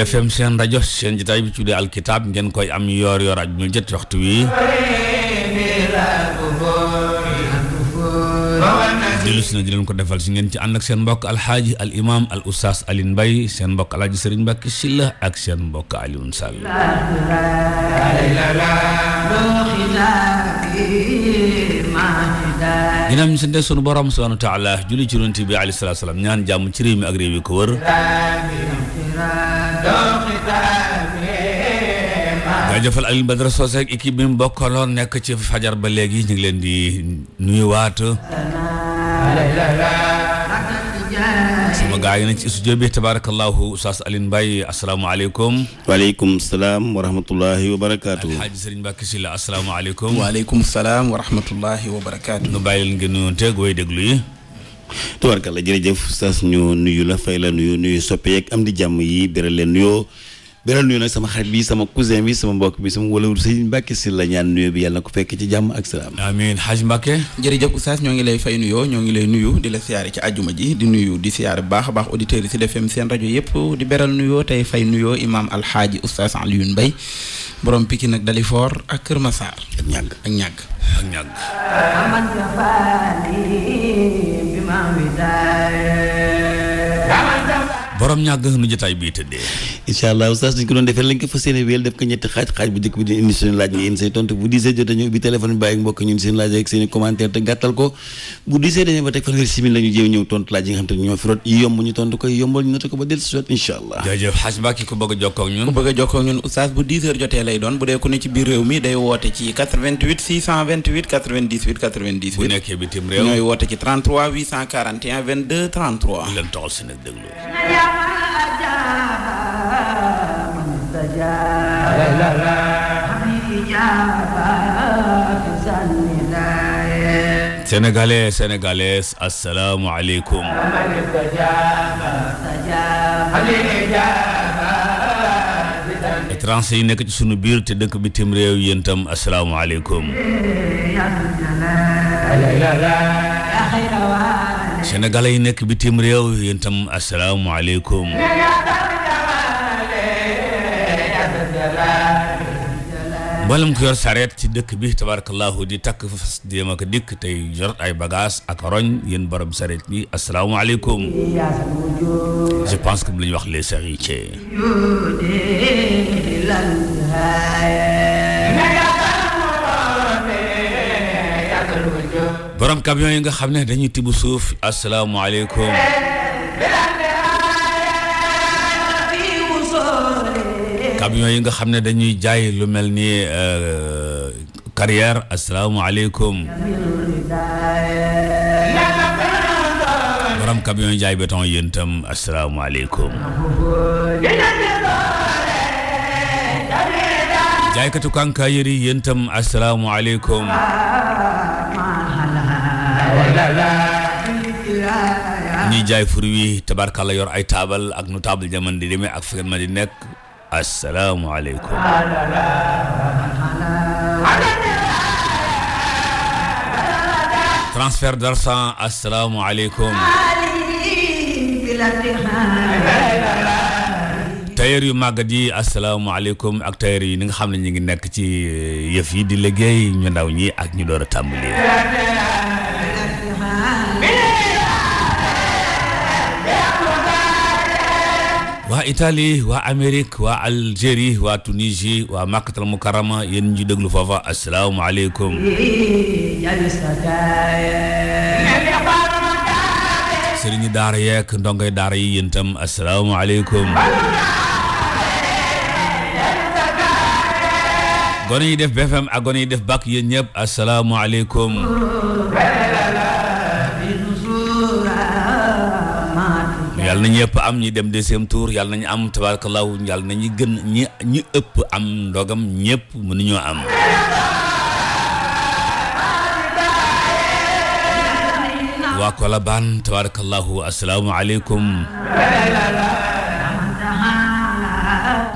Sud FM seen rajo seen jotaay bi tuddee alkitab ngeen koy am yoor yoor ak ñu jët waxtu wi dellu si na di leen ko defal si ngeen ci ànd ak seen mbokk alxaaji al imam al oustaz Alioune Mbaye seen mbokk alxaaji Serigne Mbacké Sylla ak seen mbokk Alioune sali ginnaaw ñu sante sunu borom subhaanahu wa taala julli ci yonent bi alayhi salaatu salaam ñaan jàmm ci réew mi ak réew yi ko wër jaajëfal Alioune Badara Socé ak équipe bi mu bokkaloon nekk ci fajar ba léegi ñu ngi leen di nuyuwaat sama gaa yi na ci studio bi tabarakallahu Oustaz Alioune Mbaye asalaamaaleykum waaleykum salaam wa rahmatullahi wa barakaatu Alxaaji Sëriñ Mbàkke Sylla asalaamaaleykum waaleykum salaam wa rahmatullahi wa barakaatu nu bàyyi leen ngeen nuyoon teeg way déglu yi tabarakalla jërëjëf Oustaz ñu nuyu la fay la nuyu nuyu soppeek am di jàmm yi beral leen nuyoo beneen nuyu nag sama xarit bi sama cousin bi sama mbokk bi sama wala sëñ Mbacke si la ñaan nuyu bi yàlla na ko fekk ci jàmm ak salaam amiin Hadj Mbacke jërëjëf oustaz ñoo ngi lay fay nuyoo ñoo ngi lay nuyoo di la siyaare ci àjjuma ji di nuyu di siyaare baax a baax auditeurs yi si defem seen rajo yëpp di beral nuyoo tey fay nuyoo imaam alxaaji oustaz Alioune Mbaye borom piki nag Dalifor ak Kër Massar ak ak ñàgg ak ñàgg borom ñàgg nu jotaay bii tëddee incha allah oustaz dañ ko defee lañ ko fas yéene wéel def ko ñetti xaaj xaaj bu njëkk bu diisee bàyyi mbokk i commentaire te gàttal la ñu jéem ñëw tontu laaj yi nga xam te ñoo fi rot yi yomb ñu tontu ko yombal ñu noté si jot incha woote ci 88 628 98 98 sénégalais sénégalaises asalaamualeykum étranger yi nekk ci sunu biir te dëkk bitim réew yéen itam asalaamualeykum sénégalais yi nekk bitim réew yéen itam asalaamaaleykum mboolem ko yor sareet ci dëkk bi tabarakallahu di takk fas jéem ak dikk tey jot ay bagage ak roñ yéen borom sareet bi asalaamaaleykum je pense que bu la ñuy wax les charretiers borom camion yi nga xam ne dañuy tibb suuf asalaamaaleykum camion yi nga xam ne dañuy jaay lu mel ni euh, carrière asalaamaaleykum borom camion yi jaay béton yéen itam asalaamaaleykum jaaykatu kànkaayër ñuy jaay fur wi tabarkàlla yor ay taabal ak nu taabal jaman di demee ak fekk ma di nekk asalaamualeykum transfert d'argent asalaamualeykum tailleur yu màggat yi asalaamaaleykum ak tailleur yi ni nga xam ne ñu ngi nekk ci yëf yi di liggéey ñu ndaw ñi ak ñu door a tàmbali waa Italie waa Amérique waa Algérie waa Tunisie waa Makkatal Mukarama yéen ñu déglu foofa asalaamaaleykum. sëriñu daara yeeg ndongoy daara yi yéen itam asalaamaaleykum. gone yi def BFM ak gone def BAC yéen ñëpp asalaamaaleykum. yàlla nañu yëpp am ñi dem deuxième tour yàlla nañu am tabarakallahu yàlla nañu gën ñi ñi ëpp am ndogam ñëpp mënuñoo am waa Colobane tabarakallahu asalaamaaleykum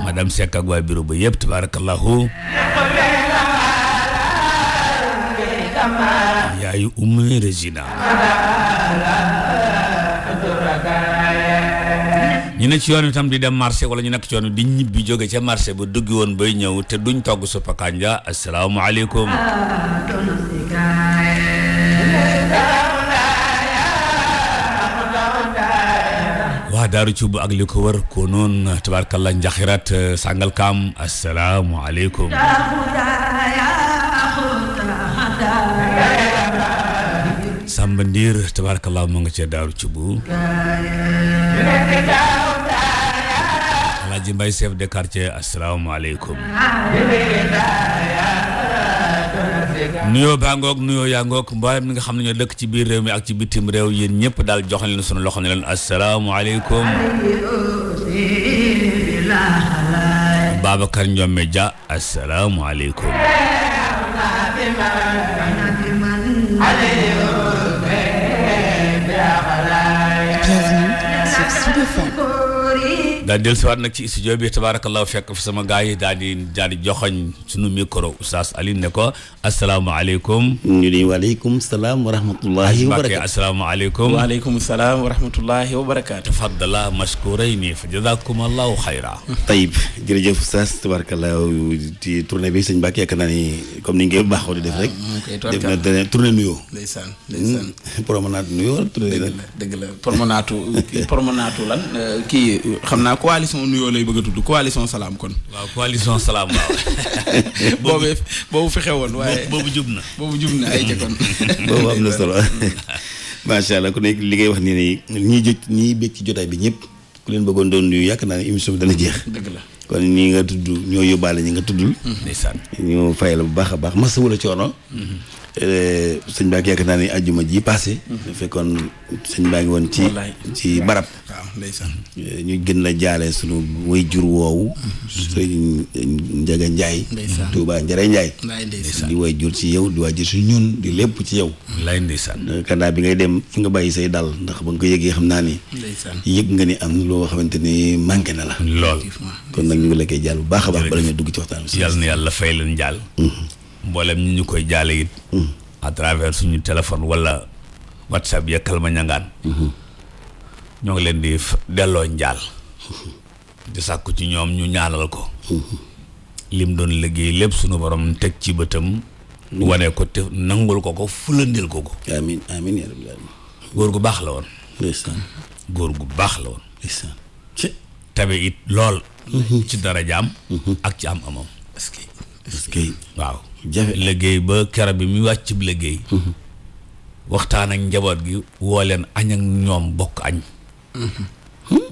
madame Seck ak ba yëpp tabarakallahu yaayu Oumy ñu ne ci yoon wi tam di dem marché wala ñu nekk ci yoon wi di ñibbi jóge ca marché ba dugg woon bay ñëw te duñ togg suppa kànja asalaamaaleykum. waa daaru cubb ak li ko wër ko noon tabaarkalla njaxirat sàngal kaam asalaamaaleykum. Samba Ndiir tabaarakallaa moo nga cee daaru ci bu Alaaji Mbay chef de quartier asalaamaaleykum nuyoo baa ngoog nuyoo yaa ngoog mboolem ñi nga xam ne ñoo dëkk ci biir réew mi ak ci bitim réew yéen ñëpp daal jox leen sunu loxo ne leen asalaamaaleykum Babacar Ndiome Dia asalaamaaleykum FM daal del siwaat nag ci studio bi tabaarakallaahu fekk fi sama gars yi daal di daal di joxoñ suñu micro oustaz Alioune ne ko asalaamaaleykum ñu ni waaleykum salaam wa rahmatullahi wa barakaatu asalaamaaleykum waaleykum salaam wa rahmatullahi wa barakaatu tafaddala mashkurayni fa jazakumallaahu xayra tayib jërëjëf oustaz tabaarakallaahu ci tournée bi sëñ Mbacke yaakaar naa ni comme ni ngeen baaxoo di def rek ah, def na dana tournée nuyoo ndeysaan ndeysaan hmm, promenade nuyoo tournée la naa coalition nuyoo lay bëgg a tudd coalition salaam kon. waaw coalition salaam waaw. boobu boobu fexe woon waaye boobu jub na. boobu jub na ay jëkkoon. boobu am na solo macha allah ku nekk li ngay wax nii nii ñiy jë ñiy bëgg ci jotaay bi ñëpp ku leen bëggoon doon nuyu yàq naa ne émission bi dana jeex. dëgg la kon ñi nga tudd ñoo yóbbaale ñi nga tuddul. Mhm. ndeysaan fay la bu baax a baax masawu la coono. Mhm. Eh, sëñ Ba yaakaar naa ni ajjuma ji passé. Mhm. fekkoon sëñ Ba ngi woon ci. ci barab. waaw ndeysaan eh, ñu gën la jaale sunu way jur woowu. Mhm. sëñ Ndiaga Ndiaye. ndeysaan Touba Njare Ndiaye. di way jur ci yow di way jur ci ñun di lépp ci yow. laay ndeysaan. Eh, kandaa bi ngay dem fi nga bàyyi say daal ndax ba nga ko yëgee xam naa ni. ndeysaan yëg nga ni am loo xamante ni manqué na la. lool kon nag ñu ngi la koy bu baax a baax. bala ñu dugg ci waxtaan bi. yàlla na yàlla fay leen jàll. mboolem ñi ñu koy jaale it mm-hmm. à travers suñu téléphone wala whatsapp ya kalma ñangaan mm-hmm. ñoo ngi leen di delloo njaal mm-hmm. di sàkku ci ñoom ñu ñaanal ko lim doon liggéey lépp suñu borom teg ci bëtam wane ko te nangul ko ko fulandil ko ko góor gu baax la woon góor gu baax la woon tabe it lool ci darajaam ak ci am amam est waaw jafe liggéey ba kera bi muy wàcc bi léggéey mhm. waxtaan ak njaboot gi woo leen añ ak ñoom bokk añ mhm.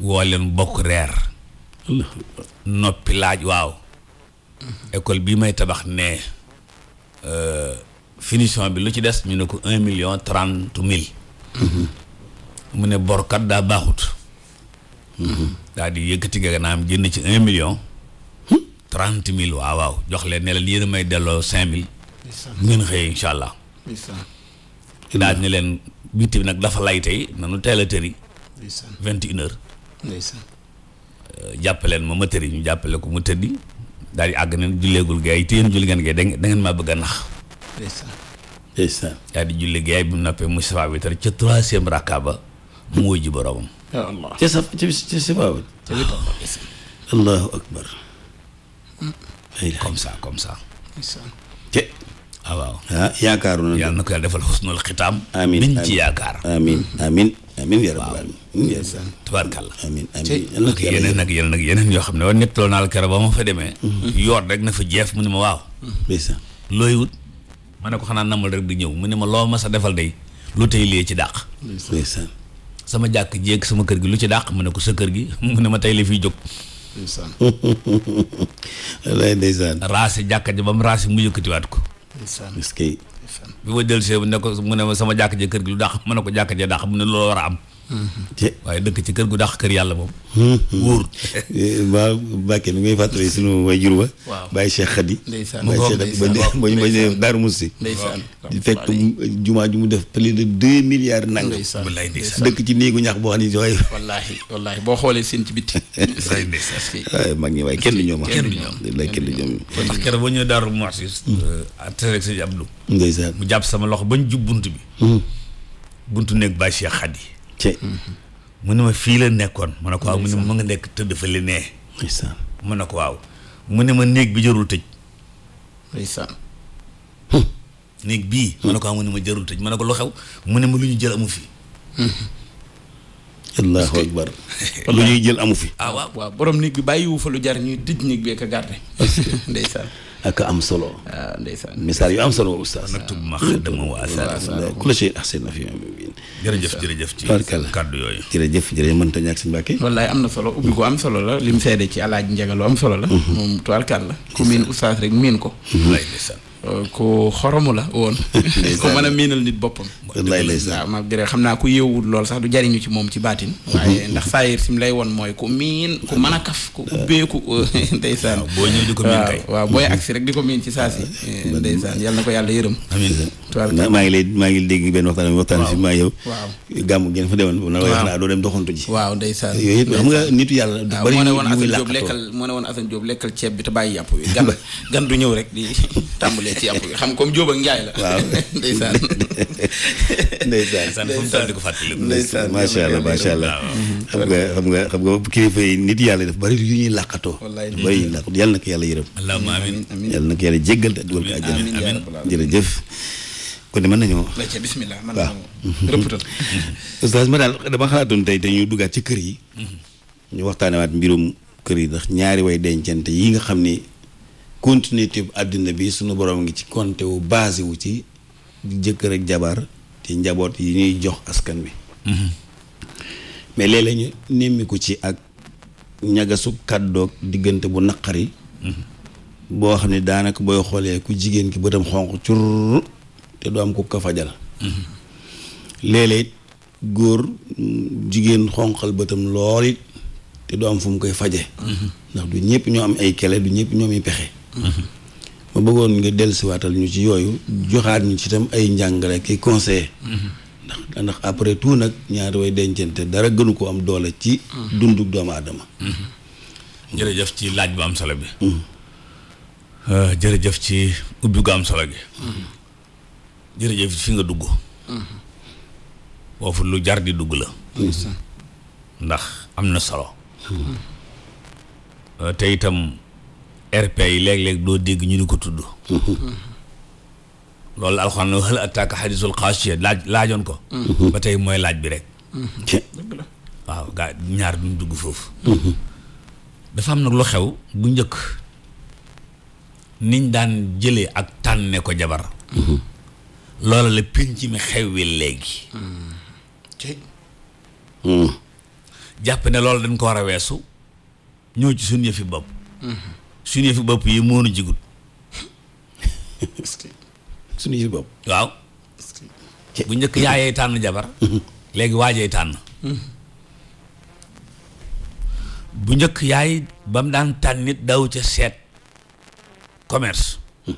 woo leen bokk reer noppi laaj waaw mhm. école bi may tabax ne euh, finition bi lu ci des ñu ne ko un million trente mille mu ne borkat daa baaxut daal di yëkkati gaganaam génn ci un million trente mille waaw waaw jox leen ne leen may delloo cinq mille. bu ngeen xëyee incha allah. daal ne leen bitti bi nag dafa lay tey nu teel a tëri. vingt une heure. jàppaleen ma ma tëri ñu jàppale ko mu tëddi daal di àgg nañ julleegul gaa yi te yéen julli ngeen gars da ngeen maa bëgg a nax. ndeysaan di julli gars yi bi mu noppee Moustapha bi tar ca troisième rakka ba mu wuyu boroomam. ca sa ca ca Allahu akbar comme saa comme ça. te. ah waaw ah yaakaaru na. yàlla na ko yàlla defal xusnul xitaam. amiin ci yaakaar. amiin amiin amiin yaa rabbal aalamiin. tabaarkalla. amiin amiin ak yeneen ak yeneen yoo xam ne woon nettaloo naa la keroog ba ma fa demee. Mhm. yoot rek na fa jeef mu ne ma waaw. ndeysaan looy wut. ma ne ko xanaa namal rek di ñëw mu ne ma loo ma sa defal day lu tey lii ci dàq. sama jàkk jéeg sama kër gi lu ci dàq mu ne ko sa kër gi mu ne ma tey li fiy jóg. ndeysaan. walaay ndeysaan. raasi jàkka ji ba mu raasi mu yëkkatiwaat ko. ndeysaan est-ce que. bi ma dellu see ko mu ne ma sama jàkka ji kër gi lu dàq ma ko jàkka ji dàq mu ne loolu war a am. waaye dëkk ci kër gu dàq kër yàlla moom. wóor. waaw Mbacke mi ngay fàttali sunu waajur ba. waaw Baye Cheikh Khady. ndeysaan mu ngoog ndeysaan waaw Baye Cheikh Daaru Moussi. ndeysaan di fekk jumaa ju mu def plus de deux milliards nangam. ndeysaan wallaay ndeysaan dëkk ci néegu ñax boo xam ne waaye. wallaahi boo xoolee seen ci bitti. ndeysaan ndeysaan. waaye mag ñi waaye kenn du ñoom. a ah. du ñoom kenn du ñoom. kon ndax keroog boo ñëwee Daaru Moussi. àtte euh, rek sëñ Abdou. ndeysaan mu jàpp sama loxo bañ jub bunt bi. Hmm. buntu néeg Baye Cheikh Khady ci mm-hmm. mu ne ma fii la nekkoon mu ne ko waaw mu ne ma nga nekk tëdd fa li nee ndeysaan mu ne ko waaw mu ne ma néeg bi jarul tëj ndeysaan hmm. néeg bii mu ne ko waaw mu ne ma jarul tëj mu ne ko lu xew mu ne ma lu ñu jël amu fi mm-hmm. allahu akbar lu ñuy jël amu fi ah waaw waaw borom néeg bi bàyyiwu fa lu jar ñuy tëj néeg bi ak a ndeysaan ak am solo. waaw ah, ndeysaan misaal yu am solo oustaz. nag tubb ma xaddama wa asaar. ku la sey ahsana fi jërëjëf jërëjëf ci kàddu yooyu. jërëjëf jërëjëf mënta ñàkk si Mbàkke. wallaay am na solo ubbi ko am solo la lim seede ci alaaji njega lu am solo la. Mhm. moom tubaarkàlla. ku miin oustaz rek miin ko. ku xoromu la woon. ku mën a miinal nit boppam. wallaay ndeysaan waaw malgré xam naa ku yeewul lool sax du jariñu ci moom ci baatin. Mm-hmm. waaye ndax saa yir sim lay woon mooy ku miin ku mën a kaf ku uh. ubbeeku uh, ndeysaan. waaw boo ko miin kay. waaw booy mm-hmm. agsi rek di ko miin ci saa si. Uh, eh, ndeysaan yal na ko yàlla yërëm. amiin maa ngi lay maa ngi dégg benn waxtaan waxtaan si maa yow. waaw gàmm ngeen fa demoon. waaw wax naa doo dem doxantu ji. waaw ndeysaan yooyu it xam nga nitu yàlla. du bari muy làqatoo waaw moo ne woon Assane Diop lekkal ceeb bi te bàyyi yàpp bi gan du ñëw rek di tàmbalee ci yàpp bi xam comme Jóob ak Njaay la. waaw ndeysaan. ndeysaan ndeysaan macha allah macha allah. xam nga xam nga xam nga kilifa yi nit yàlla def bari yu ñuy làqatoo. wallaay bari yu ñuy làqatoo yàlla na ko yàlla yërëm. allahumma amiin yàlla na ko yàlla jéggal te dugal ko àjjana. amiin amiin jërëjëf. kon mën nañoo. rajo bismillah mën nañoo rëppatal. oustaz ma daal dama xalaatoon tey dañuy duggaat ci kër yi. Mhm. ñu waxtaane waat mbirum kër yi ndax ñaari way dencante yi nga xam ni continuité bu àddina bi sunu borom ngi ci compté wu basé wu ci jëkkër ak jabar ci njaboot yi ñuy jox askan wi. Mhm. mais léeg-léeg nemmiku ci ak ñagasu kàddoog diggante bu naqari. Mhm. boo xam ne daanaka booy xoolee ku jigéen ki bëtam xonq cur te du am ku ko fajal. Mhm. léeg-léeg góor jigéen xonqal bëtam lool it te du am fu koy faje ndax du ñëpp ñoo am ay kele du ñëpp ñoo am pexe. ma bëggoon nga dellusiwaatal ñu ci yooyu joxaat ñu ci itam ay njàngale ki conseil ndax ndax après tout nag ñaari way dencante dara gënu ko am doole ci dundu doomu aadama jërëjëf ci laaj bu am solo bi hmm. euh, jërëjëf ci ubbi gu am solo gi jërëjëf fi nga dugg foofu lu jar di dugg la ndax am na solo hmm. euh, te itam RP yi léeg-léeg doo dégg ñu di ko tudd loolu alxuraan ne hal ataaka hadiisul xaasiya laaj laajoon ko ba tey mooy laaj bi rek waaw gaa ñaar duñ dugg foofu dafa am nag lu xew bu njëkk niñ daan jëlee ak tànne ko jabar loola la pénc mi xewwi léegi jàpp ne loolu dañ ko war a weesu ñëw ci suñu yëfi bopp suñu yëfi bopp yi moo nu jigul. suñu yëfi bopp. waaw. bu njëkk yaayee tànn jabar. léegi waajee tànn. bu njëkk yaay bam daan tànn nit daw ca seet commerce.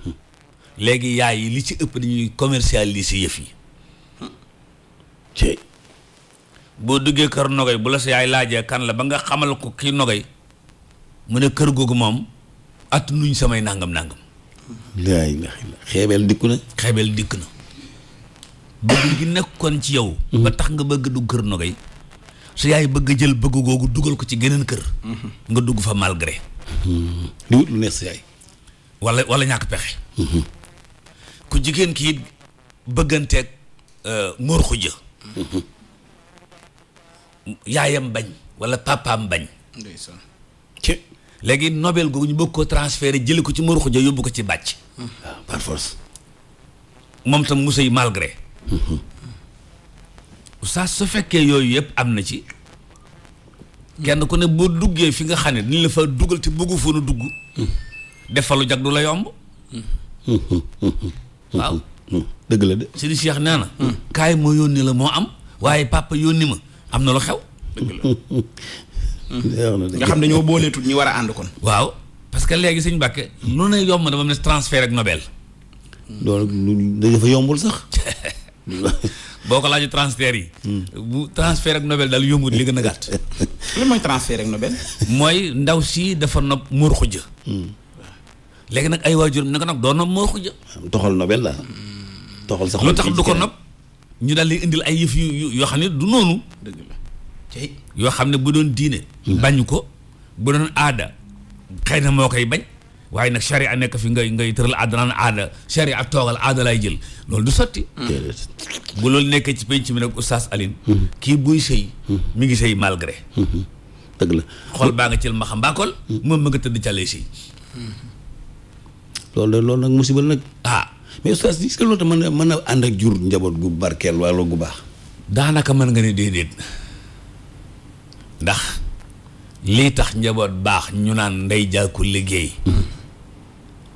léegi yaay yi li ci ëpp dañuy commercialiser yëf yi. boo duggee kër nogay bu la sa yaay laajee kan la ba nga xamal ko kii nogay mu ne kër googu moom at nuñ samay nangam nangam. laa ilaaha illa xeebeel dikk na. xeebeel dikk na. bëgg gi nekkoon ci yow. Mm-hmm. ba tax nga bëgg dugg kër Nogay. su yaay bëgg jël bëgg googu dugal ko ci geneen kër. Mm-hmm. nga dugg fa malgré. Mm-hmm. di wut lu neex sa yaay. wala wala ñàkk pexe. ku jigéen ki it bëgganteeg Mor euh, Khoudia. yaayam bañ wala papaam bañ. ndeysaan. léegi nobel googu ñu bëgg ko transféré jële ko ci Mor Khoudia yóbbu ko ci bàcc. Ah, par force. moom tam musay malgré. saa su fekkee yooyu yëpp am na ci. kenn ku ne boo duggee fi nga xam ne dañ la fa dugal te bëggu fa dugg. defalu jag la yomb. waaw. dëgg la na. kaay moo yónni la moo am. waaye papa yónni ma am na lu xew. dëgg la nga xam dañoo booleetul ñu war a ànd kon. waaw parce que léegi sëñ Mbàkke lu ne yomb na ba mu ne transfert ak Nobel. boo ko laajee transfert yi. Hmm. bu transfert ak Nobel daal yombul li gën a gàtt. lan mooy transfert ak Nobel. mooy ndaw si dafa nopp Mor Khoudia. Hmm. léegi nag ay waajuram ne ko nag doo nopp Mor Khoudia. Hmm, toxal tax du ko nopp ñu daal di indil ay yëf yoo xam ne du noonu. yoo xam ne bu doon diine hmm. bañ ko bu doon aada xëy na moo koy bañ waaye nag a nekk fi ngay ngay tëral aada naan aada sharia toogal aada lay jël loolu du sotti hmm. bu loolu nekkee ci penc mi nag oustaz hmm. kii buy sëy mi ngi sëy malgré xool baa nga cil ma xam mbaakool moom ma nga tëdd càllee sëy loolu da loolu nag musibal nag ah mais oustaz est-ce que loolu tam mën a mën a ànd ak jur njaboot gu barkeel wala gu baax daanaka mën nga ne déedéet ndax lii tax njaboot baax ñu naan ndey jaaku liggéey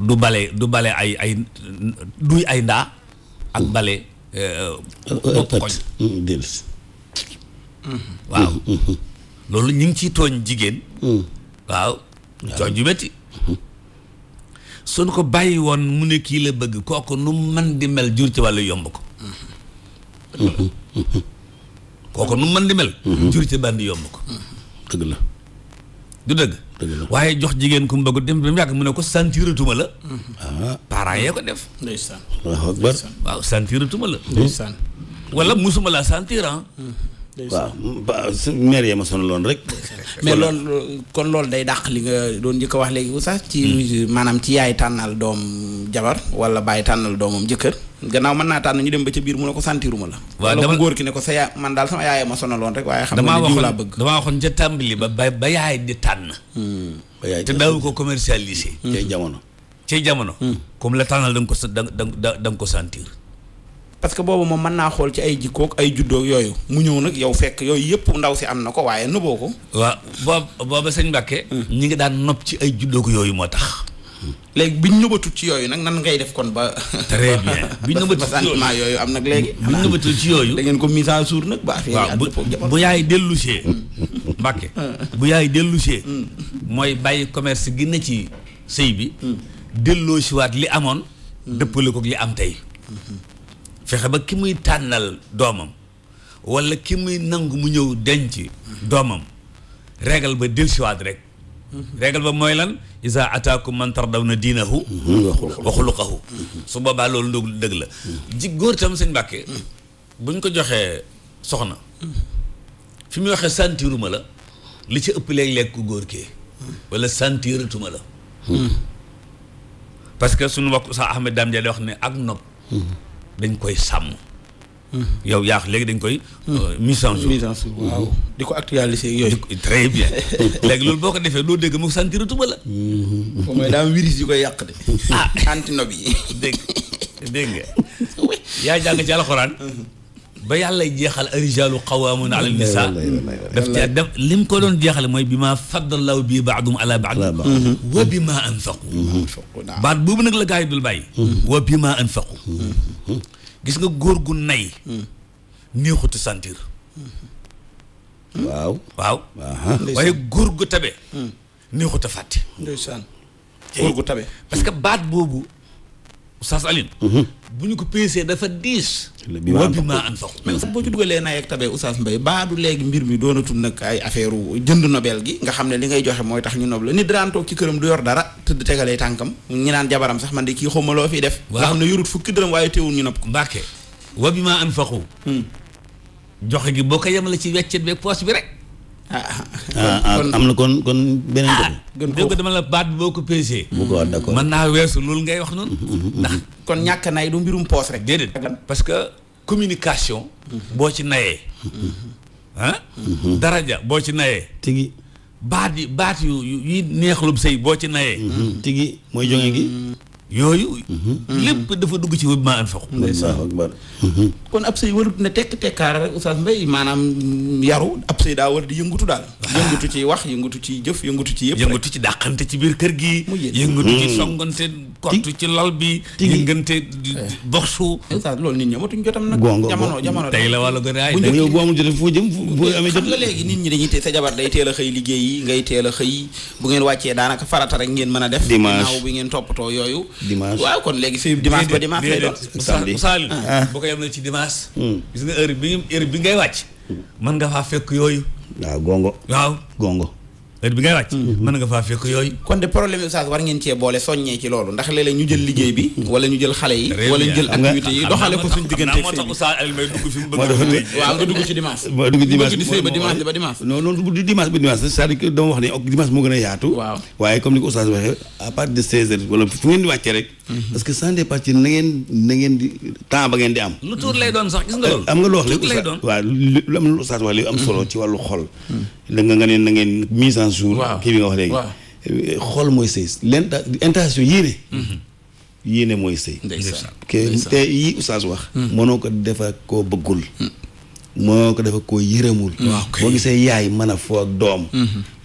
du bale du bale ay ay duy ay ndaa ak bale euh, euh, koñ mm, mm-hmm. waaw mm-hmm, mm-hmm. loolu ñu ngi ciy tooñ jigéen mm. waaw tooñ ju métti suñ ko bàyyi woon mu ne kii la bëgg kooku nu man di mel jur ci wàllu yomb ko kooko nu man di mel. Mhm. jur ci bandi yomb ko. dëgg la. du dëgg. waaye jox jigéen ku mu bëgg dem ba mu yàgg mu ne ko santiratuma la. Mhm. Ah. parents yee ko def. ndeysaan waaw santiratuma la. ndeysaan wala musuma laa santir ah. mhm. waaw maire yee ma loon rek. mais loolu kon loolu day dàq li nga doon njëkk wax léegi sax ci hmm. maanaam ci yaay tànnal doom jabar wala bàyyi tànnal doomam jëkkër. gannaaw mën naa tànn ñu dem ba ca biir mu ne ko santiruma la. waaw dama góor ki ne ko sa yaa man daal sama yaay ma sonaloon rek. waaye xam nga lii laa bëgg damaa waxoon ca tàmbali ba ba yaay di tànn. Hmm. ba yaay te daawu ko commercialisé. Hmm. ci jamono. ci jamono. comme la tànnal da nga ko da nga ko sentir. parce que boobu moom mën naa xool ci ay jikkoog ay juddoog yooyu mu ñëw nag yow fekk yooyu yëpp ndaw si am na ko waaye nuboo ko. waa boobu boobu sëñ Mbacke. Hmm. ñi ngi daan nopp ci ay juddoog yooyu moo tax. Hmm. léegi bi ñu nëbatut ci yooyu nag nan ngay def kon ba. très bien bi ñu nëbatut ci yooyu yooyu am nag léegi. bi ñu ci yooyu. da ngeen ko mise à jour nag. ba affaire yi bu bu yaay dellusee. Hmm. Mbacke bu yaay dellusee. mooy bàyyi commerce gi ci sëy bi. delloosiwaat li amoon. dëppale ko li am tey. fexe ba ki muy tànnal doomam wala ki muy nangu mu ñëw denc doomam régal ba dellusiwaat rek régal ba mooy lan isa ataakum man na diinahu wa xuluqahu su boobaa loolu ndug dëgg la ji góor itam sëñ Mbàkke buñ ko joxee soxna fi muy waxee sentiruma la li ci ëpp léeg-léeg ku góor kee walla sentiratuma la hmm. parce que suñu mbokk sax Ahmed Dame Dia wax ne ak nopp hmm. dañ koy sàmm. yow yaa léegi dañ koy. Euh, mise en jour mise en di ko actualiser yooyu. très bien léegi loolu boo ko defee loo dégg mu sentir tuba la. foofu mooy daa am virus yu koy yàq de. ah antinob yi dégg dégg nga. yaa jàng ci alxuraan. Mm-hmm. ba yàlla jeexal arijalu qawaamun ala nisa daf caa def li mu ko doon jeexale mooy bi maa faddallahu bii baadum ala baad mhm. wa bi maa anfaqu mhm. baat boobu nag la gars yi dul bàyyi mhm. wa bi maa anfaqu gis nga góor gu nay neexutu sentir waaw waaw waaye góor gu tabe neexutu fàtte ndeysaan eh, góor gu tabe parce que baat boobu Oustaz Alioune bu ñu ko peesee dafa diis. wa bimaa anfaqu mais boo ci dugalee naay ak tabe Oustaz Mbaye baadu léegi mbir mi doonatul nag ay affaire jënd nobel gi nga xam ne li ngay joxe mooy tax ñu nob la nit daan toog ci këram du yor dara tëdd tegalee tànkam ñi naan jabaram sax man de kii xawma loo fi def nga xam ne yorut fukki dërëm waaye teewul ñu nob ko mbàkke wa bimaa anfaqu hmm. joxe gi boo ko yemale ci weccet beeg poos bi rek ah, ah, ah am na kon kon beneen gën ah, dama la baat boo ko pesé. bu ko mën naa weesu loolu ngay wax noonu. Mm-hmm, mm-hmm, ndax mm-hmm. kon ñàkk nay du mbirum poos rek. déedéet parce que communication. boo ci nayee. ah. daraja boo ci nayee. tigi baat yi baat yu yuy neexlub sëy boo ci nayee. tigi mooy jonge gi. yooyu. Mm-hmm. lépp dafa dugg ci wëb maa anfaqu. kon ab sëy warut na tekk tekkaara rek oustaz Mbaye maanaam yaru ab sëy daa war di yëngutu daal. yëngutu ci wax yëngutu ci jëf yëngutu ci yëpp. yëngutu ci dàqante ci biir kër gi. yëngutu ci mm-hmm. songante kottu ci lal bi. yëngante eh. boxu. oustaz loolu nit ñi amatuñ jotam nag. gongo jamono jamono tey la wàllu gën ay. bu njëkk boo amul foo jëm boo amee jot. xam léegi nit ñi dañuy sa jabar day teel a xëy liggéey yi ngay teel a xëy bu ngeen wàccee daanaka farata rek ngeen mën a def. dimanche naaw bi ngeen toppatoo yooyu dimanche waaw kon léegi fii dimanche ba dimanche lay doon samedi saalin ah. boo ko yem na ci dimanche hmm. gis nga heure bi heure bi ngay wàcc man nga faa fekk yooyu waaw gongo waaw gongo heure bi ngay wàcc mm-hmm. mën nga faa fekk yooyu kon de problème oustaz war ngeen cee boole soññee ci loolu ndax léeg-léeg jël liggéey bi mm-hmm. wala ñu jël xale yi wala ñu jël activité yi doxale ko suñu diggante moo tax oustaz Aliou may dugg fi mu bëgg waaw nga dugg ci dimanche ma dugg ba dimanche ba dimanche non non du dama wax ne ok dimanche moo gën a yaatu waaye comme ni ko oustaz waxee à de 16 heures wala fu ngeen di wàccee rek Mhm. parce que sans départir na ngeen na ngeen di temps ba ngeen di am. lu tuur lay doon sax gis nga loolu. Eh, am nga lu wax léegi oustaz waaw lu am lu oustaz wax am ci wàllu xol. da mhm. nga nga ne na ngeen mise en jour. kii bi nga wax léegi. xol mooy sëy len intention yéene. Mhm. yéene mooy sëy. ndeysaan te yi oustaz wax. mënoo ko def ak koo bëggul. moo ko defa koo yërëmul ah, boo gisee yaay man a foo ak doom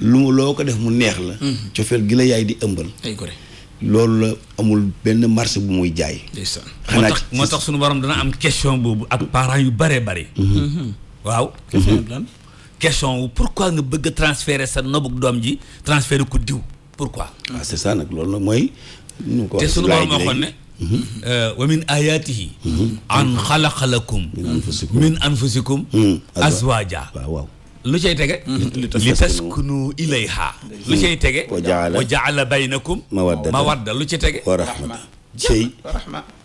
lu loo ko def mu neex la cofeel gi la yaay di ëmbal loolu la amul benn marché bu muy jaay. xanaa moo tax moo tax suñu borom dana am question boobu ak parent yu bëree bëri. Mhm. waaw. question wu pourquoi nga bëgg a transférer sa nobug doom ji transférer ko diw pour quoi ah, c'est nag loolu nag mooy. ñu ko te sunu borom waxoon ne. Mhm. Euh, wa min ayaatihi mhm. an xalaqa lakum min anfusikum azwaaja lu cay tege mm-hmm. li taskunu ilayha lu cay tege wa jaala baynakum mawadda lu ci tege wa rahma sëy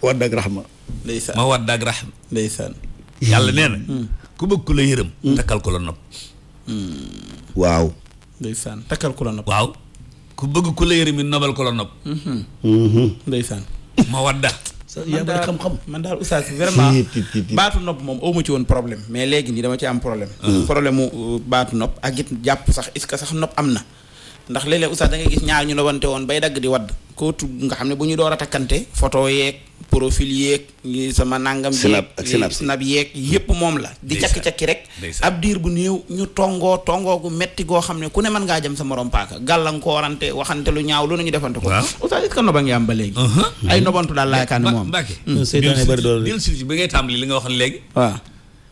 wadd ak rahma ndeysaan ma yàlla nee mm. ku bëgg ku la yërëm mm. takkal ku mm. la nopp waaw ndeysaan ku bëgg ku la yërëm nobal ku la nopp mm-hmm. mm-hmm. ma wadda yaa bari xam-xam man daal oustaz vraiment baatu nopp moom aw ma ci woon problème mais léegi nii dama ci am problème ah. problème mu euh, baat nopp ak it jàpp sax est-ce sax nopp am na ndax léeg-léeg oustaz da ngay gis ñaar ñu la wante woon bay dagg di wadd ko nga xam ne bu ñu door a takkante photo yeeg profil yeeg sama nangam si snap yeeg yépp moom la di cakki-cakki rek ab diir bu néew ñu tongoo tongoo gu metti goo xam ne ku ne mën ngaa jëm sa morom paaka gàllankoorante waxante lu ñaaw lu nañu defante ko oustaz it ka noba ngi am ba léegi uh-huh. ay nobantu daal laayakaan ni moom bàkke hmm. seytaane bëri dool bi ngay tàmbali li nga wax léegi waaw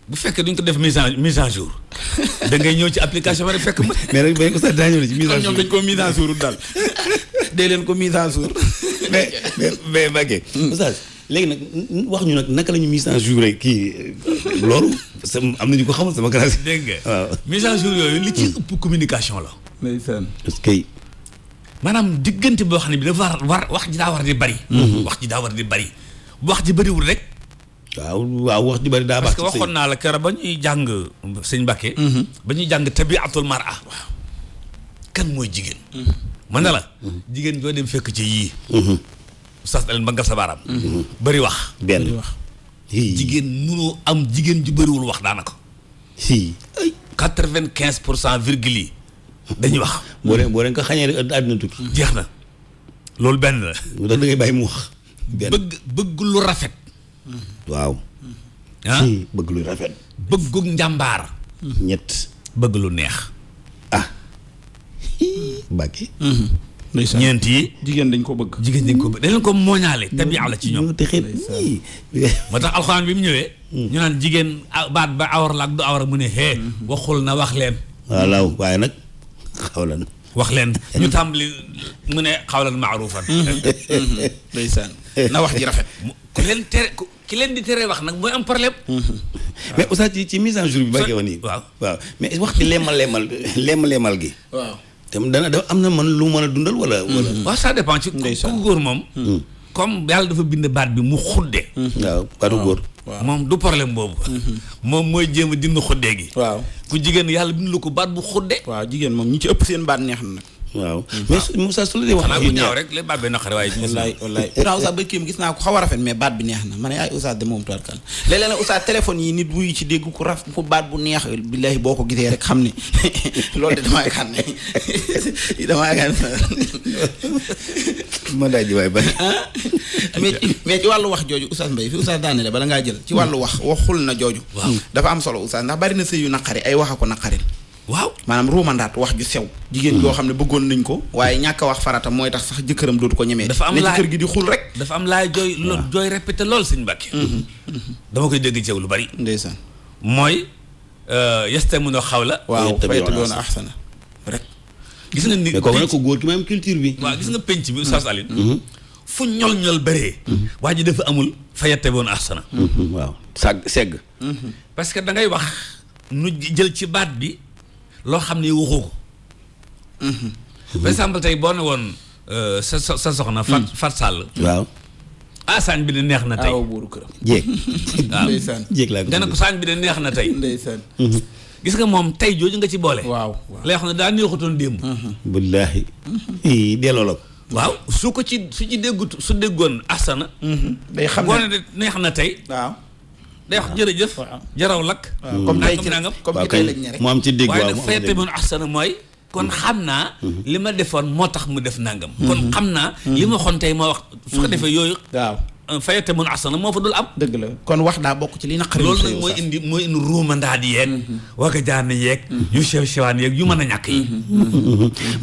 bu fekkee duñ ko def mise en mise en jour da ñëw ci application bi rek fekk. mais nag bañ ko ko mise en jour daal dee leen ko mise en jour. mais mais mais hmm. léegi nag wax ñu nag naka lañu ñu mise en jour rek kii euh, loolu. am na ñu ko xamal sama classe. dégg nga waaw mise en yooyu. li ci ëpp communication la. ndeysaan. est-ce que. maanaam diggante boo xam ne bi dafa war war wax ji daa war di bari. Hmm. wax ji daa war di bari. wax ji bariwul rek. waaw waaw wax ju bari daa baax. parce que waxoon naa la keroog ba ñuy jàng sëñ Mbàkke. Mm-hmm. ba ñuy jàng tabiatul mar'a. waaw kan mooy jigéen. mën mm-hmm. na la. Mm-hmm. jigéen joo dem fekk ci yii. sas daleen ba nga sa baaraam. bari wax. benn wax. jigéen mënoo am jigéen ju bariwul wax daanaka. si ay quatre vingt quinze pour cent virgule yi dañuy wax. boo leen boo leen ko xañee rek àddina tukki. jeex na loolu benn la. da ngay bàyyi mu wax. benn bëgg bëgg lu rafet. waaw. ah bëgg lu rafet. bëggug njàmbaar. ñett. bëgg lu neex. ah. Mbacke. Mhm. ndeysaan ñeent yi. jigéen dañ ko bëgg. jigéen dañ ko bëgg dañ ko mooñaale tabi'a la ci ñoom. moo tax alxuraan bi mu ñëwee. Mm. ñu naan jigéen baat ba awar la ak du awar mu ne hee. Mm-hmm. waxul na wax leen. waaw waaye nag xaw xawlan wax leen ñu tàmbali mu ne xawlan maarufan mm-hmm. mm-hmm. ndeysaan na wax ji rafet. ku leen tere ki leen di tere wax nag mooy am problème. mais oustaz yi ci mise en jour bi ba woon nii. waaw waaw mais wax ci lemal lemal lemal lemal gi. waaw te dana dafa am na man lu mën a dundal wala. Mm-hmm. wala waaw ça dépend ci. ku góor moom. Mm-hmm. comme yàlla dafa bind baat bi mu xudde. Mm-hmm. waaw baatu góor. moom du problème boobu. moom mooy jéem a dindi xuddee gi. waaw ku jigéen yàlla bind lu ko baat bu xudde. waaw jigéen moom ñu ci ëpp seen baat neex na nag. waaw mm-hmm. mais Moussa su la dee wax. xanaa bu ñaaw rek la baat bi waaye. wallaay wallaay pourtant Oustaz ba gis naa ko xaw a rafet mais baat bi neex na ma ne ay Oustaz de moom tubarkal léeg-léeg nag Oustaz téléphone yi nit buy ci dégg ko raf bu baat bu neex billahi boo ko gisee rek xam ne loolu de damaa yaakaar ne damaa yaakaar ne. ma daaj waay ba. Ah? mais ci wàllu wax jooju Oustaz mbay fi Oustaz daane la bala ngaa jël. ci wàllu wax waxul na jooju. dafa am solo Oustaz ndax bari na sëy yu naqari ay wax a ko naqari waaw maanaam ruumandaat wax ju sew jigéen yoo hmm. xam ne bëggoon nañ ko waaye ñàkk wax farata mooy tax sax jëkkëram dootu ko ñemee dafa am laaj kër gi di xul rek dafa am laaj jooy jooy répété lool sëñ Mbàkke hmm. Hmm. dama koy dégg cew lu bari ndeysaan mooy euh, yastamino xaw la waaw faytabi'uuna ahsana rek gis nga ni kooku ko góor culture bi waaw gis nga penc bi Oustaz Alioune fu ñol-ñol bëree waa ji dafa amul faytabi'uuna ahsana waaw sag segg parce que da ngay wax nu jël ci baat bi loo xam ne waxoo ko. Mhm. par exemple tey boo ne woon euh, sa sa soxna. Fat mhm. Fat Sall. waaw. ah saañ bi di neex na tey aw buuru këram. jéeg waaw ko bi de neex na tey. Mhm. gis nga moom tey jooju nga ci boole. waaw waaw lay xam ne daa neexutoon démb. wallaahi. delloo la ko. waaw su ko ci su ci déggut su déggoon asana. day xam ne boo neex na tey. waaw. day wax jërëjëf. jaraw lakk. comme tey ci comme ci tey lañ ne rek mu am ci digg waaw waaye nag feete mun ahsana mooy. kon mm-hmm. xam naa. Mm-hmm. li ma defoon moo tax mu def nangam. Mm-hmm. kon xam naa. li ma waxoon tey ma wax. su ko defee yooyu. waaw. fayate mun asana moo fa dul am. dëgg la kon wax daa bokk ci li naqari. loolu nag mooy mooy indi ruumandaat yeeg. Mm-hmm. waka jaan yeeg. yu sew sewaan yeeg yu mën a ñàkk yi. Mm-hmm.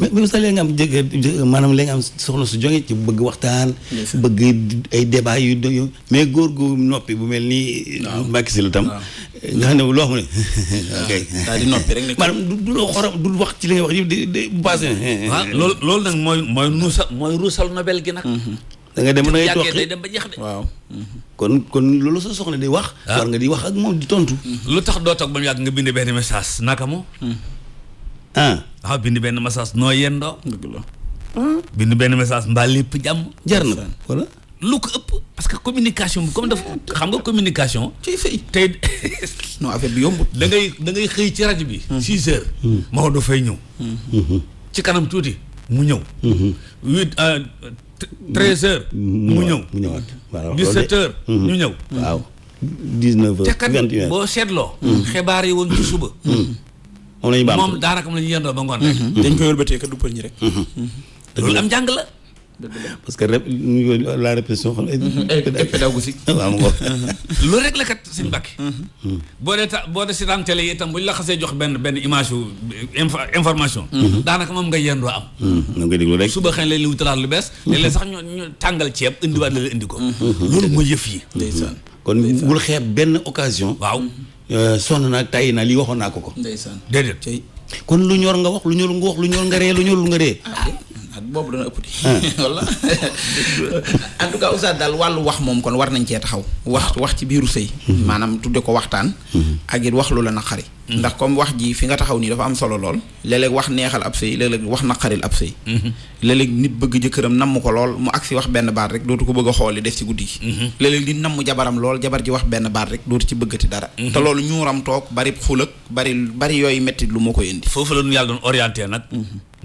Mm-hmm. mais mais sax am jéggi maanaam su jóge ci bëgg waxtaan. bëgg ay débat yu yu mais góor gu noppi bu mel nii. waaw mbàkk si lu nga xam ne loo di noppi rek. maanaam wax ci li wax yëpp di di loolu loolu nag mooy mooy mooy ruusal Nobel gi nag. da nga dem da ngay day dem ba jeex de. waaw kon kon loolu sa soxla di wax. Ah. war nga di wax ak moom di tontu. lu tax doo toog ba yàgg nga bind benn message naka mu. Hmm. ah. waaw ah. ah, bind benn message noo yenn dëgg la. Hmm? bind benn message mbaa lépp jàmm. jar na wala. lu ko ëpp parce que communication bi comme daf xam nga communication. ci fay tey. non affaire bi yombut. da ngay da ngay xëy ci rajo bi. 6 hmm. heures. Maodo fay ñëw. ci kanam tuuti mu ñëw. treize heures. mu ñëw mu ñëwaat waaw dix-sept heures. Mm-hmm. ñu ñëw waaw. dix-neuf heures te boo seetloo. Mm-hmm. xibaar yi woon ci suba. Mm-hmm. moom la ñu baax moom daanaka moom la ñu yendoo ba ngoon rek. dañ koy wëlbatee ka duppal ñi rek. loolu am jàng la. parce que la répétition xam nga. Mm-hmm. pédagogique. waaw mu mm-hmm. lu rek la kat suñu bàkke. Mm-hmm. boo dee ta boo dee si daan télé yi itam bu ñu la xasee jox benn benn image yu information. daanaka moom nga yendoo am. moom nga déglu rek suba xëy na li wutalaat lu bees. léeg-léeg sax ñu ñu tàngal ceeb indiwaat la la indi ko. loolu mooy yëf yi. ndeysaan kon bul xeeb benn occasion. waaw euh, sonn naa tàyyi naa lii waxoon naa ko ko. ndeysaan déedéet. kon lu ñor nga wax lu ñor nga wax lu ñor nga ree lu ñor nga ree. Ah, ak boobu dana ëpp di walla ah. en tout cas daal wàllu wax moom kon war nañ cee taxaw wax wax ci biiru sëy mhm. maanaam tudde ko waxtaan mhm. ak it wax lu la naqari mhm. ndax comme wax ji fi nga taxaw nii dafa am solo lool léeg wax neexal ab sëy léeg-léeg wax naqaril ab sëy léeg nit bëgg jëkkëram namm ko lool mu agsi wax benn baat rek dootu ko bëgg a xooli def ci guddi gi léeg-léeg di namm jabaram lool jabar ji wax benn baat rek dootu ci bëggati dara te loolu ñuuram toog bari xulak bari bari yooyu metti lu moo koy indi foofu la yàlla doon orienté nag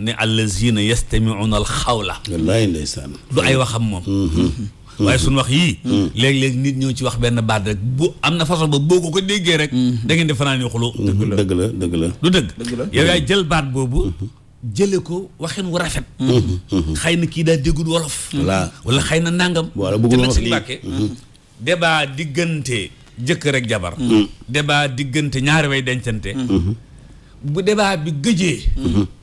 ne allazina yastamiuna alxawla. wallaay ndeysaan. du ay waxam moom. Mm-hmm. waaye suñu wax yii. Mm-hmm. Mm-hmm. léeg-léeg nit ñëw ci wax benn baat rek bu am na façon ba boo ko ko déggee rek. da ngeen di fanaan yoo xuloo. dëgg la dëgg la dëgg dëgg. dëgg la yow yaay jël baat boobu. jële ko waxin wu rafet. xëy na kii daa déggul wolof. wala xëy na nangam. wala bëggul wax lii débat diggante jëkkër rek jabar. débat diggante ñaari way dencante. bu débat bi gëjee.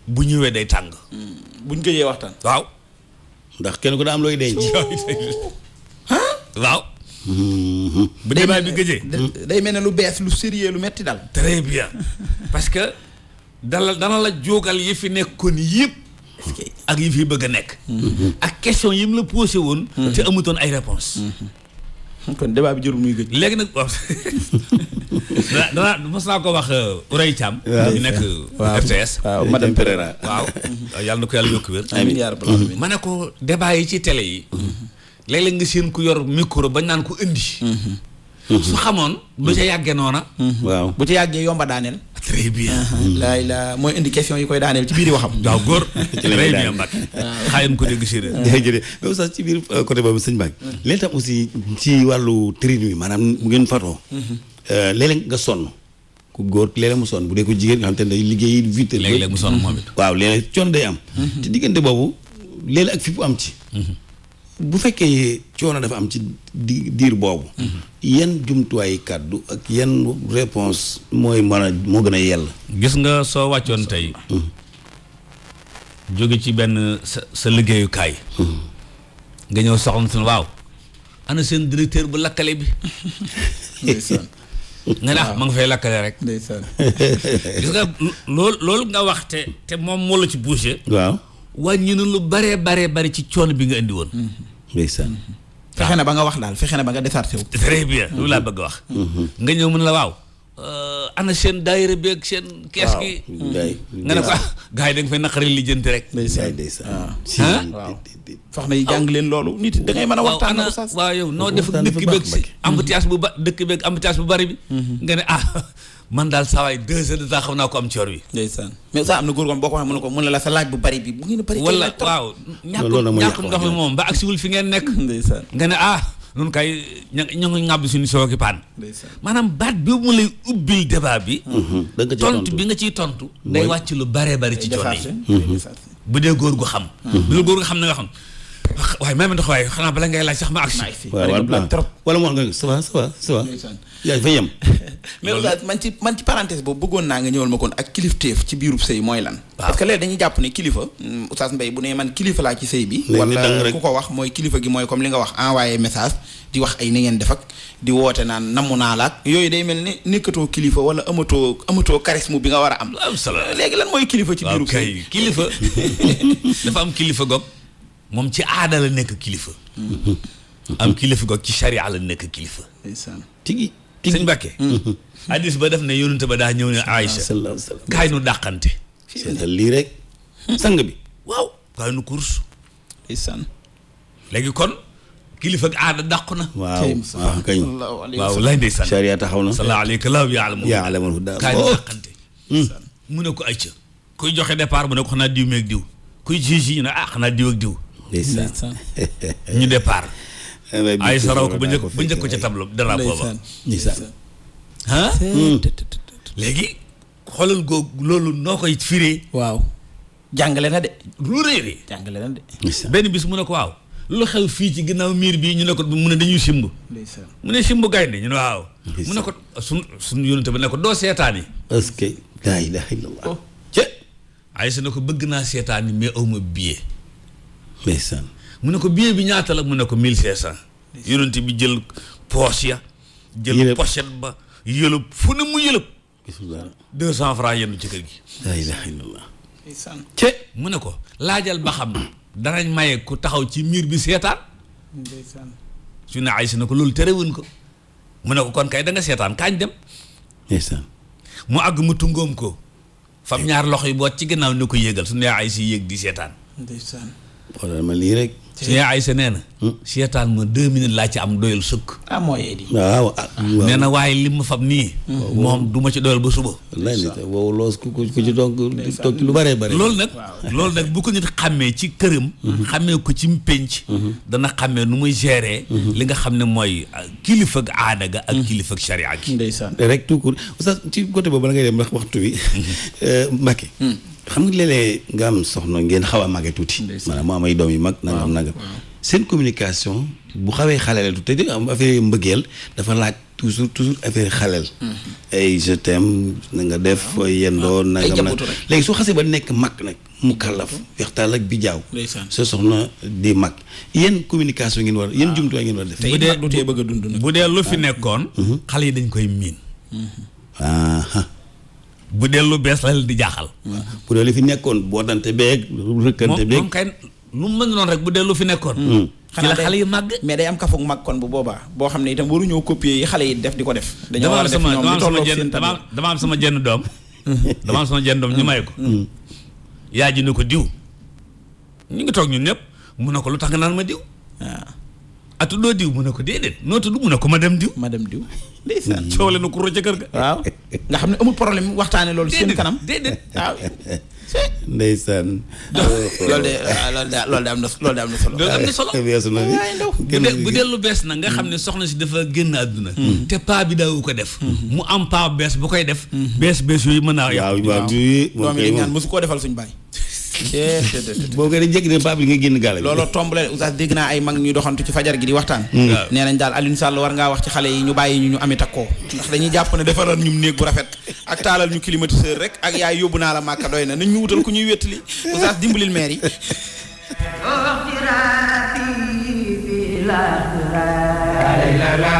bu ñëwee day tàng. Hmm. buñ ko waxtaan. waaw. ndax kenn ku daa am looy denc. waaw. Hmm. bu débat bi gëjee. day mel ne lu bees lu sérieux lu metti daal. très bien parce que dana dana la jógal yi fi nekkoon yëpp. ak yi fi bëgg a nekk. Hmm. ak question yi mu la posé woon. te amutoon ay réponse kon débat bi jërul léegi nag danaa mos naa ko wax euh, Ourey Thiam. waaw nekk euh, waaw madame na ko yàlla yokk wér. amiin ma ne ko débat yi ci tele yi. Mhm. léeg-léeg nga seen ku yor micro bañ naan ko indi. Mhm. su xamoon. lu ca yàggee noona. Mhm. waaw bu ca yàggee yomba daaneel. très bien. Mm. laay la mooy indi question yi koy daaneel ci biir yi waxam. waaw góor. ci la bien Mbacke. xaayam ko dégg séeréer. jërëjëf mais oustaz ci biir euh, côté boobu sëñ Mbacke. Mm. léegi tam aussi ci wàllu trin bi maanaam bu ngeen fatoo. Mm-hmm. Euh, léeg-léeg nga sonn. ku góor léeg-léeg mu sonn bu dee ko jigéen nga xam te ne day liggéey vite. léeg-léeg mu sonn moom it. waaw léeg-léeg coono am. te mm-hmm. diggante boobu léeg ak fi bu am ci. Mm-hmm. bu fekkee coono dafa am ci di diir boobu. Mhm. yan jumtuwaayu kàddu ak yan réponse mooy mën a moo gën a yell. gis nga soo wàccoon tey. Mhm. jóge ci benn sa sa liggéeyukaay. Mhm. nga ñëw soxna suñu waaw. ana seen directeur bu lakkale bi. ndeysaan. nga ne ah ma nga fay lakkale rek. ndeysaan. gis nga loolu loolu nga wax te te moom moo la ci bouché. waaw. wàññi na lu baree baree bari ci coono bi nga indi woon. ndeysaan. fexe na ba nga wax daal fexe na ba nga déchargé wu. très bien lu laa bëgg a wax. nga ñëw mën la waaw. Euh, ana seen daayira beeg seen. kees gi nga ne ko ah yi da nga fay naqari lijjanti rek. ndeysaan ndeysaan ah. Ah. waaw. soxna yi jàng leen loolu. nit da ngay mën a waxtaan ak oustaz waaw yow noo def dëkk beeg si. embouteillage bu ba dëkk beeg embouteillage bu bari bi. Mhm. nga ne ah. man daal saa waay deux heures de temps xam naa ko am coor bi. ndeysaan mais saa am na góor boo ko waxee mu ne ko mu ne la sa laaj bu bari bi bu ngeen bari. ne ah. noonu kay ña ña nga ñàbb suñu soo maanaam baat bi mu lay ubbil bi. Mm-hmm. da nga tontu bi nga ciy tontu. day wàcc lu baree bari ci coor yi mm-hmm. bu dee góor gu xam. bu mm-hmm. dee góor gu xam na nga xam. waaye may ma ndox waaye xanaa bala ngay laaj sax ma agsi. waaw waaw trop wala mu wax nga fa yem. mais man ci ci parenthèse boobu bëggoon naa nga ñëwal ma kon ak kilifteef ci biirub sëy mooy lan. parce que léegi dañuy jàpp ne kilifa. Mm, oustaz mbay bu ne man kilifa laa ci sëy bi. wala ku ko wax mooy kilifa gi mooy comme li nga wax envoyé message. di wax ay ni ngeen def di woote naan namu naa laak yooyu day mel ni nekkatoo kilifa wala amatoo amatoo charisme bi nga war a am. léegi lan mooy kilifa ci biirub sëy kilifa dafa am kilifa gopp moom ci aada la nekk kilifa. am kilifa ko ci sharia la nekk kilifa. ndeysaan tigi tigi sëñ mm-hmm. ba def na yonent ba daa ñëw ne Aïcha. kaay nu dàqante. lii rek. sang bi waaw. kaay nu course. léegi kon. kilifa aada dàqu na. waaw waaw kañ. waaw lay ndeysaan. taxaw na. salaahu aleyka laaw yaalamu. yaalamu hudaa kaay nu dàqante. Mm. mu ne ko Aïcha. kuy joxe départ mu ne ko xanaa diw meeg diw. kuy juge ñu ne ah xanaa diw ak diw. ndeysaan ñu départ. Eh, ay sa raw ko ba njëkk ba njëkk ko ca tableau drapeau ba ndeysaan ah léegi xoolal koo loolu noo koy firee waaw jàngale na de lu réeree jàngale na de benn bis mu ne ko waaw lu xew fii ci ginnaaw miir bii ñu ne ko mu ne dañuy simb mu ne simb gaynde ñu ne waaw mu ne ko sun sun yónente bi ne ko doo seetaani est-ce que laa ilaha illallah oh, ce ay sa ne ko bëgg naa seetaani mais awma billet mu ne ko billet bi ñaata la mu ne ko mille cinq cent yonent bi jël poche ya jël pochette ba yëlëb fu ne mu yëlëb deux cent francs yenn ci kër gi laa ilaha illallah mu ne ko laajal ba xam danañ maye ku taxaw ci miir bi seetaan su ne ay na ko loolu terewuñ ko mu ne ko kon kay da seetaan kaañ dem ndeysaan mu àgg mu tungoom ko fam ñaar loxo yi boot ci gannaaw ni ko yéegal su ne ay si yéeg di seetaan xoolal ma lii rek. Cheikh Aysa na. Hmm? seetaan ma deux laa ci am doyal sëkk. ah, ah, ah. waaw nee na waaye li ma fab nii. Hmm. moom duma ci doyal ba suba. wallaahi nit wow ci donc toog ci lu bëree bëri. loolu nag loolu nag bu ko nit xàmmee ci këram. Hmm. xàmmee ko ci pénc. dana xàmmee nu muy gérer. li nga xam ne mooy ah, kilifa ak aada ga ak kilifa ak sharia gi. ndeysaan rek tout court oustaz ci côté boobu la ngay dem ndax waxtu wi euh, Mbacke. xam nga léeg nga am soxna ngeen xaw a màggee tuuti. maanaam mu am ay doom yu mag. nangam nangam seen communication bu xawee xaleel tuuti te di am affaire mbëggeel dafa laaj toujours toujours affaire xaleel. Mm-hmm. ay je t'aime na nga def. yendoo nangam nag léegi soo xasee ba nekk mag nag mu kàllaf mm-hmm. waxtaan ak bi jaaw. soo soxna di mag yéen communication ngeen war yéen jumtuwaay ngeen war a def. bu dee bu dee lu fi ah. nekkoon. Mm-hmm. xale yi dañ koy miin. Ah, bu dee lu bees la di jaaxal. bu dee lu fi nekkoon boo dante rëkkante beeg moom kay lu mu mën noonu rek bu dee lu fi nekkoon. Mm. ci la xale yi màgg mais day am kafoog màgg kon bu boobaa boo xam ne itam waruñoo copier yi xale yi def di ko def. dañoo war a def ñoom li tolloog seen tamit sama jenn doom. dama am sama ñu may ko. Mm. yaa ji ne ko diw. ñu ngi toog ñun ñëpp mun na ko lu tax nga naan ma diw. waaw ah. atu ah, doo diw mun na ko déedéet noo tudd mun na ko ma dem diw. ma dem diw. ndeysaan soowale mm. na kuró ca kër ga waaw nga xam ne amul problème waxtaane loolu seen kanam de waaw ndeysaan oh, oh, oh. loolu de ah, loolu de loolu de na loolu de am na solo am na solo bu dellu bees na nga xam ne soxna si dafa génn àdduna mm. te paa bi daawu ko def mm. mu am paa bees bu koy def bees bees yooyu mën naa waaw waaw doom yi koo defal suñu baay boo ko dee jékki ne pap bi nga génn gàll looloo tombale dégg naa ay mag ñuy doxantu ci fajar gi di waxtaan mm. nee nañ daal Alioune saal war ngaa wax ci xale yi ñu bàyyi ñu ñu amit ak koo ndax dañuy jàpp ne defaral ñu néeg bu rafet ak taalal ñu climatiseur rek ak yaay yóbbu naa la màkka doy na nañ ñu wutal ku ñuy wéttali oustaz dimbalil maire yi la la la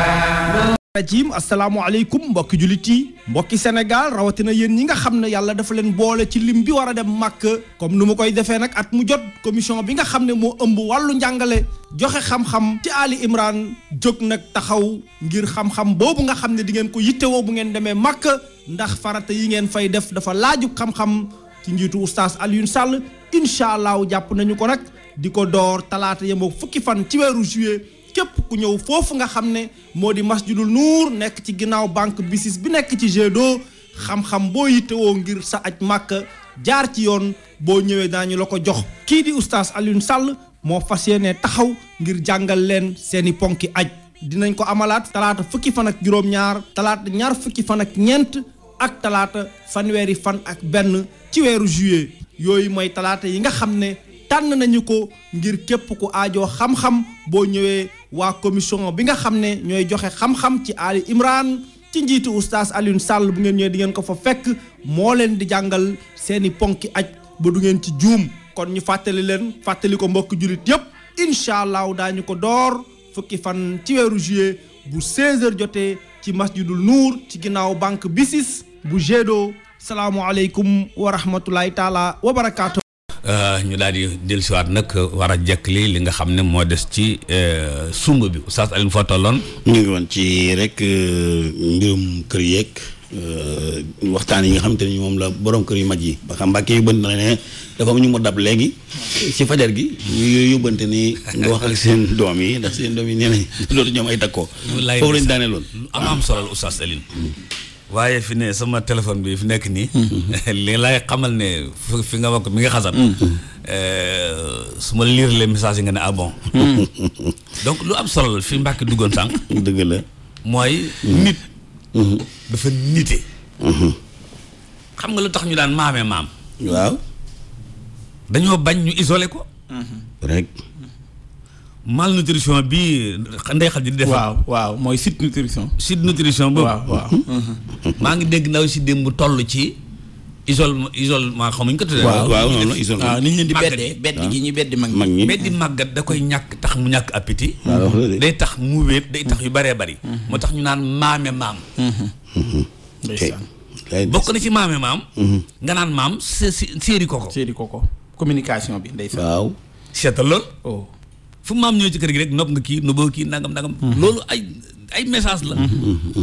rajim asalaamaaleykum mbokki jullit yi mbokki Sénégal rawatina yéen ñi nga xam ne yàlla dafa leen boole ci lim bi war a dem màkk comme nu mu koy defee nag at mu jot commission bi nga xam ne moo ëmb wàllu njàngale joxe xam-xam ci Ali Imran jóg nag taxaw ngir xam-xam boobu nga xam ne di ngeen ko woo bu ngeen demee màkk ndax farata yi ngeen fay def dafa laaju xam-xam ci njiitu oustaz Alioune Sall incha allah jàpp nañu ko nag di ko door talaata yemoo fukki fan ci weeru juillet. képp ku ñëw foofu nga xam ne moo di masjidul nuur nekk ci ginnaaw banque BICIS bi nekk ci jet d'eau xam-xam boo yittewoo ngir sa aj màkk jaar ci yoon boo ñëwee daañu la ko jox kii di oustaz Alioune Sall moo fas yéene taxaw ngir jàngal leen seeni ponki aj dinañ ko amalaat talaata fukki fan ak juróom-ñaar talaata ñaar fukki fan ak ñeent ak talaata fanweeri fan ak benn ci weeru juillet yooyu mooy talaata yi nga xam ne tànn nañu ko ngir képp ku aajo xam-xam boo ñëwee waa commission bi nga xam ne ñooy joxe xam-xam ci Ali Imran ci njiitu oustaz Alioune Sall bu ngeen ñëwee di ngeen ko fa fekk moo leen di jàngal seeni ponki aj ba du ngeen ci juum kon ñu fàttali leen fàttali ko mbokk jullit yépp incha allah daañu ko door fukki fan ci weeru juillet bu 16h jotee ci masjidul nuur ci ginnaaw banque BICIS bu Gédo salaamualeykum wa rahmatulahi taala wa barakaatu. Euh, ñu daal di dellusiwaat nag war a jekk li li nga xam ne moo des ci euh, sumb bi oustaz Alioune foo tolloon. mu ngi woon ci rek euh, mbirum kër yeeg waxtaan yi nga xamante ni moom la borom kër yu mag yi ba xam mbàkke yu bënt na ne dafa ñu mu dab léegi ci fajar gi ñu yóbbante ni nga waxal seen doom yi ndax seen doom yi nee nañ loolu ñoom ay takkoo foofu lañ daanee loolu am am solo la oustaz waaye fi ne sama téléphone bi fi nekk nii. li lay xamal ne fi nga wax mi nga xasan. Mm-hmm. Euh, su ma lire les messages yi nga ne ah bon. Mm-hmm. donc lu am solo fi Mbàkke duggoon sànq. dëgg la mooy. Mm-hmm. nit. dafa nite. xam nga lu tax ñu daan maamee maam. waaw. dañoo bañ ñu isolé ko. malnutrition bi ndey xal ji di def waaw waaw mooy sud nutrition. sud nutrition boobu waaw waaw. maa ngi dégg ndaw si démb toll ci. isol isol maa xamuñ ko tuddee. waaw waaw non non isol. waaw ni ñu leen di beddee bedd gi ñu beddi mag ñi. beddi màggat da koy ñàkk tax mu ñàkk appétit. day tax mu wéet day tax yu bëree bëri. Mm-hmm. moo tax ñu naan maame maam. Mm-hmm. Mm-hmm. bokk na ci maame maam. nga naan maam sé séeri koko. séeri koko communication bi ndeysaan. waaw seetal lool. Oh. fu maam ñëw ci kër gi rek nopp nga kii noppoo kii nangam nangam. loolu ay ay message la.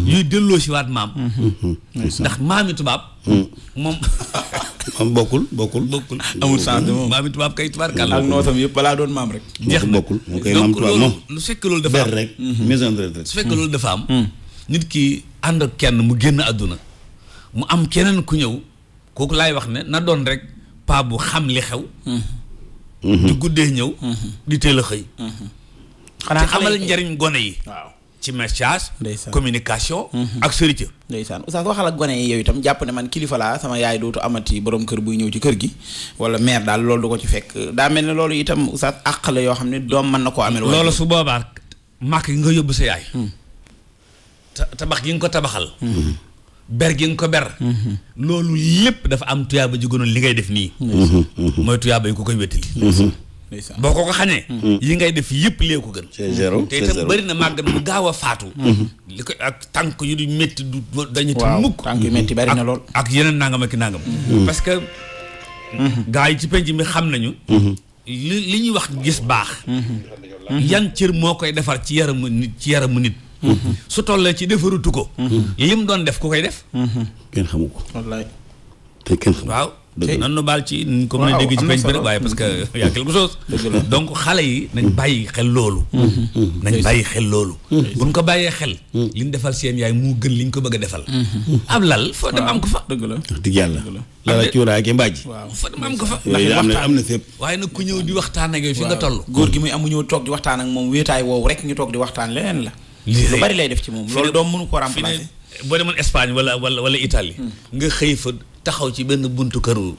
yuy delloo si waat maam. ndax maami tubaab. moom. moom bokkul bokkul. bokkul amul sens moom maami tubaab kay tubaab kàlla. ak nootam yëpp balaa doon maam rek. jeex na bokkul mu koy maam tubaab moom. lu fekk loolu dafa am rek. maison de retraite su fekk loolu hmm. nit ki ànd kenn mu génn àdduna. mu am keneen ku ñëw kooku laay wax ne na doon rek pa bu xam li xew. Hmm. Mm-hmm. di guddee ñëw mm-hmm. di teel a xëy mm-hmm. xanaa amal njariñ gone yi waaw ci message communication ak sërite ndeysaan oustaz waxal ak gone yi yow itam jàpp ne man kilifa laa sama yaay dootu amati boroom kër buy ñëw ci kër gi wala maire daal loolu du ko ci fekk daa mel ne loolu itam oustaz àq la yoo xam ne doom mën na koo amee loolu su boobaa màkk yi nga yóbbu sa yaay hmm. tabax gi nga ko tabaxal hmm. ber gi nga ko ber mhm. loolu yépp dafa am tuyaaba ji gënoon li ngay def nii mhm, mhm. mooy tuyaaba yi ko koy wettali boo ko ko xamee yi ngay def yëpp lee ko gën te itam bëri na màggat mu gaaw a faatu li ko ak tànk yu du métti du dañu te mukk tànk yu métti bari na lool ak yeneen nangam ak nangam parce que gaa yi ci penc mi xam nañu li li ñuy wax gis baax yan cër moo koy defar ci yaramu nit ci yaramu nit su tollee ci defarutu ko. lim doon def ku koy def. kenn xamu ko. wallaay waaw. dëgg nan nu ci comme nañ dégg ci waaye parce que y a quelque chose donc bàyyi xel loolu nañ bàyyi xel loolu buñ ko bàyyee xel hmm. liñ defal seen yaay moo a defal hmm. ab lal foo dem am ko fa dëgg la dëgg yàlla lala am ko fa na ku ñëw di waxtaan ak gi mu ñëw toog waxtaan ak moom wéetaay woowu rek ñu toog di waxtaan leneen la lu bari lay def ci moom loolu doom mënu ko remplacer boo demoon Espagne wala wala wala Italie hmm. nga xëy fa taxaw ci benn buntu këru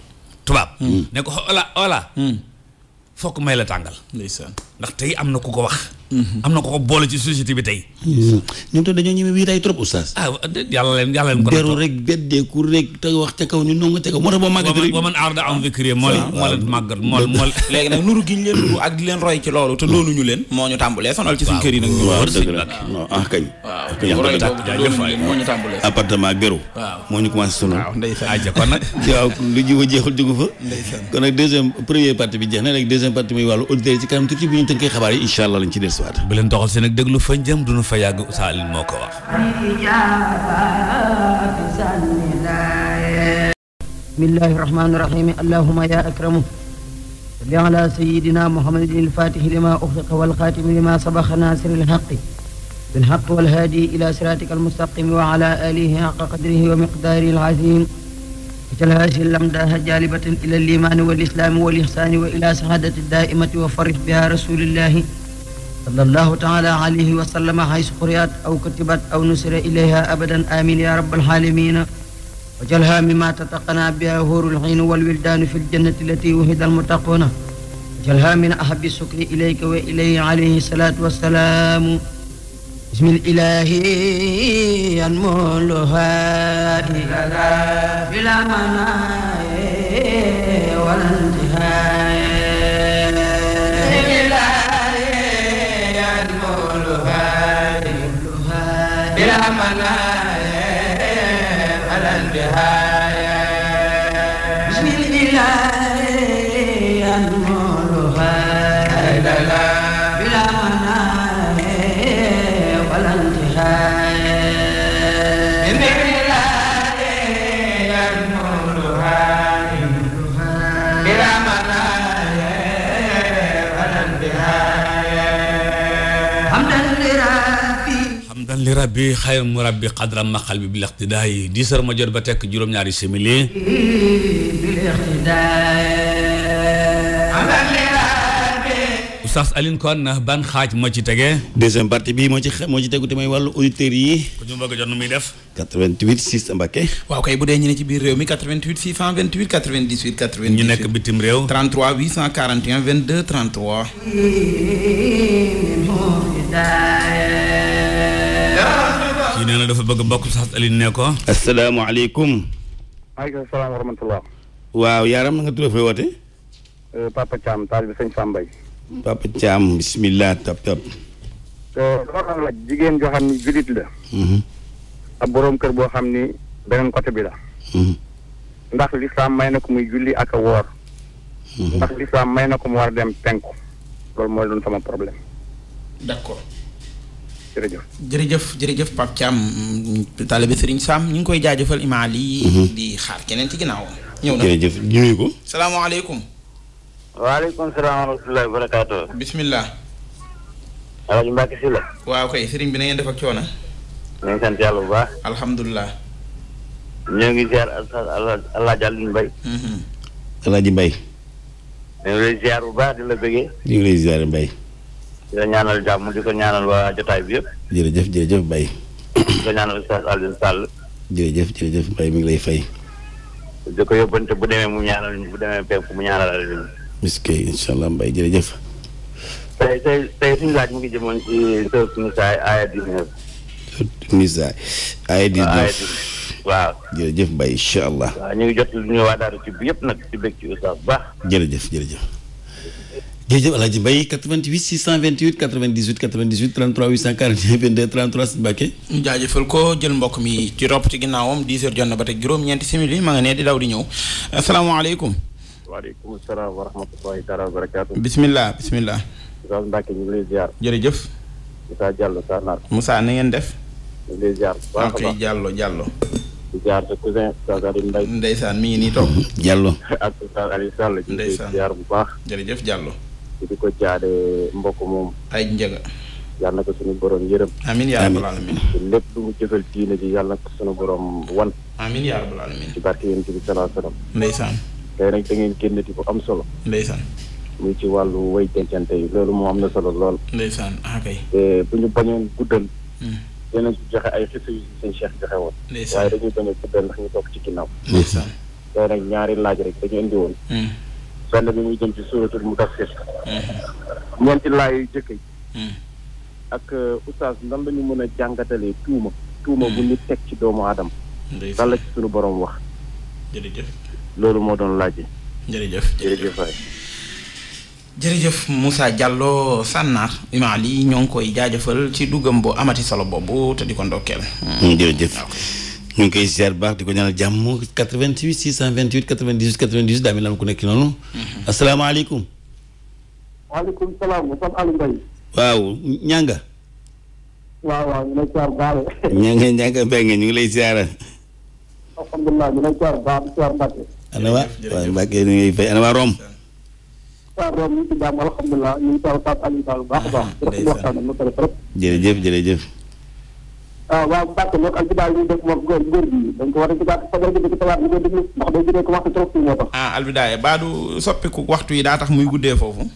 tubaab hmm. ne ko hola hola hmm. fokk may la tàngal ndeysaan ndax te am na ku ko wax. Mhm. am na ku ko boole ci société bi tey. ñoom mhm. itam dañoo ñeme wii trop oustaz. Ah, yàlla leen yàlla leen ko. deru rek beddeeku rek te wax ca kaw ñu nangu ca kaw moo tax boo màggat rek. man arda am zikri moo leen moo leen màggat moo moo léegi nag nuru gi ñu moo ñu tàmbalee appartement ak bureau. moo ñu commencé sonal. waaw ndeysa àjja kon nag. waaw lu a jeexul jugu fa. ndeysa kon nag deuxième première partie bi jeex na rek deuxième partie muy wàllu auditeurs ci kanam tuuti bi ñu tënkee xabaar yi incha allah lañ ci dellusiwaat. bu leen doxal si nag déglu fa jëm duñu fa yàgg Oustaz Alioune moo ko wax. bismillahi rahmaani rahim allahumma ya akramu salli ala sayyidina muhammadin al-fatihi lima ughliqa wal khatimi lima sabaqa nasiri al-haqqi bil haqqi wal hadi ila siratika al-mustaqim wa ala alihi haqqa qadrihi wa miqdarihi al-azim مثل هذه الأمداح جالبة إلى الإيمان والإسلام والإحسان وإلى سعادة الدائمة وفرح بها رسول الله صلى الله تعالى عليه وسلم حيث قرئت أو كتبت أو نسر إليها أبدا آمين يا رب العالمين وجلها مما تتقنى بها هور العين والولدان في الجنة التي وهد المتقون وجلها من أحب السكر إليك وإليه عليه الصلاة والسلام بسم الإله ينمو لهائي بلا مناي ولا انتهاء بسم الإله ينمو لهائي بلا مناي li rabbi xayr mu rabbi xadra maqal bi bil iqtidaay dix heures ma jot ba tekk juróom-ñaari simili bil iqtidaay Oustaz Alioune Kone ban xaaj moo ci tege. deuxième partie bii moo ci xe moo ci tegu te mooy wàllu auditeurs yi. ku ñu bëgg jot nu muy def. 88 6 Mbacké. waaw kay bu dee ñu ne ci biir réew mi 88 628 98 98. ñu nekk bitim réew. 33 841 22 33. nee dafa bëgg mbokk sax ne ko. asalaamaaleykum. maaleykum salaam wa rahmatulah. waaw yaaram na nga tudd fooy woote. Euh, Papa Thiam taal bi sëñ Sambay. Papa Thiam bisimilah tap tap. Euh, jigéen joo xam ni jullit la. Mhm. ab boroom kër boo xam ni beneen côté bi la. Mhm. ndax lislaam may na ko muy julli ak a woor. Mhm. ndax lislaam may na ko mu war dem penku. loolu mooy doon sama problème. d'accord. jërëjëf jërëjëf jërëjëf Pape Thiam taalibe Serigne Sam ñu ngi koy jaajëfal imaam lii mhm. di xaar keneen ci ginnaaw ñëw na jërëjëf ko. salaamaaleykum. waaleykum salaam wa rahmatulah wa barakaatu. bisimilah. El Hadj Mbacke Sylla. waaw kay Serigne bi na ngeen def ak coono. ñu ngi sant yàlla bu baax. alhamdulilah. ñoo ngi ziar El Hadj Alioune Mbaye. El mhm. Hadj Mbaye. ñu ngi lay ziar bu baax di la bëggee. ñu ngi lay ziar Mbaye. di la ñaanal jàmm di ko ñaanal waa jotaay bi yëpp. jërëjëf jërëjëf Mbaye. di ko ñaanal Oustaz jërëjëf jërëjëf Mbaye mi ngi lay fay. di ko yóbbante bu demee mu ñaanal bu demee penku mu ñaanal Alioune. biskey jërëjëf. tey tey tey suñu laaj mi ngi jëmoon ci sëb Nisaa ñu ngi jot lu ñu waa daara ci bi yëpp nag ci bëgg ci oustaz bu baax. jëf jërëjëf. jërëjëf El Hadj Mbaye 88 628 98 98 33 841 22 33 si Mbacke. jaajëfal ko jël mbokk mi ci topp ci ginnaawam 10 heures jot na ba teg juróom-ñeenti simili ma nga ne di daw di ñëw asalaamaaleykum. waaleykum salaam wa rahmatullahi taala wa barakaatu. bisimilah bisimilah. Oustaz Mbacke ñu ngi lay ziar. jërëjëf. Moussa na ngeen def. ñu ngi lay ziar bu baax a baax ok Diallo Diallo. di ziar ndeysaan mi ngi nii toog. Diallo ak Oustaz Aliou Sall. ndeysaan ziar bu baax. jërëjëf Diallo. te di ko jaale mbokk moom ay njëga yàlla na ko suñu borom yërëm amin lépp lu mu jëfal diine ji yàlla na ko suñu borom wan amin yaa rabbal alamin ci barke yéen bi salaa salaam ndeysaan tey nag da ngeen génnati bu am solo ndeysaan mu ci wàllu way dencante yi loolu moo am na solo lool ndeysaan ah kay te bu ñu bañoon guddal hmm. dinañ ci joxe ay xisa yu seen cheikh joxe woon waaye dañuy bañ a guddal ndax ñu toog ci ginnaaw ndeysaan tey nag ñaari laaj rek dañu indi woon hmm. benn bi muy jëm ci mu mudassir ñeenti laayu jëkk yi ak euh, oustaz nan la ñu mën a jàngatalee tuuma tuuma bu teg ci doomu aadama lan la ci suñu borom wax jërëjëf loolu moo doon laaj yi jërëjëf jërëjëf musaa jërëjëf Moussa Diallo Sànnaar imaam Ali ñoo ngi koy jaajëfal ci duggam boo amati solo boobu te di ko ndokkeel mm, jërëjëf ñu ngi koy ziar baax di ko ñaanal jàmm 88 628 98 98 daa mel ni ku nekk noonu. Mm-hmm. asalaamaaleykum. waaleykum salaam Moussa Aliou Mbaye. waaw ñanga waaw waaw ñu lay ñanga ñanga Mbengue ñu ngi lay ziaral. alhamdulilah ñu lay ziar baax di ziar Mbacke. ana waa waaw Mbacke ñu ngi fay ana baax Rome. waaw Rome ñu si jàmm alhamdulilah ñu ngi baax a baax. jërëjëf jërëjëf. waaw waaw Mbacke moom albidaay yi ñu def moom góor góor a jugaat fajar gi di tawaat waxtu ah, baa du soppiku waxtu yi daa tax muy guddee foofu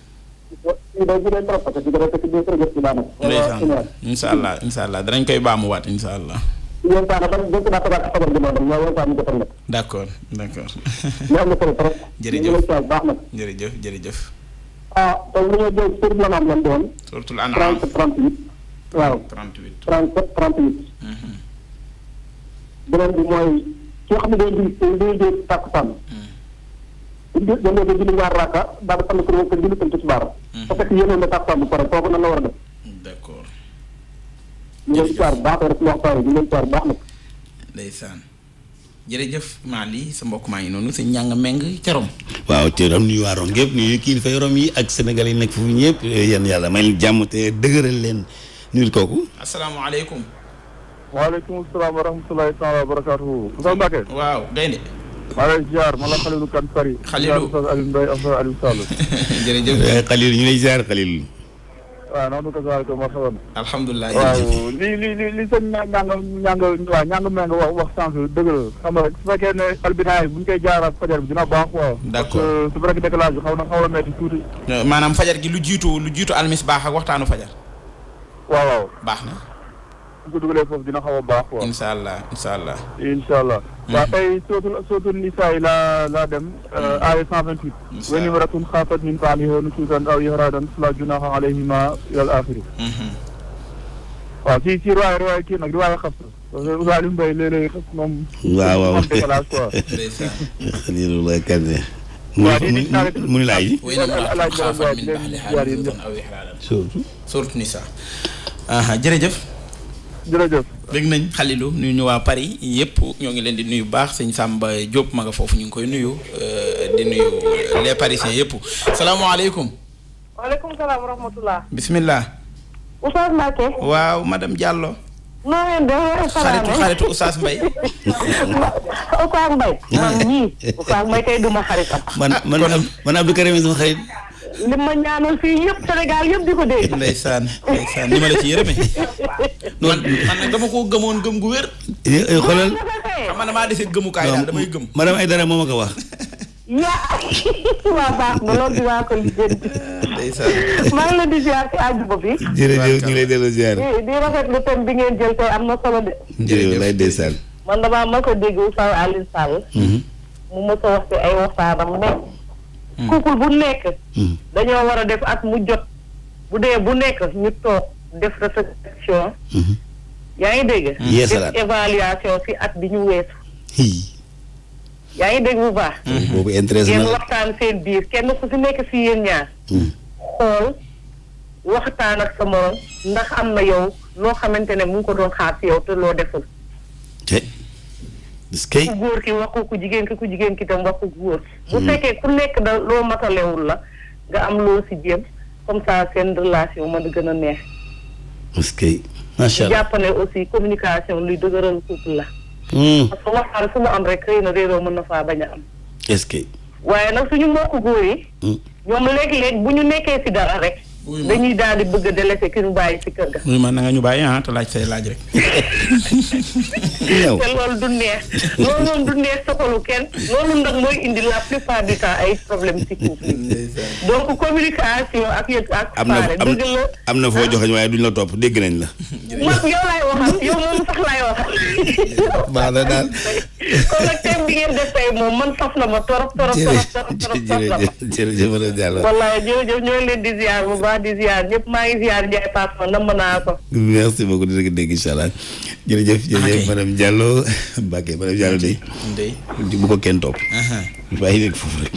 fii day guddee trop parce que dara fekk bi sërgët si insha allah insha allah danañ koy baamuwaat insha allah yéen saana ban dégg naa tabaat fajar gi noonu ñoo yéen ñu ko tam nag d'accord d'accord ñu am na solo trop jërëjëf baax nag jërëjëf jërëjëf ah te li ñuy dégg suur la waaw 38 37 38. beneen bi mooy ki nga xam ne day di day di takkusaan. bu dee da nga doon julli ñaar raaka daal di ko ko julli tam tisbaar. parce que yéen a takkusaan bu pare kooku nan la war a def. d'accord. ñu leen siwaar baax rek waxtaan ñu leen siwaar baax nag. ndeysaan. jërëjëf Mali sa mbokk maa ngi noonu sa njàng meng ca Rome waaw ca Rome nuyu waa Rome gépp nuyu kilifa Rome yi ak sénégalais yi nekk foofu ñëpp yéen yàlla may leen jàmm te dëgëral leen nuyul kooku. asalaamaaleykum. waaleykum salaam wa rahmatulahi taala wa barakaatu. Moussa Mbacke. waaw gaynde. maa ngi lay ziar ma la Xalilu kan Fari. Xalilu ziar Aliou Mbaye ak Aliou Sall. jërëjëf Xalilu eh, ñu lay ziar Xalilu. waaw naan ko ziar ko marhaban. alhamdulilah waaw li li li li sëñ ña ña nga ña nga waaw ña nga nga wax wax sànq dëgg la xam nga su fekkee ne albinaay bu ñu koy jaaraat fajar bi dina baax waaw. d'accord parce que su fekkee décalage bi xaw na xaw na metti tuuti. Euh, maanaam fajar gi lu jiitu lu jiitu almis baax ak waxtaanu fajar. waaw waaw baax na. bu ko dugalee foofu dina xaw a baax. waaw incha allah incha allah. incha allah. Hmm. waaw tey sootul sootul nisaa yi laa laa dem. Hmm. Euh, aaya 128. incha allah wa imra'atun xaafat min baalihaa nushuzan aw i'raadan falaa junaaha alayhimaa ilal aaxiri. Hmm. waaw si si riwaay riwaay kii nag riwaay xas. parce que Ousmane Mbaye léeg-léeg xas moom. waaw waaw xaliilullah Kane. waaw di di saa mu ngi laaj. surtout. surtout nisaa. jërëjëf. jërëjëf. dégg nañ Khalilou nuyu ñu waa Paris yëpp ñoo ngi leen di nuyu baax sëñ Samba Diop ma foofu ñu ngi koy nuyu euh, di nuyu les Parisiens yëpp salaamaaleykum. waaleykum salaam wa rahmatulah. bisimilah. waaw madame Diallo. noo xaritu xaritu Oustaz Mbaye. Oustaz Mbaye. man man man man Abdou Karim xarit. li ma ñaanal fii yëpp Sénégal yëpp di ko dégg. ndeysaan ndeysaan ni ma la ci yërëme. noonu man nag dama koo gëmoon gëm gu wér. Eh, eh, xoolal xam nga damaa dese gëmukaay daal damay gëm. madame ko wax. yaa waa na di ziar ci àjjuma bi. jërëjëf ñu lay delloo ziar. Eh, man damaa ma ko dégg Oustaz Alioune mhm. mu mës a wax ci ay waxtaanam ne. couple mm. bu nekk mm. dañoo war a def at mu jot bu dee bu nekk ñu toog def réflexion mm-hmm. yaa ngi dégg mm-hmm. def évaluation si at bi ñu weesu yaa ngi dégg bu baax mm-hmm. boobu waxtaan seen biir kenn ku si nekk si yéen ñaar mm. xool waxtaan ak sa morom ndax am na yow loo xamante ne mu ko doon xaar si yow te loo deful ku góor ki wax ko ku jigéen ki ku jigéen ki tam wax ko góor bu hmm. fekkee ku nekk da loo matalewul la nga am loo si jéem comme ça seen relation mën a gën a neex parce que macha allah aussi communication luy dëgëral couple la hmm. parce que waxtaan su mu am rek xëy na réeroo mën na faa bañ a am est waaye nag suñu mbokk góor yi hmm. ñoom léeg-léeg bu ñu nekkee si dara rek dañuy daal di bëgg a délaissé ki ñu bàyyi ci kër ga. muy man na nga ñu bàyyi ah te laaj say laaj rek. te loolu du neex loolu moom du neex soxalu kenn loolu nag mooy indi la plupart du temps ay problème ci couple donc communication ak yëg ak. am na am na foo joxeñ waaye duñ la topp dégg nañ la. man yow laay waxal yow moom sax laay waxal. baax na daal. kon nag thème bi ngeen def tey moom man saf na ma torop torop torop torop torop la ma. jërëjëf jërëjëf jërëjëf. wallaay jërëjëf ñoo leen di ziar bu baax baax di ziar ñëpp maa ngi ziar Ndiaye Papa namm naa ko. merci beaucoup di la dégg incha allah. jërëjëf ah, jërëjëf madame Diallo Mbacké madame Diallo Ndeye. Ndeye bu ko kenn topp. Ah, ah. bàyyi nekk foofu rek.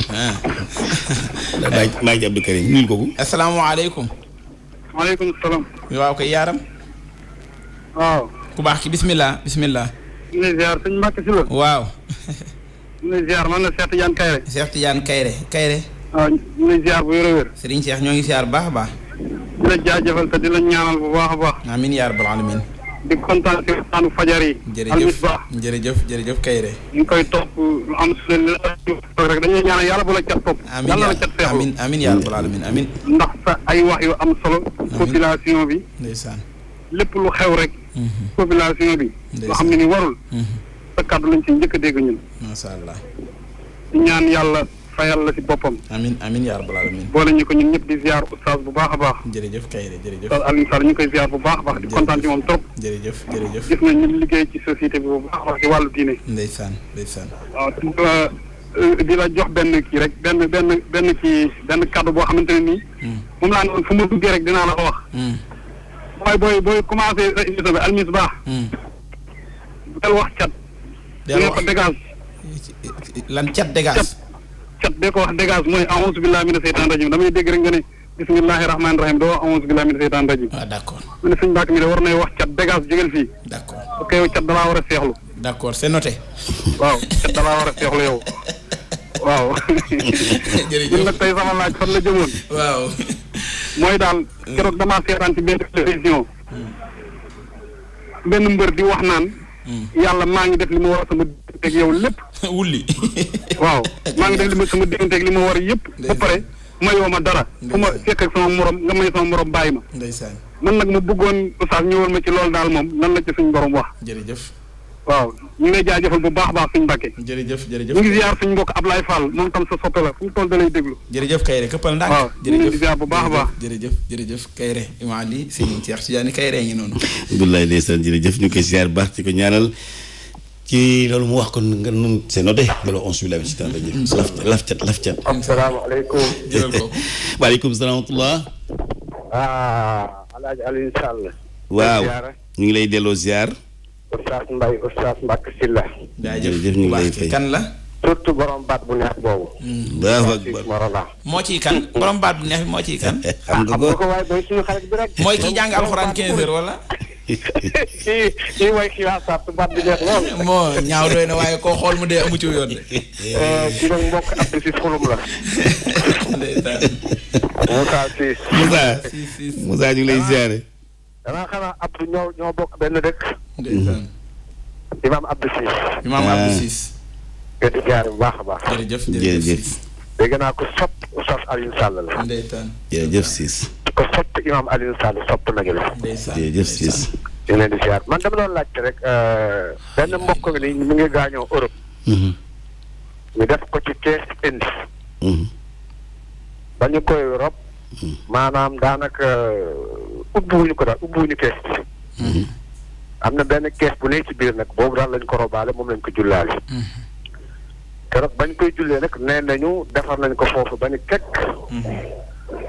maa ngi maa ngi ci Abdou Karim ko. asalaamaaleykum. maaleykum salaam. waaw kay yaaram. waaw. ku baax ki bismillah bismillah. ñu ngi ziar sëñ Kayre. Cheikh Tidiane Kayre Kayre. waaw ñu ngi lay ziar bu yore wér. ñoo ngi ziar bu baax a baax. di la jaajëfal te di la ñaanal bu baax a baax. amiin yaa rabbal aalamiin. di kontaan ci waxtaanu fajar yi. jërëjëf jërëjëf Kayre. ñu ngi koy topp lu am su leen rek dañuy ñaanal yàlla bu la cat topp. amiin yàlla amiin amiin yaa rabbal aalamiin amiin. ndax sa ay wax yu am solo. population bi. ndeysaan lépp lu xew rek. Mhm. population bi. loo xam ne ni warul. Mhm. sa kàddu lañ ci njëkk a dégg ñun. macha allah. ñaan yàlla. fayal la ci boppam. amin amin yaa rabbal alamin. boole ñu ko ñun ñëpp di ziar oustaz bu baax a baax. jërëjëf Kayre jërëjëf. oustaz Alioune Sall ñu koy ziar bu baax a baax. di kontaan ci moom trop. jërëjëf jërëjëf. gis nañ liggéey ci société bi bu baax a baax ci wàllu diine. saan ndeysaan. waaw euh, di la jox benn kii rek benn benn benn kii benn kàddu boo xamante ne nii. Hmm. moom laa ne fu mu duggee rek dinaa la ko wax. mooy hmm. booy booy commencé sa émission bi Al Misbah. Hmm. del wax cat. del wax lan cat dégage cat de ko wax dégage mooy a'uuzu billahi mina seytaan rajim damay dégg rek nga ne bismillahi rahmaani rahim doo a'uuzu billahi a seytaan rajim ah d'accord mu ne suñu mbàkk war nay wax cat dégage jógal fii d'accord a seexlu d'accord c'est waaw cat a laaj fan la jëmoon mooy daal hmm. keroog damaa seetaan ci benn hmm. mbër di wax naan hmm. yàlla maa ngi def li ma war a sama teg yow lépp wulli waaw maa ngi def li ma sama diggante ak li ma war yëpp ba pare mayoo ma dara fu ma fekk ak sama morom nga may sama morom bàyyi ma ndeysaan man nag ma bëggoon oustaz ñëwal ma ci loolu daal moom lan la ci suñ borom wax jërëjëf waaw ñu ngi lay jaajëfal bu baax baax suñu mbàkke jërëjëf jërëjëf ñu ngi ziar suñu mbokk Ablaye Fall moom tam sa soppe la fu mu toll da lay déglu jërëjëf Kayre këppal ndànk waaw ñu ngi ziar bu baax baax jërëjëf jërëjëf Kayre imaam Ali Serigne Cheikh Tidiane Kayre ngi noonu billaay ndeysaan jërëjëf ñu koy ziar baax ci ci loolu mu wax ko nga nun c'est noté alors on suit la visite jërëjëf laf laf cat laf cat am salaamaaleykum jël ko waaleykum salaam wa rahmatullah ah Alaaji waaw ñu ngi lay delloo ziar Oustaz Mbaye Oustaz Mbacke Sylla la surtout borom baat bu neex boobu. Mm. Allahu akbar moo ciy kan borom baat bu neex bi moo ciy kan. Ah, xam nga ko waaye mooy suñu xarit bi rek. mooy kiy jàng alxuraan 15 heures wala. kii mooy xibaar moo ñaaw na waaye koo xool mu dee amu ci yoon de. Eh, kii nag mbokk Abdou Ciss xulum la. Moussa Ciss. Moussa Moussa ñu ah. danaa xanaa Abdou ñoo bokk benn dëkk. imaam Abdou Ciss. imaam Abdou ah. Ciss. di ziare bu baax a baax. dégg naa ko sopp Oustaz Alioune Sall la. ndeysaan jërëjëf Ciss. ko sopp Imaam Alioune Sall sopp nañu la. ndeysaan jërëjëf Ciss. ñu leen di ziar man dama doon laajte rek euh, benn mbokk mi ni mu ngi gaañoo Europe. Mhm. ñu def ko ci kees indi. Mhm. ba ñu koy rob. Mhm. maanaam daanaka euh, ubbiwuñu ko daal ubbiwuñu kees am na benn kees bu ne ci biir nag boobu daal lañ ko robaale moom lañ ko jullaale. keroog bañ koy jullee nag nee nañu defar nañ ko foofu ba ñu teg. Mhm.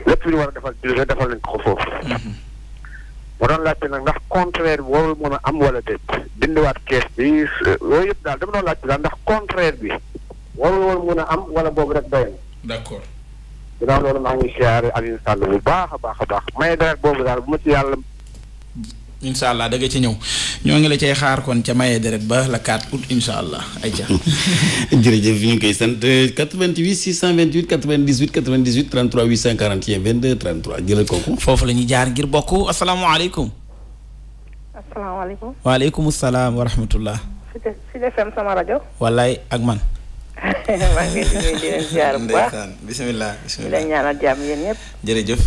lépp lu ñu war a defal jullee defal nañ ko foofu. Mhm. mu doon laajte nag ndax contraire bi warul mën a am wala déet dindiwaat kees bi yooyu yëpp daal dama doon laajte daal ndax contraire bi warul woon mën a am wala boobu rek doy na. d'accord. ginnaaw loolu maa ngi siyaare Alioune Sall bu baax a baax a baax may deret boobu daal bu ma ci yàlla. incha allah da nga ci ñëw ñoo ngi la cay xaar kon ca maye deret ba la 4 août incha allah ayca. jërëjëf ñu ngi koy sant 88 628 98 98 33 841 22 33 jëlal kooku. foofu la ñuy jaar ngir bokk asalaamaaleykum. asalaamaaleykum. waaleykum salaam wa rahmatullah. Sud rajo. wallaay ak man. maa ngi leen di nuyu di leen ziar bisimilah bisimilah jërëjëf.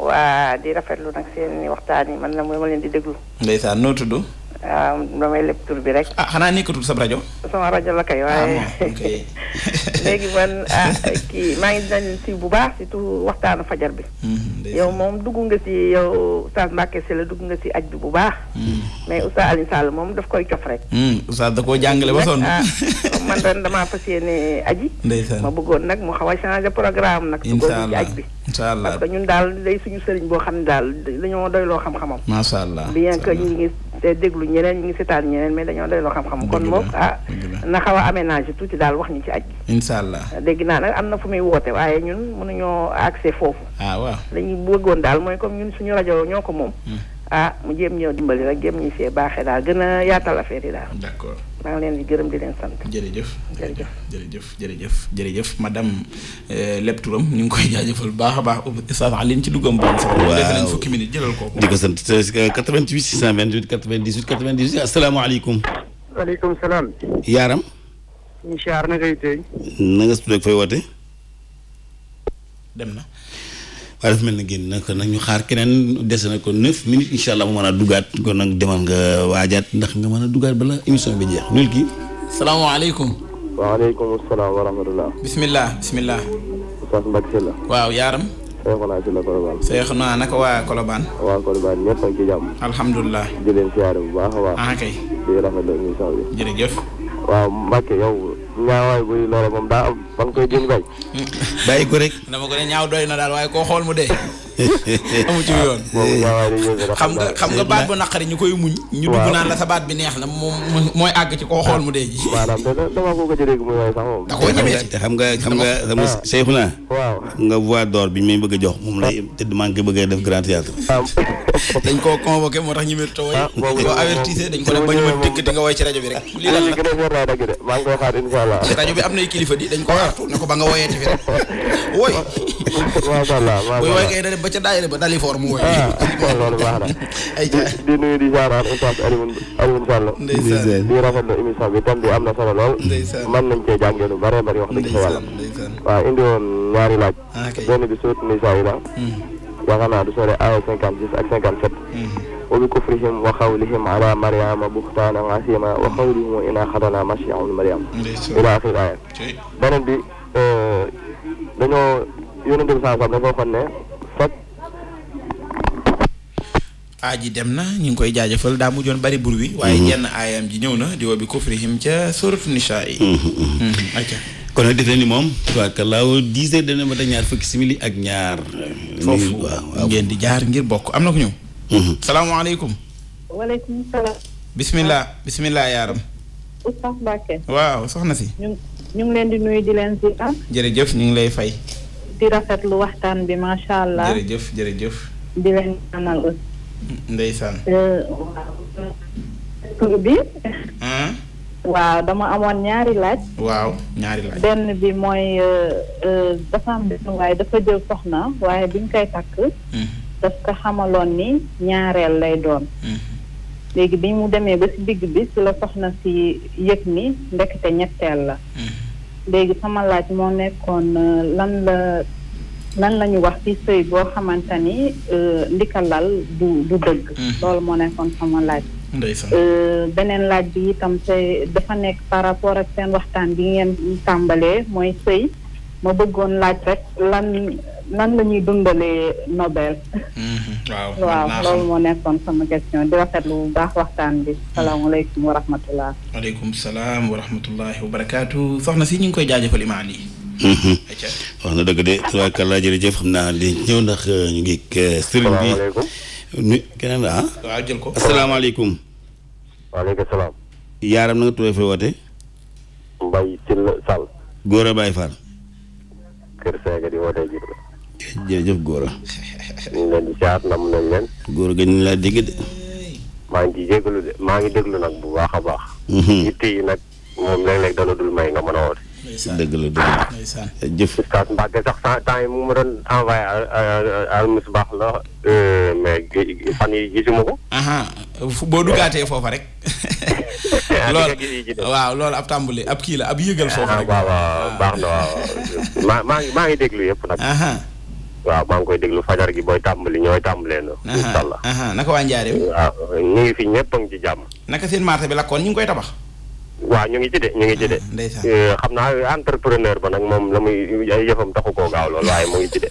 waa di rafetlu nag seen waxtaan yi man na mooy ma leen di déglu. sa noo tudd. waaw ah, damay lépp tur bi rek. ah xanaa nekkatul sab rajo. sama rajo la kay waaye. Ah, léegi man ah, kii maa ngi dañ siw bu baax surtout waxtaanu fajar bi. Mhm, yow moom dugg nga ci yow Oustaz Mbacké la dugg nga ci aj bi bu baax. Mhm. mais Oustaz Alioune moom daf koy cof rek. Mhm, Oustaz da koo jàngale ba sonn. man ren damaa fas yéene aji. ma bëggoon nag mu xaw a changer programme nag. incha allah aj bi. incha allah parce que ñun daal day suñu sëriñ boo xam ne daal dañoo doyloo xam-xamam. macha allah bien que ñu ngi. te déglu ñeneen ñu ngi seetaan ñeneen mais dañoo doy loo xam-xam kon moom ah na xaw a aménagé tuuti daal wax ñu ci aj gi incha allah dégg naa nag am na fu muy woote waaye ñun mun mënuñoo accès foofu ah waaw dañuy bëggoon daal mooy comme ñun suñu rajo ñoo ko moom hmm. ah mu jéem ñëw dimbali rek jéem ñi see baaxe daal gën a yaatal affaire yi daal maa ngi leen di gërëm di leen sant. jërëjëf jërëjëf jërëjëf jërëjëf jërëjëf madame euh, Leb Touram ñu ngi koy jaajëfal baax a baax Oustaz Alioune ci duggam baax sax. waaw def nañ fukki minutes jëlal ko. di ko sant 88 628 98 98 asalaamaaleykum. waaleykum salaam. Yaaram. incha allah na ngay tey. na nga su fay woote. dem na. waaye dafa mel na génn nag nag ñu xaar keneen des na ko neuf minutes incha allah mu mën a dugaat kon nag demal nga waajaat ndax nga mën a dugaat bala émission bi jeex nul kii salaamaaleykum waaleykum salaam wa rahmatullah bismillah bismillah Oustaz Mbacké Sylla waaw yaaram Seexuna Sylla Colobane naka waa a waa Colobane ak ci jàmm alhamdulilah di leen siyaare bu baax a baax ah kay di rafetlu émission bi jërëjëf waaw Mbacké yow ñaawaay buy lore moom daa am koy jëñ bay. bàyyi ko na dama ko ne ñaaw doy na daal waaye koo xool mu dee. amu ci yoon xam nga xam nga baat bu naqari ñu koy muñ ñu dugg naan la sa bi neex na moom mooy àgg ci koo xool mu dee ji maanaam dama ko gëj a dégg muy waaye sax da koo ñemee ci xam nga xam nga xam nga ah. Seexu naa waaw nga voix d'or bi ñu may bëgg a jox moom lay tëdd maa ngi a def grand théâtre ah. dañ koo convoqué moo tax ñu mér taway boo avertise dañ ko def ba ñu ma dëkk di ci rajo bi rek lii lan la ah, rajo bi am nay kilifa di dañ ko artu ne ko ba nga woyeeti fi rek woy buy woy kay da ca daayira ba Dalifor mu woy. kon ah, loolu baax na. ayca di nuyu di jaaraat i Alioune Alioune Sall. ndeysaan di rafetlu émission bi tam bi am na solo lool. ndeysaan mën nañ cee jàngee lu bare bari wax dëgg fa yàlla. waaw indi woon ñaari laaj. Ah, benn bi suut Nisaa yi la. Hmm. yaakaar naa du sore aaya cinquante six ak cinquante sept. Hmm. wa bi kufrihim wa xawlihim ala mariama buxtaanan asima wa xawlihim ina xatana masiixul mariam ila axir aaya beneen bi euh, dañoo yonente bi saa sam dafa waxoon ne aaji dem na ñu ngi koy jaajëfal daa mujjoon bari bur wi. waaye mhm. jenn aayam ji ñëw na di woo bi kufrihim ca suratu nisaa yi. Mhm, mhm, acca kon nag def ni moom. waaw kalaaw dix heures dana mën a ñaar fukki simili ak ñaar. foofu ngeen di jaar ngir bokk am na ko ñëw. salaamaaleykum. waaleykum salaam. bisimilah bisimilah yaaram. waaw soxna si. ñu ngi leen di nuyu di leen ziar. jërëjëf ñu ngi lay fay. di rafetlu waxtaan bi macha allah. jërëjëf jërëjëf. di leen amal aussi. ndeysaan. tur euh, bi. waaw dama amoon ñaari laaj. waaw ñaari laaj. benn bi mooy euh, euh, dafa am benn waaye dafa jël soxna waaye bi ñu koy takk. Hmm. daf ko xamaloon ni ñaareel lay doon. Hmm. léegi bi mu demee ba ci digg bi ci la soxna ci yëg ni ndekete ñetteel la. Hmm. léegi sama laaj moo nekkoon lan la. lan la ñu wax ci sëy boo xamante ni euh, ndikalal du du dëgg. Mhm. loolu moo nekkoon sama laaj. Euh, beneen laaj bi itam te dafa nekk par rapport ak seen waxtaan bi ngeen tàmbalee mooy sëy ma bëggoon laaj rek lan lan la ñuy dundalee Nobel. Mhm. waaw loolu moo nekkoon sama question di rafetlu bu baax waxtaan bi. Mhm. salaamaaleykum wa rahmatulah. waaleykum salaam wa rahmatulah wa soxna si ñu ngi koy jaajëfal imaam yi. Mhm. wax na dëgg de tabarakallah jërëjëf xam naa di ñëw ndax euh, ñu ngi euh, sëriñ bi nu keneen la ah. waaw jël salaam. yaaram na nga tuddee fooy woote. Mbaye Sylla Sall. Gora Baye Fall. Kër Sega di wootee ji. jërëjëf Gora. ñu ngi leen di jaar nam nañ leen. Gora gën ñu laa dégg de. maa ngi jégalu de maa ngi déglu nag bu baax a baax. Mhm. yitte yi nag moom léeg-léeg dana dul may nga mën a woote. dëgg la dëgg la jëf Oustaz Mbacke sax temps yi mu ma doon envoyé al misbaax la euh, mais fan yi gisuma ko boo duggaatee foofa rek loolu waaw lool ab tàmbali ab kii la ab yëgal foofu rek ah, waaw ah. baax na waaw maa maa ngi maa ngi déglu yëpp nag waaw maa ngi koy déglu fajar gi booy tàmbali ñooy tàmbalee na incha allah naka waa Njaareem waaw ah, ñu ngi fi ñëpp ci jàmm naka seen marché bi lakkoon ñu ngi koy tabax waaw ñu ngi ci de ñu ngi ci de. Ah, euh, xam naa entrepreneur ba nag moom la muy ay yëfam taxu koo gaaw lool waaye mu ngi ci de.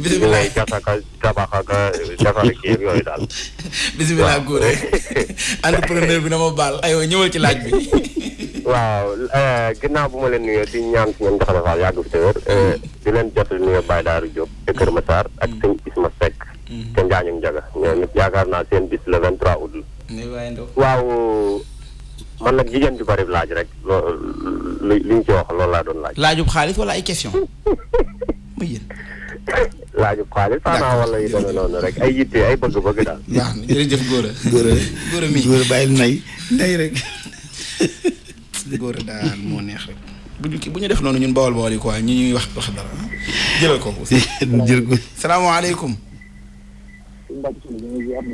bisimilah ñu ngay gasaka tabaxaka defar kii yooyu bi na ma baal aywa ñëwal ci laaj bi. waaw euh, ginnaaw bu ma leen nuyoo di ñaan si ñoom Ndiakhate Fall yàgg fi te euh, mm-hmm. di leen jot di nuyoo Baye Daaru Diop te Kër mm-hmm. Massar ak mm-hmm. sëñ Isma Seck. te Njaañu Njaga ñoom yaakaar naa seen bis le 23 août la. waaw. man nag jigéen ju bari laaj rek li ñu ci loolu laa doon laaj. laajub xaalis wala ay question muy yéen. laajub xaalis xanaa wala yu demee noonu rek ay yitte ay bëgg-bëgg daal. jërëjëf Gora. Gora mi Gora bàyyil nay ndey rek. Gora daal moo neex rek. bu ñu bu def noonu ñun bawal bawal yi quoi ñi ñuy wax wax dara jëlal ko. jël ko salaamaaleykum.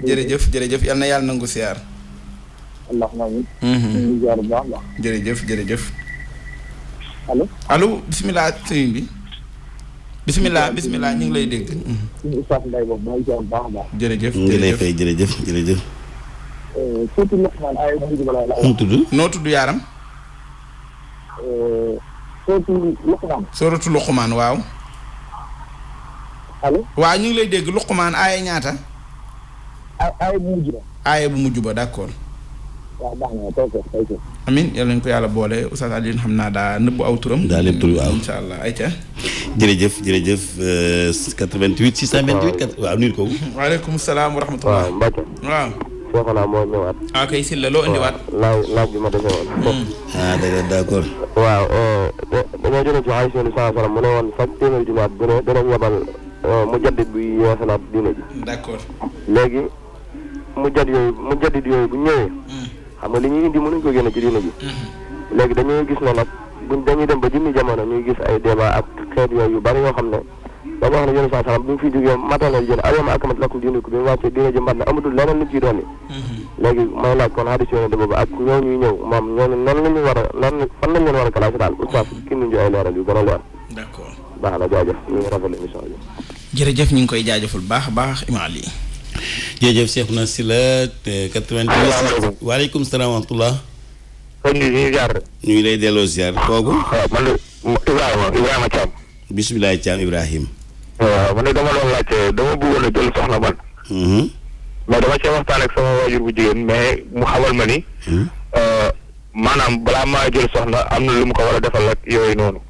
jërëjëf jërëjëf yal na yàlla nangu siyaar. allahumma amiin. ñu jaar bu baax a bi. bisimilah bisimilah ñu ngi lay dégg. Oustaz Mbaye boobu maa ngi jaar bu baax a baax. jërëjëf jërëjëf ñu noo tudd yaaram. surtout euh, Luqman. ñu ngi lay dégg Luqman ñaata. bu mujj ba. ay bu waaw baax na kay kay kay. amiin yal ko yàlla boole Oustaz Alioune xam naa daa nëbbu aw turam. daa lépp tur waaw allah ayca. jërëjëf jërëjëf 88 628. waaw waaw nuyu ko. salaam wa waaw waaw. foofa ah, la loo indiwaat. laaj laaj bi ma defee woon. Hmm. ah d' waaw euh, dañoo jëlee ci ay sunu saa salaam mu ne woon chaque téeméeri junni at danañ yabal euh, mu bi yeesalaat diine ji. d' accord. léegi mu yooyu mu yooyu bu ñëwee. Hmm. xam nga li ñuy indi mënuñ ko génne ci diina ji mhm. léegi dañuy gis ne nag buñ dañuy dem ba jëmmi jamono ñuy gis ay débat ak xeet yooyu yu bari yoo xam ne dañoo wax ne yéen saa salaam bi mu fi jógee matal na jël alyoma akamat lakum diinukum bi mu wàccee diina ji mbat na amatul leneen lu ciy doon mhm. léegi mooy laaj kon xadis yoone de boobu ak ñoo ñuy ñëw moom ñooñu nan lañu war a lan fan lañ leen war a classé daal oustaz kii ñu ay leeral yu gën a leer d'accord baax na jaajëf ñu ngi rafetlu émission ñu ngi koy jaajëful baax baax Imam Ali jërëjëf Cheikh na Sylla 88. waaleykum salaam wa rahmatulah. kon ñu ngi ziar. ñu ngi lay delloo ziar kooku. waaw man la Ibrahima Ibrahima Thiam. bisimilah Thiam Ibrahima. waaw man de dama doon laajte dama bëggoon a mm-hmm. ak sama waajur bu jigéen mais mu xamal ma ni. Mm-hmm. Euh, maanaam balaa maa jël soxna am na lu mu ko war a defal ak yooyu noonu.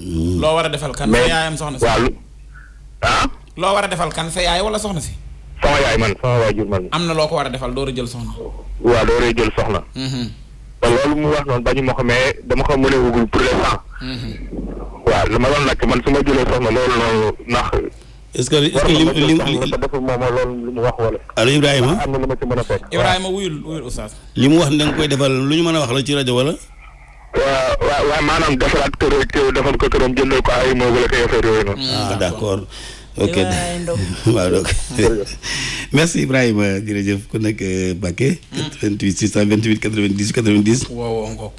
Mm-hmm. loo war a defal kan. mais yaayam ah? war a defal kan sa wala soxna si. sama yaay man sama waajur man. am na loo ko war a defal door a jël soxna. waaw door a jël soxna. Mm-hmm. te loolu mu wax noonu bañu ma ko mais dama ko mën a wugul ma doon laajte man su ma jëlee soxna loolu noonu ndax. est ce que est ce que lim lim lu mu wax wala. allo am na lu ma ci a fekk. Ibrahima wuyul li mu wax na da nga koy defal lu ñu mën a wax la ci rajo wala. waaw waaw waaw maanaam ak kër defal ko këram jëndal ko ay moo gën a koy affaire noonu. Ah, d' accord. ok waaw donc merci Ibrahima jërëjëf ku nekk euh, Bakke. 88 628 90 90. waaw waaw ngoog.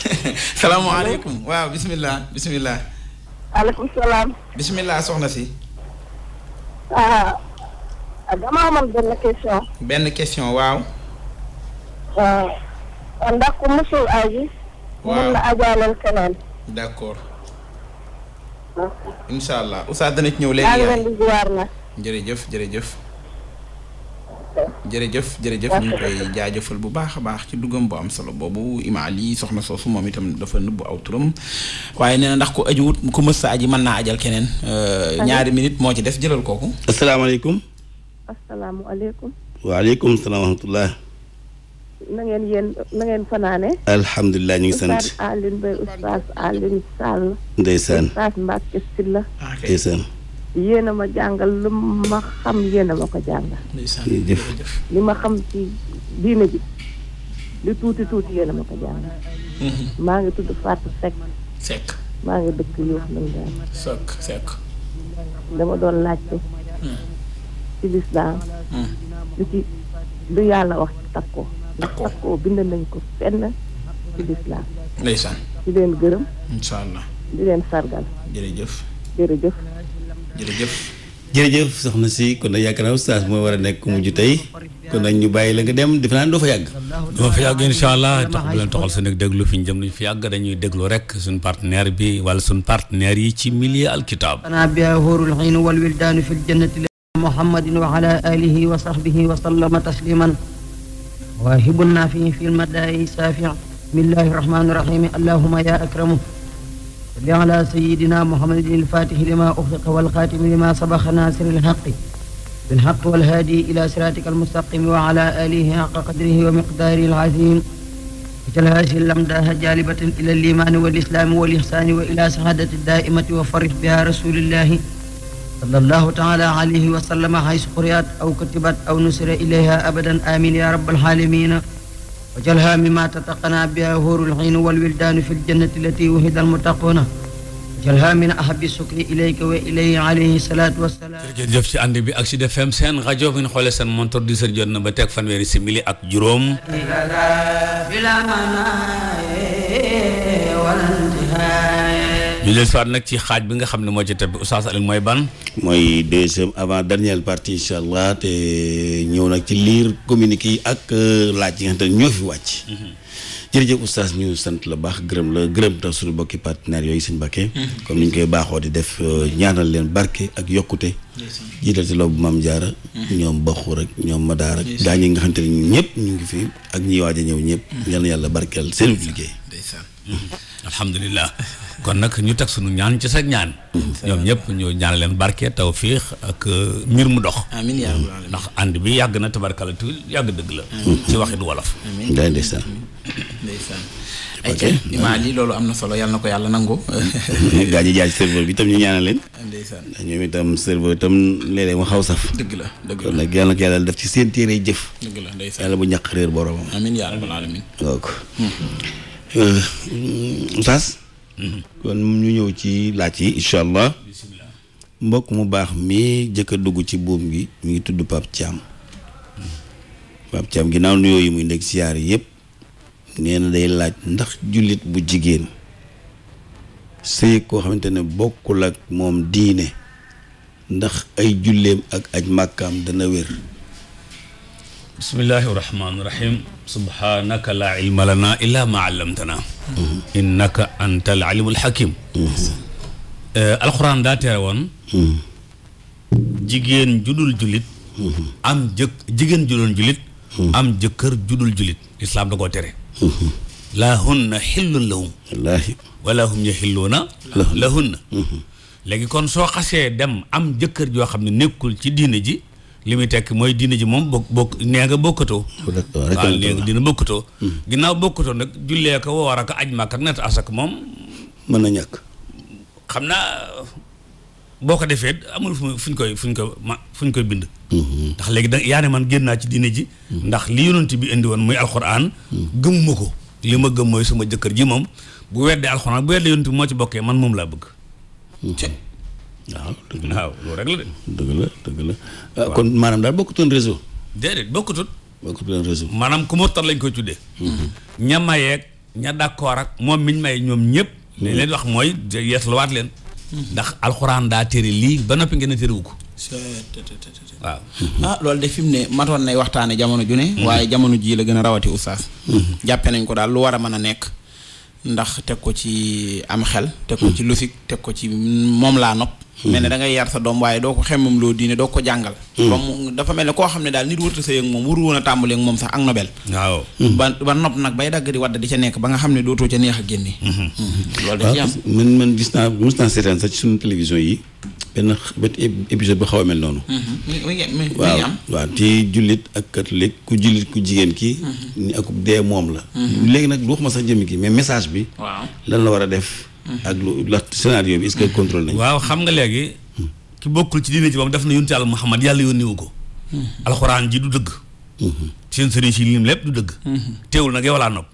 salaamaaleykum waaw bisimilah bisimilah. aleykum salaam. bisimilah soxna si. Ah, dama amoon benn question. benn question waaw. Ah, ndax ku musul aji. waaw mun na ajaaleel keneen. d'accord. incha allah Oustaz dana ci ñëw léegi. leen jërëjëf jërëjëf. jërëjëf jërëjëf ñu koy jaajëfal bu baax a baax ci duggam bu am solo boobu imaal yi soxna soosu moom itam dafa nëbbu aw turam waaye nee ndax ko ajiwut ku mës aji mën naa ajal keneen. ñaari minute moo ci def jëlal kooku. asalaamaaleykum. asalaamaaleykum. waaleykum salaam wa rahmatulah. na ngeen yéen fanaane. alhamdulilah ñu ngi sant Oustaz Alioune Mbaye Oustaz Alioune Sall. ndeysaan Oustaz Mbacke Sylla. Ah, ndeysaan. yéen a ma jàngal lu ma xam yéen a ma ko jàngal. li ma xam ci diine ji li tuuti tuuti yéen a ma ko jàngal. Mhm. maa ngi tudd Fatou Seck. Seck maa ngi dëkk Yoff Ndane. Seck Seck. dama doon laajte. Mhm. ci lislaam. Mhm. lu ci lu yàlla wax ci takko. parce que ko fenn ci lislaam ndeysaan di leen gërëm incha allah di leen sargal jërëjëf jërëjëf jërëjëf jërëjëf soxna si kon nag yaakaar naa oustaz mooy war a nekk mujj tey kon nag ñu bàyyi la nga dem defe naa doo fa yàgg doo fa yàgg incha allah tax bu leen toxal sa nag déglu fi ñu jëm duñ fi yàgg dañuy déglu rek suñ partenaire bi wala suñ partenaire yi ci milieu alkitab ana biha huurul hiin wal wildaanu fi ljannati muhammadin wa ala wa sahbihi wa sallama tasliman واهب النافي في المداء سافع بسم الله الرحمن الرحيم اللهم يا أكرم صل على سيدنا محمد الفاتح لما أغلق والخاتم لما سبق ناصر الحق بالحق والهادي إلى صراطك المستقيم وعلى آله حق قدره ومقداره العظيم اجعل هذه اللمدة جالبة إلى الإيمان والإسلام والإحسان وإلى سعادة الدائمة وفرح بها رسول الله sallallahu taala alayhi wa sallama haysu quriyat aw kutibat aw nusira ilayha abadan amin ya rabbal alamina wajalha mima tataqana biha hurul hin wal wildanu fi ljannati allati wuhida almutaquna wajalha min ahabi sukri ilayka wa ilayhi alayhi salatu wassalam jërëjëf ci ànd bi ak Sud FM seen rajo bi ñu xoolee seen montor di sër jot na ba teg fanweeri simili ak juróom ñu del nag ci xaaj bi nga xam ne moo ci tëb oustaz Alioune mooy ban mooy deuxième avant dernière partie incha allah te ñëw nag ci liir communiqué yi ak euh, laaj yi nga xam ne ñoo fi wàcc mm-hmm. jërëjëf oustaz ñu sant la baax gërëm la gërëm ta suñu bokki partenaires yooyu suñu bakkee mm-hmm. comme ni ñu koy baaxoo di def euh, ñaanal leen barke ak yokkute jiital ci loolu maam jaara mm-hmm. ñoom baxu rek ñoom madaar ak gaa ñi nga xam ne ñëpp ñu ngi fi ak ñuy waaj a ñëw ñëpp yal na yàlla barkeel seen liggéey alhamdulilah kon nag ñu teg sunu ñaan ci sa ñaan. ñoom ñëpp ñu ñaan leen barke tawfiix ak euh, mbir mu dox. amiin ndax ànd bi yàgg na tabarkala tu yàgg dëgg la. ci waxit wolof. amiin ndeysaan ndeysaan. ay loolu am na solo yàlla na ko yàlla nangu. gaa ji jaaj serveur bi tam ñu ñaanal leen. ndeysaan ndax ñoom itam serveur itam léeg-léeg xaw saf. dëgg la dëgg la kon nag yàlla na ko def ci seen téere jëf. dëgg la yàlla bu ñàkk réer boromam. amiin yaa Euh, Oustaz. kon ñu ñëw ci laaj yi incha allah. mbokk mu baax mi jëkk a dugg ci buum gi mu ngi tudd Pape Thiam. ginnaaw nuyoo yi muy nekk siyaar yépp nee na day laaj ndax jullit bu jigéen. sëy koo xamante ne bokkul ak moom diine. ndax ay julleem ak aj màkkaam dana wér. bismillahi rahmaani rahim. subhaanaka laa ilma lanaa illaa maa allamtanaa innaka anta al alimul hakim eh, alxuraan daa tere woon jigéen judul julit am jëkk jigéen judul julit am jëkkër judul julit islaam da koo tere laa hunna xillun lahum wallaahi wala hum yaxilluuna lahunna léegi kon soo xasee dem am jëkkër joo xam ne nekkul ci diine ji li muy tekk mooy diina ji moom bokk bokk nee nga bokkatoo waaw nee nga diina bokkatoo hmm. ginnaaw bokkatoo nag jullee ko woor ak aj maak ak net asak moom mën na ñàkk xam naa boo ko defee amul fu fuñ koy fu ñu ko ma fu koy bind hmm. ndax léegi da yaa ne man génn naa ci diina ji hmm. ndax li yonent bi indi woon muy alxuraan gëmuma ko li ma gëm mooy sama jëkkër ji moom bu weddee alxuraan bu weddee yonent bi moo ci bokkee man moom laa bëgg waaw dëgg la loolu rek la de. dëgg la dëgg la. Ah, kon maanaam daal bokkutoon réseau. déedéet bokkutut. bokkutoon réseau. maanaam ku lañ koy tuddee. Mhm. ña mayeeg ña d'accord ak moom miñ may ñoom ñëpp. Mhm. li leen wax mooy yeesluwaat leen. Mhm. ndax alxuraan daa tere lii ba noppi ngeen a terewu ko. waaw. ah loolu de fi mu ne matoon nay waxtaane jamono ju ne. waaye jamono jii la gën a rawati oustaz. jàppe nañ ko daal lu war a mën a nekk. ndax teg ko ci am xel. teg ko ci lusik teg ko ci moom laa nopp. mel ne hmm. da ngay yar sa doom waaye doo ko xemmam loo diine doo ko jàngal ba hmm. mu dafa mel ne koo xam ne daal nit wërta sëy ak moom wuru woon a tàmbali ak moom hmm. bay dagg di wadd di ca nekk ba nga xam ne dootoo ca neex a génne loolu da am man man gis naa mos naa seetaan sax ci suñu télévision yi benn benn épisode a mel noonu jullit ak catholique ku jullit ku jigéen ki ni akub moom la léegi nag du wax ma sax jëmi ki mais message bi lan la war a def ak lu la scénario bi est-ce que contrôle nañ waaw xam nga léegi ki bokkul ci diine ci moom def na yónni yàlla Muhammad yàlla yónni wu ko alxuraan ji du dëgg seen sëriñ si lim lépp du dëgg teewul nag yow laa nopp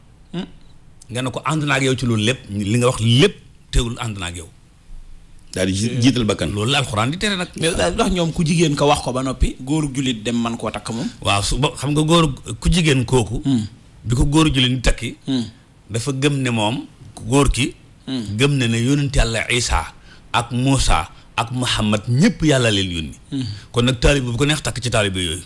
nga ne ko ànd naa ak yow ci loolu lépp li nga wax lépp teewul ànd naa ak yow daal di jiital bakkan loolu la alxuraan di tere nag mais ndax ñoom ku jigéen ko wax ko ba noppi góor jullit dem man koo takk moom waaw su ba xam nga góoru ku jigéen kooku hmm. bi ko góoru jullit di hmm. dafa gëm ne moom góor ki gëm na ne yonent yàlla Isa ak Muusa ak Muhammad ñëpp yàlla leen yónni kon nag taalibe bu ko neex takk ci taalibe yooyu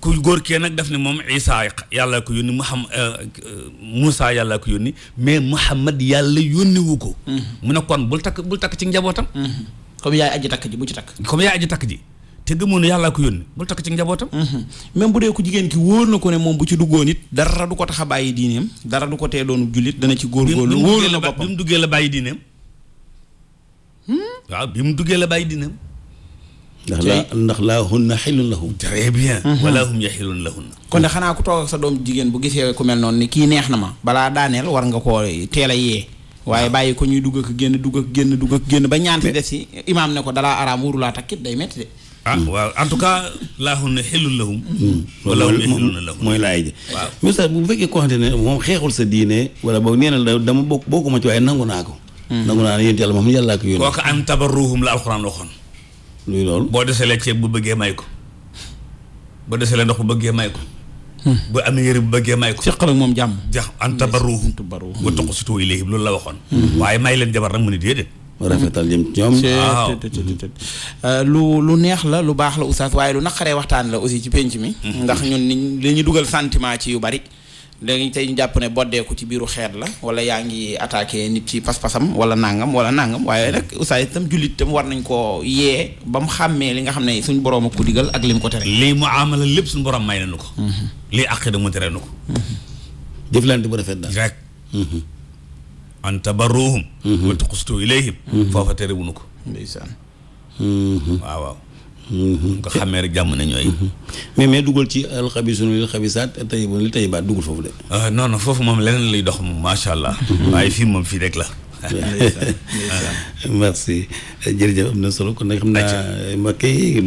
ku góor kee nag def ne moom Isa yàlla ko yónni Muhammad euh, euh, Muusa yàlla ko yónni mais Muhammad yàlla yónni ko mm-hmm. mu ne kon bul takk bul takk ci njabootam mm-hmm. comme yaay aji takk ji bu ci takk comme yaay aji takk ji te gëmoon ne yàllaa ko bu bul takk ci njabootam. Mhm. même bu dee ko jigéen ki wóor na ko ne moom bu ci duggoon it dara du ko tax a bàyyi diineem dara du ko tee doon jullit dana ci góorgóorlu wóor na boppam bi mu duggee la bàyyi diineem hmm? waaw bi mu duggee la bàyyi diineem ndax laa ndax laa hunna xilun lahum très bien mhm. wala hum yaxilun lahunna kon de xanaa ku toog sa doom jigéen bu gisee ku mel noonu ni kii neex na ma balaa daaneel war nga koo teel a yee waaye ko ñuy dugg ak génn dugg ak génn dugg ak génn ba ñaante def si ne ko dalaa araam wóorulaa day metti de ah hmm. waaw en tout cas laaxul ne xelul lahum wala la na lahum mooy laay ji waaw misaal bu fekkee koo xamante ne moom xeexul sa diine wala boog nee la dama bokk bokkuma ci waaye nangu naa ko hmm. nangu naa ne yéen yàlla moom yàllaa ko yónni kooku an tabarruhum la alxuraan waxoon luy loolu boo deselee ceeb bu bëggee may ko boo deselee ndox bu bëggee may ko hmm. bu amee yëre bu bëggee may ko seqal ak moom jàmm jax an tabarruhum wa tuqsitu ilayhim loolu la waxoon waaye may leen jabar nag mu ne déedéet rafetal jëm ci ñoom. Euh, lu lu neex la lu baax la oustaz waaye lu naqaree waxtaan la aussi ci penc mi. Mm-hmm. ndax ñun niñ li ñu dugal sentiment ci yu bari. léegi tey ñu jàpp ne boddeeku ci biiru xeet la wala yaa ngi attaqué nit ci pas-pasam wala nangam wala nangam waaye nag oustaz itam jullit tam war nañ koo yee ba mu xàmmee li nga xam ne suñ borom a digal ak lim ko tere. lii mu amala lépp suñ borom may nañu ko. Mm-hmm. lii àq da mu tere nu ko. Mm-hmm. jëflante bu rafet daal rek. an tabarruhum mhm. wa tuqsitu ilayhim mhm. foofa tere wuñu ko ndeysaan mhm. waaw waaw nga xamee rek jàmm na ñooy mais mais dugal ci alxabisuna lil xabisaat tayyibuna lil tayyibaat dugal foofu de ah, non non foofu moom leneen lay dox moom macha allah waaye fii moom fii rek la merci jërëjëf solo kon ma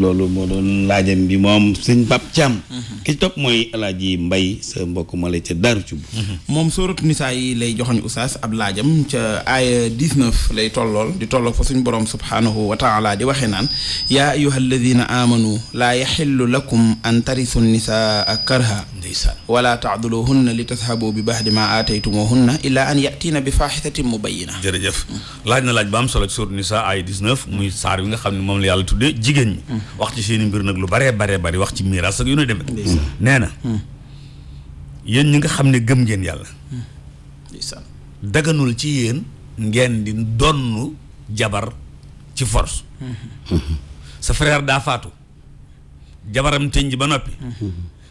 loolu moo doon laajam bi moom sëñ Pape Thiam mhm. ki ci topp mooy alaaji mbay sa mbokk ma ca dar cub mhm. moom sóoratu ni yi lay joxoñ oustaz ab laajam ca aaya 19 lay tollool di tolloog fa suñ borom subhaanahu wa taala di waxe naan yaa ayyuha alladina amanu la yaxillu lakum an tarisu nisaa karha wala taaduluhunna li tashabu bi baxdi ma aataytumuhunna illa an yatiina bi faaxisatin mubayina jërëjëf laaj na laaj ba am solo ci suur Nisa ay 19 muy saar bi nga xam ne moom la yàlla tuddee jigéen ñi mm-hmm. wax ci seen i mbir nag lu baree baree bari wax ci miiras ak yu ne demee nee na yéen ñi nga xam ne gëm ngeen yàlla mm-hmm. daganul ci yéen ngeen di donn jabar ci force mm-hmm. sa frère daa faatu jabaram tëñ ji ba noppi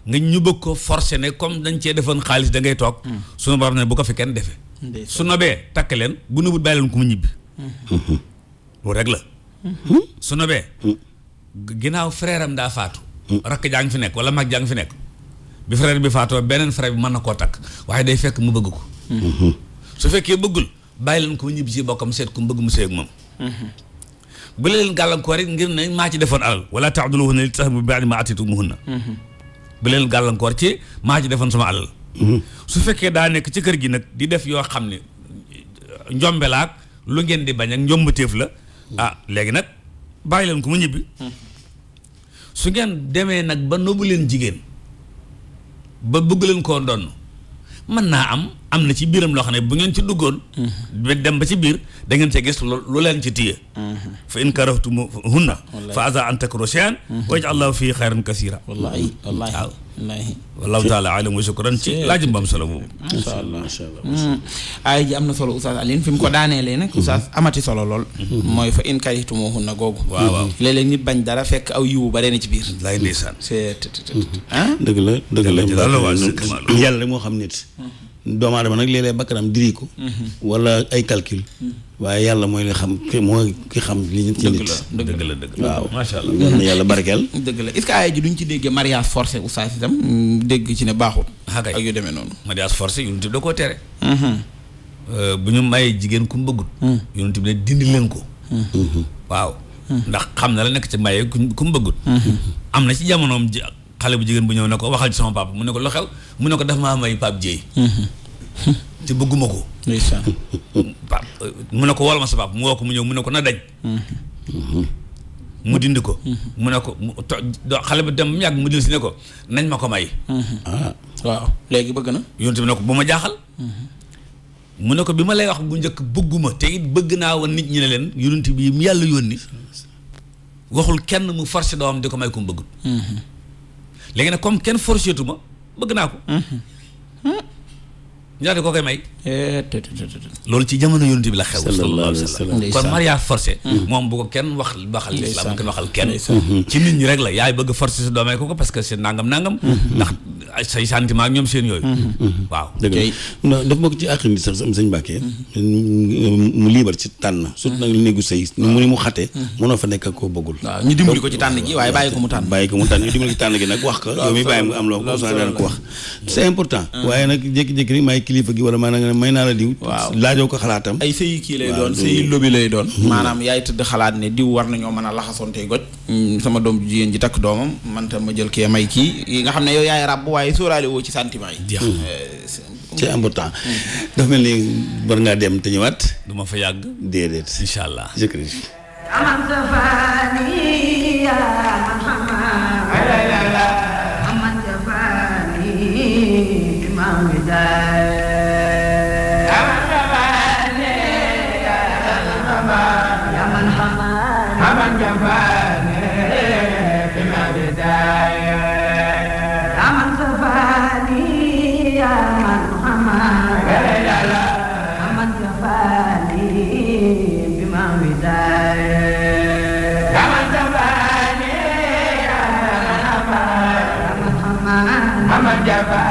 nga ñu bëgg ko force ne comme dañ cee defoon xaalis da ngay toog suñu borom ne bu ko fi kenn defee su nobee takk leen bu nëbut bàyyi leen ko mu ñibbi mm-hmm. loolu rek la mm-hmm. su nobee mm-hmm. ginnaaw frère am daa faatu rakk jaa ngi fi nekk wala mag jaa ngi fi nekk bi frère bi faatoo beneen frère bi mën na koo takk waaye day fekk mu bëgg ko su fekkee bëggul bàyyi leen ko mu ñibbi ci bokkam seet ku mu bëgg mu seeg moom bu leen gàllankoor rek ngir ne maa ci defoon alal wala taxduluhunna sax mu bi ba'di ma atitumuhunna bu leen gàllankoor ci maa ci defoon sama alal su fekkee daa nekk ci kër gi nag di def yoo xam ne njombelaak lu ngeen di bañ ak njombateef la ah léegi nag bàyyi leen ko mu ñibbi su ngeen demee nag ba nobu leen jigéen ba bëgg leen koo donn mën naa am am na ci biiram loo xam ne mm-hmm. ba ci da ngeen cee gis lu leen ci téye mm-hmm. fa in karahtumuhunna fa asa an takro cheyan mm-hmm. wa yaj allahu fii xayran kasira wallahi wallahi waaw wallahu taala alam wa shukran ci laaj mbaam solo boobu macha allah macha allah mm. mm. aaya ji am na solo oustaz Alioune fi mu ko daaneelee nag oustaz amati solo lool mooy fa in karahtumuhunna googu waaw waaw léeg-léeg nit bañ dara fekk aw yiwu bare na ci biir lay ndeysaan c'est ah dëgg la dëgg la yàlla moo doomu aadama nag léeg-léeg bakkanam diri ko. Mhm. wala ay calcul. Mhm. waaye yàlla mooy li xam ki mooy ki xam li ñu. ci dëgg la dëgg la waaw macha allah. yal na yàlla dëgg la est-ce que aaya ji duñ ci déggee mariage forcé oustaz itam dégg ci ne baaxul. Ah, ak yu demee noonu. mariage forcé yu nit da koo tere. Mhm. Euh, bu ñu mayee jigéen ku mu bëggut. yonent bi ne dindi leen ko. waaw. ndax xam na la nekk ci maye ku mu bëggut. am na ci jamonoom xale bu jigéen bu ñëw na ko waxal ci sama papa mu ne ko lu xew mu ne ko daf maa may Pape Dieye mm-hmm. te bëgguma ko mu ne ko wol ma sa pap mu mu ne ko na daj mm-hmm. mu dindi mm-hmm. ne ko xale bi dem mu yàgg mu dil ko nañ ma ko may ah. waaw léegi bëgg na yonte bi ne ko bu ma jaaxal mu ne ko bi ma lay wax bu njëkk bëgguma te it bëgg naa woon nit ñi ne leen yonent bi mu yàlla yónni waxul kenn mu forcé doomam di ko may ko mu léegi nag comme kenn forcétu ma bëgg naa ko. Mm-hmm. Mm-hmm. ñu daal di ko koy may. Eh, loolu ci jamono yonent bi la xew. sallallahu alayhi wa sallam kon mariage forcé. Mm-hmm. moom bu ko kenn wax waxal lislaam bu ko waxal kenn. Mm-hmm. ci nit ñi rek la yaay bëgg forcé sa doomee ko ko parce que c'est nangam nangam. Mm-hmm. ndax say sentiment ak ñoom seen yooyu. waaw dëgg la non daf bokk ci àqin bi sax am sëñ Mbàkke. mu liibar ci tànn. surtout nag néegu sëy mu ni mu xate. mënoo fa nekk ak koo bëggul. waaw ñu dimbali ko ci tànn gi waaye bàyyi ko mu tànn. bàyyi ko mu tànn ñu dimbali ci tànn gi nag wax ko. yow mi bàyyi mu am loo ko wax c'est important waaye nag jékki-jékki kilifa gi wala maanaam may naa la diw. waaw laajoo ko xalaatam. ay sëy kii lay doon sëy lobi lay doon. Hmm. maanaam yaay tëdd xalaat ne diw war nañoo mën a laxasoontey goj. Hmm, sama doom jigéen ji takk doomam man ma jël kee may kii yi nga xam ne yaay ràbb waaye sóoraale woo ci sentiment yi. Hmm. c'est important. dafa mel ni war ngaa dem te ñëwaat. du ma fa yàgg. déedéet incha allah jërëjëf. Jaba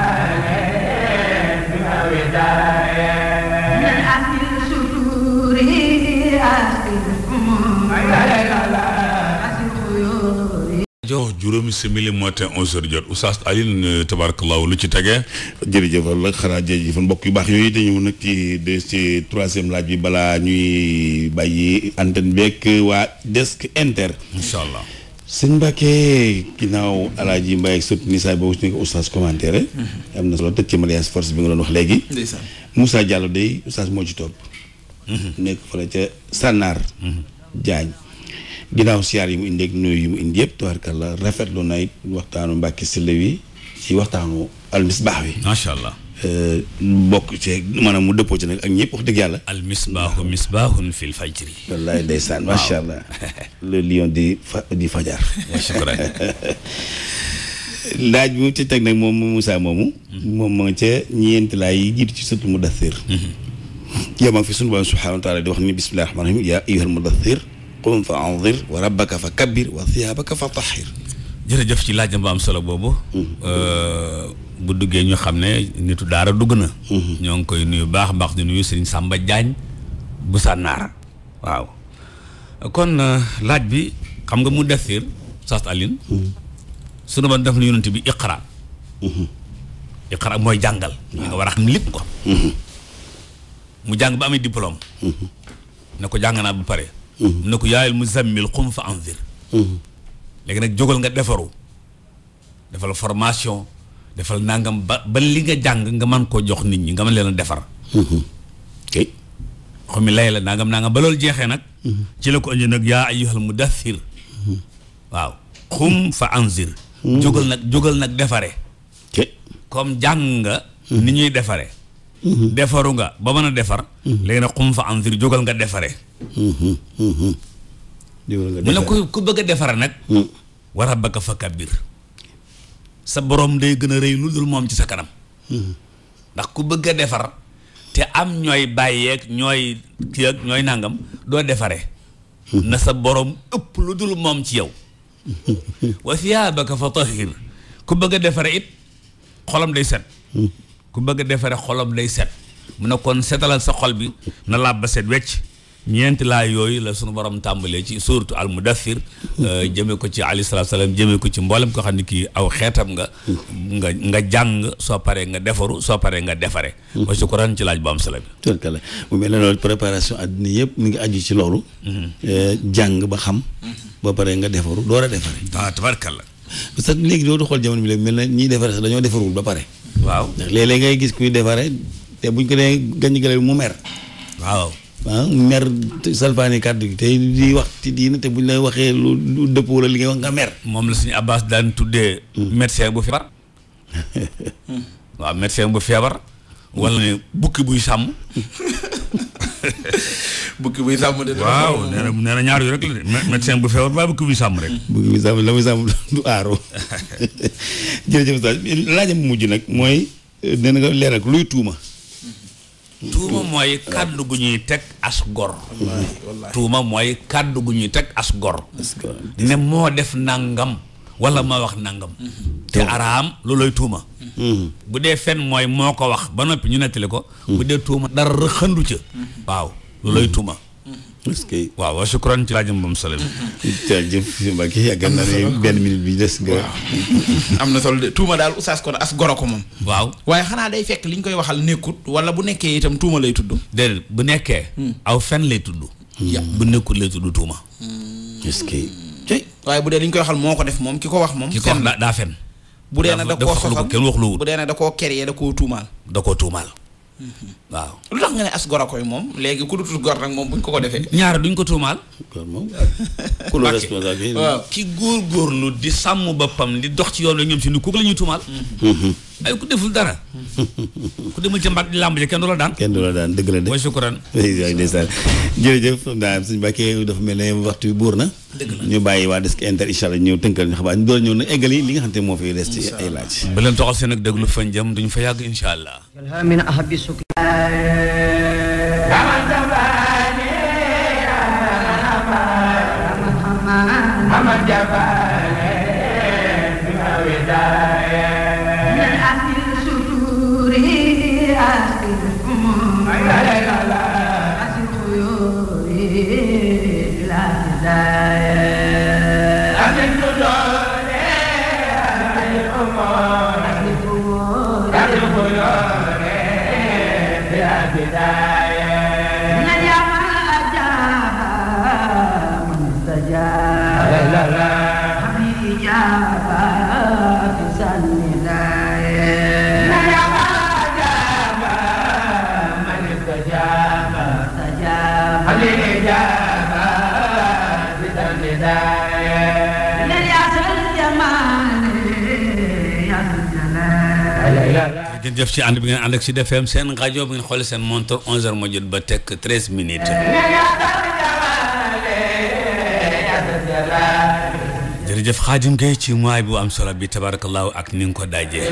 juróomi simili matin onze heures jot oustaz Alioune euh, tabarakallahu lu ci tege jërëjëf la xanaa jërëjëf mbokk yu baax yooyu dañu nag ci des laaj bi balaa ñuy bàyyi antenne beek waa desk inter incha allah sëñ Mbacke ginnaaw alaaji Mbaye sut ni saay boobu su ñu ko oustaz mhm. am na solo tëj ci mariage force bi nga doon wax léegi Moussa Diallo day oustaz moo ci topp mhm. nekk Sànnaar mhm. Jaañ ginnaaw siyaar yi mu indi ak nuyu yi mu indi yëpp tubaarkalla rafetlu na it waxtaanu Mbàkke Sylla wi ci waxtaanu almisbaax wi. macha allah. Euh, bokk ci maanaam mu dëppoo ci nag ak ñëpp wax dëgg yàlla. almisbaaxu misbaahun fil fajri. wallaay ndeysaan macha allah. le lion di fa di fajar. shukran. laaj bu ci teg moom Moussa moomu. Mm-hmm. moom ma ca ñeenti laay yi jiitu ci sëtu Mudaththir. Mm-hmm. yow maa ngi fi sunu Boroom subhaanahu wa taala di wax ni bismillaahi rahmaani rahiim yaa ayyuhal Mudaththir qum fa anzir wa rabbaka fa kabbir wa thiyaabaka fa tahhir jërëjëf ci laajam ba am solo boobu mm-hmm. euh, bu duggee ñu xam ne nitu daara dugg na mm-hmm. ñoo ngi koy nuyu baax baax di nuyu sëriñ Sàmba Jaañ bu sànnaara waaw kon euh, laaj bi xam nga mu defir sas alin mm-hmm. sunu ba def na yonent bi iqra iqra mooy jàngal ñu nga war a xam lépp ko mu jàng ba amee diplôme ne ko jàng naa bu pare mu mm-hmm. ne ko yaayal mu zammil xum fa anzir mm-hmm. léegi nag jógal nga defaru defal formation defal nangam ba ba li nga jàng nga man koo jox nit ñi nga mën leen defar mm-hmm. ok xaw mi lay la nangam nangam ba loolu jeexee nag ci la ko indi nag yaa ayyuhal mudaththir waaw xum fa anzir jógal nag jógal nag defare comme jàng nga ni ñuy defare defaru nga ba mën a defar. léegi nag xum fa anzir jógal nga defaree. jógal nga defaree mu ne ku ku bëgg a defare nag. Hmm. wa rabbaka fakabbir sa boroom day gën a rëy lu dul moom ci sa kanam. Hmm. ndax ku bëgg a defar te am ñooy bàyyeeg ñooy kii ak ñooy nangam doo defaree. Hmm. na sa boroom ëpp lu dul moom ci yow. wa thiyaabaka fa tahhir ku bëgg a defare it xolam day set. ku bëgg a defare xolam day set mu ne kon setalal sa xol bi na laab ba set wecc ñeenti laay yooyu la sunu borom tàmbalee ci suuratu al mudathir euh, jëmee ko ci alayhi salaatu salaam jëmee ko ci mboolem ko xam ne kii aw xeetam nga nga nga jàng soo paree nga defaru soo paree nga defare wa shukran ci laaj bu am solo bi tkala mu mel ne loolu préparation àddina yëpp mu ngi aju ci loolu mhm. euh, jàng ba xam mhm. ba pare nga defaru door a defare waaw ah, tabarkalla sax léegi dootu xool jamono bi léegi mel na ñiy defare sax dañoo defarul ba pare. waaw ndax léeg-léeg ngay gis kuy defare te bu ko dee gañ gale mu mer. waaw ah mer salfaani kàddu gi tey di wax ci diina te buñ lay waxee lu dëpp wala li ngay wax nga mer. moom la suñu Abbas daan tuddee. Hmm. médecin bu feebar. waaw médecin bu feebar. wala ne bukki buy sàmm. bukki buy sàmm de. waaw nee na ñaar yu rek la de médecin bu feebar ba bukki buy sàmm rek. bukki buy sàmm la muy sàmm du aaro jërëjëf Sadio laajam mujj nag mooy nee na nga leeral luy tuuma. tuuma mooy kàddu gu ñuy teg as gor. tuuma mooy kàddu gu ñuy teg as gor. moo def nangam. wala ma wax nangam. te araam looloy tuuma. Hmm. bu dee fen mooy moo ko wax ba noppi ñu nettali ko. bu hmm. dee tuuma dara xëndu ca. waaw looloy tuuma. Hmm. est waaw wa shukran ci laajam bam solo bi jërëjëf si Mbacke benn minute bi des nga am na solo de tuuma daal oustaz kon as goro ko moom waaw waaye xanaa day fekk li ñu koy waxal nekkut wala bu nekkee itam tuuma lay tudd déedéet bu nekkee aw fen lay tudd bu nekkut lay tudd tuuma waaye bu dee li ñu koy waxal moo ko def moom ki ko wax moom. ki ko wax daa fen bu dee nag da koo sosal kenn wax lu bu dee nag da koo keree da koo tuumaal. da koo tuumaal. Mhm. waaw lu tax nga ne as gor a koy moom léegi ku dutul gor nag moom bu ñu ko ko defee. ñaar duñ ko tuumaal. moom ku la responsable waaw ki góorgóorlu di sàmm pam di dox ci yoon la ñoom si nu la ñuy tuumaal. Mhm. Mhm. ay ku deful dara ku demul ca mbaat di làmb ji kenn du la daan kenn du la daan dëgg la de mooy sukkuraan ndeysaan jërëjëf xam dafa mel ne waxtu buur na dëgg ñu bàyyi waa des inter incha allah ñëw tënkal ñu xabaar ñu door ñëw nag eggali li nga xam te moo fi des ci ay laaj bu toxal seen ak déglu fan jëm duñ fa yàgg incha allah jërëjëf ci ànd bi ngeen ànd ak Sud FM seen rajo bi ngeen xoole seen montre 11h moo jot ba teg 13 minutes. jërëjëf Xaadim Gueye ci mois bu am solo bi tabaarakallaahu ak ni nga ko dajee.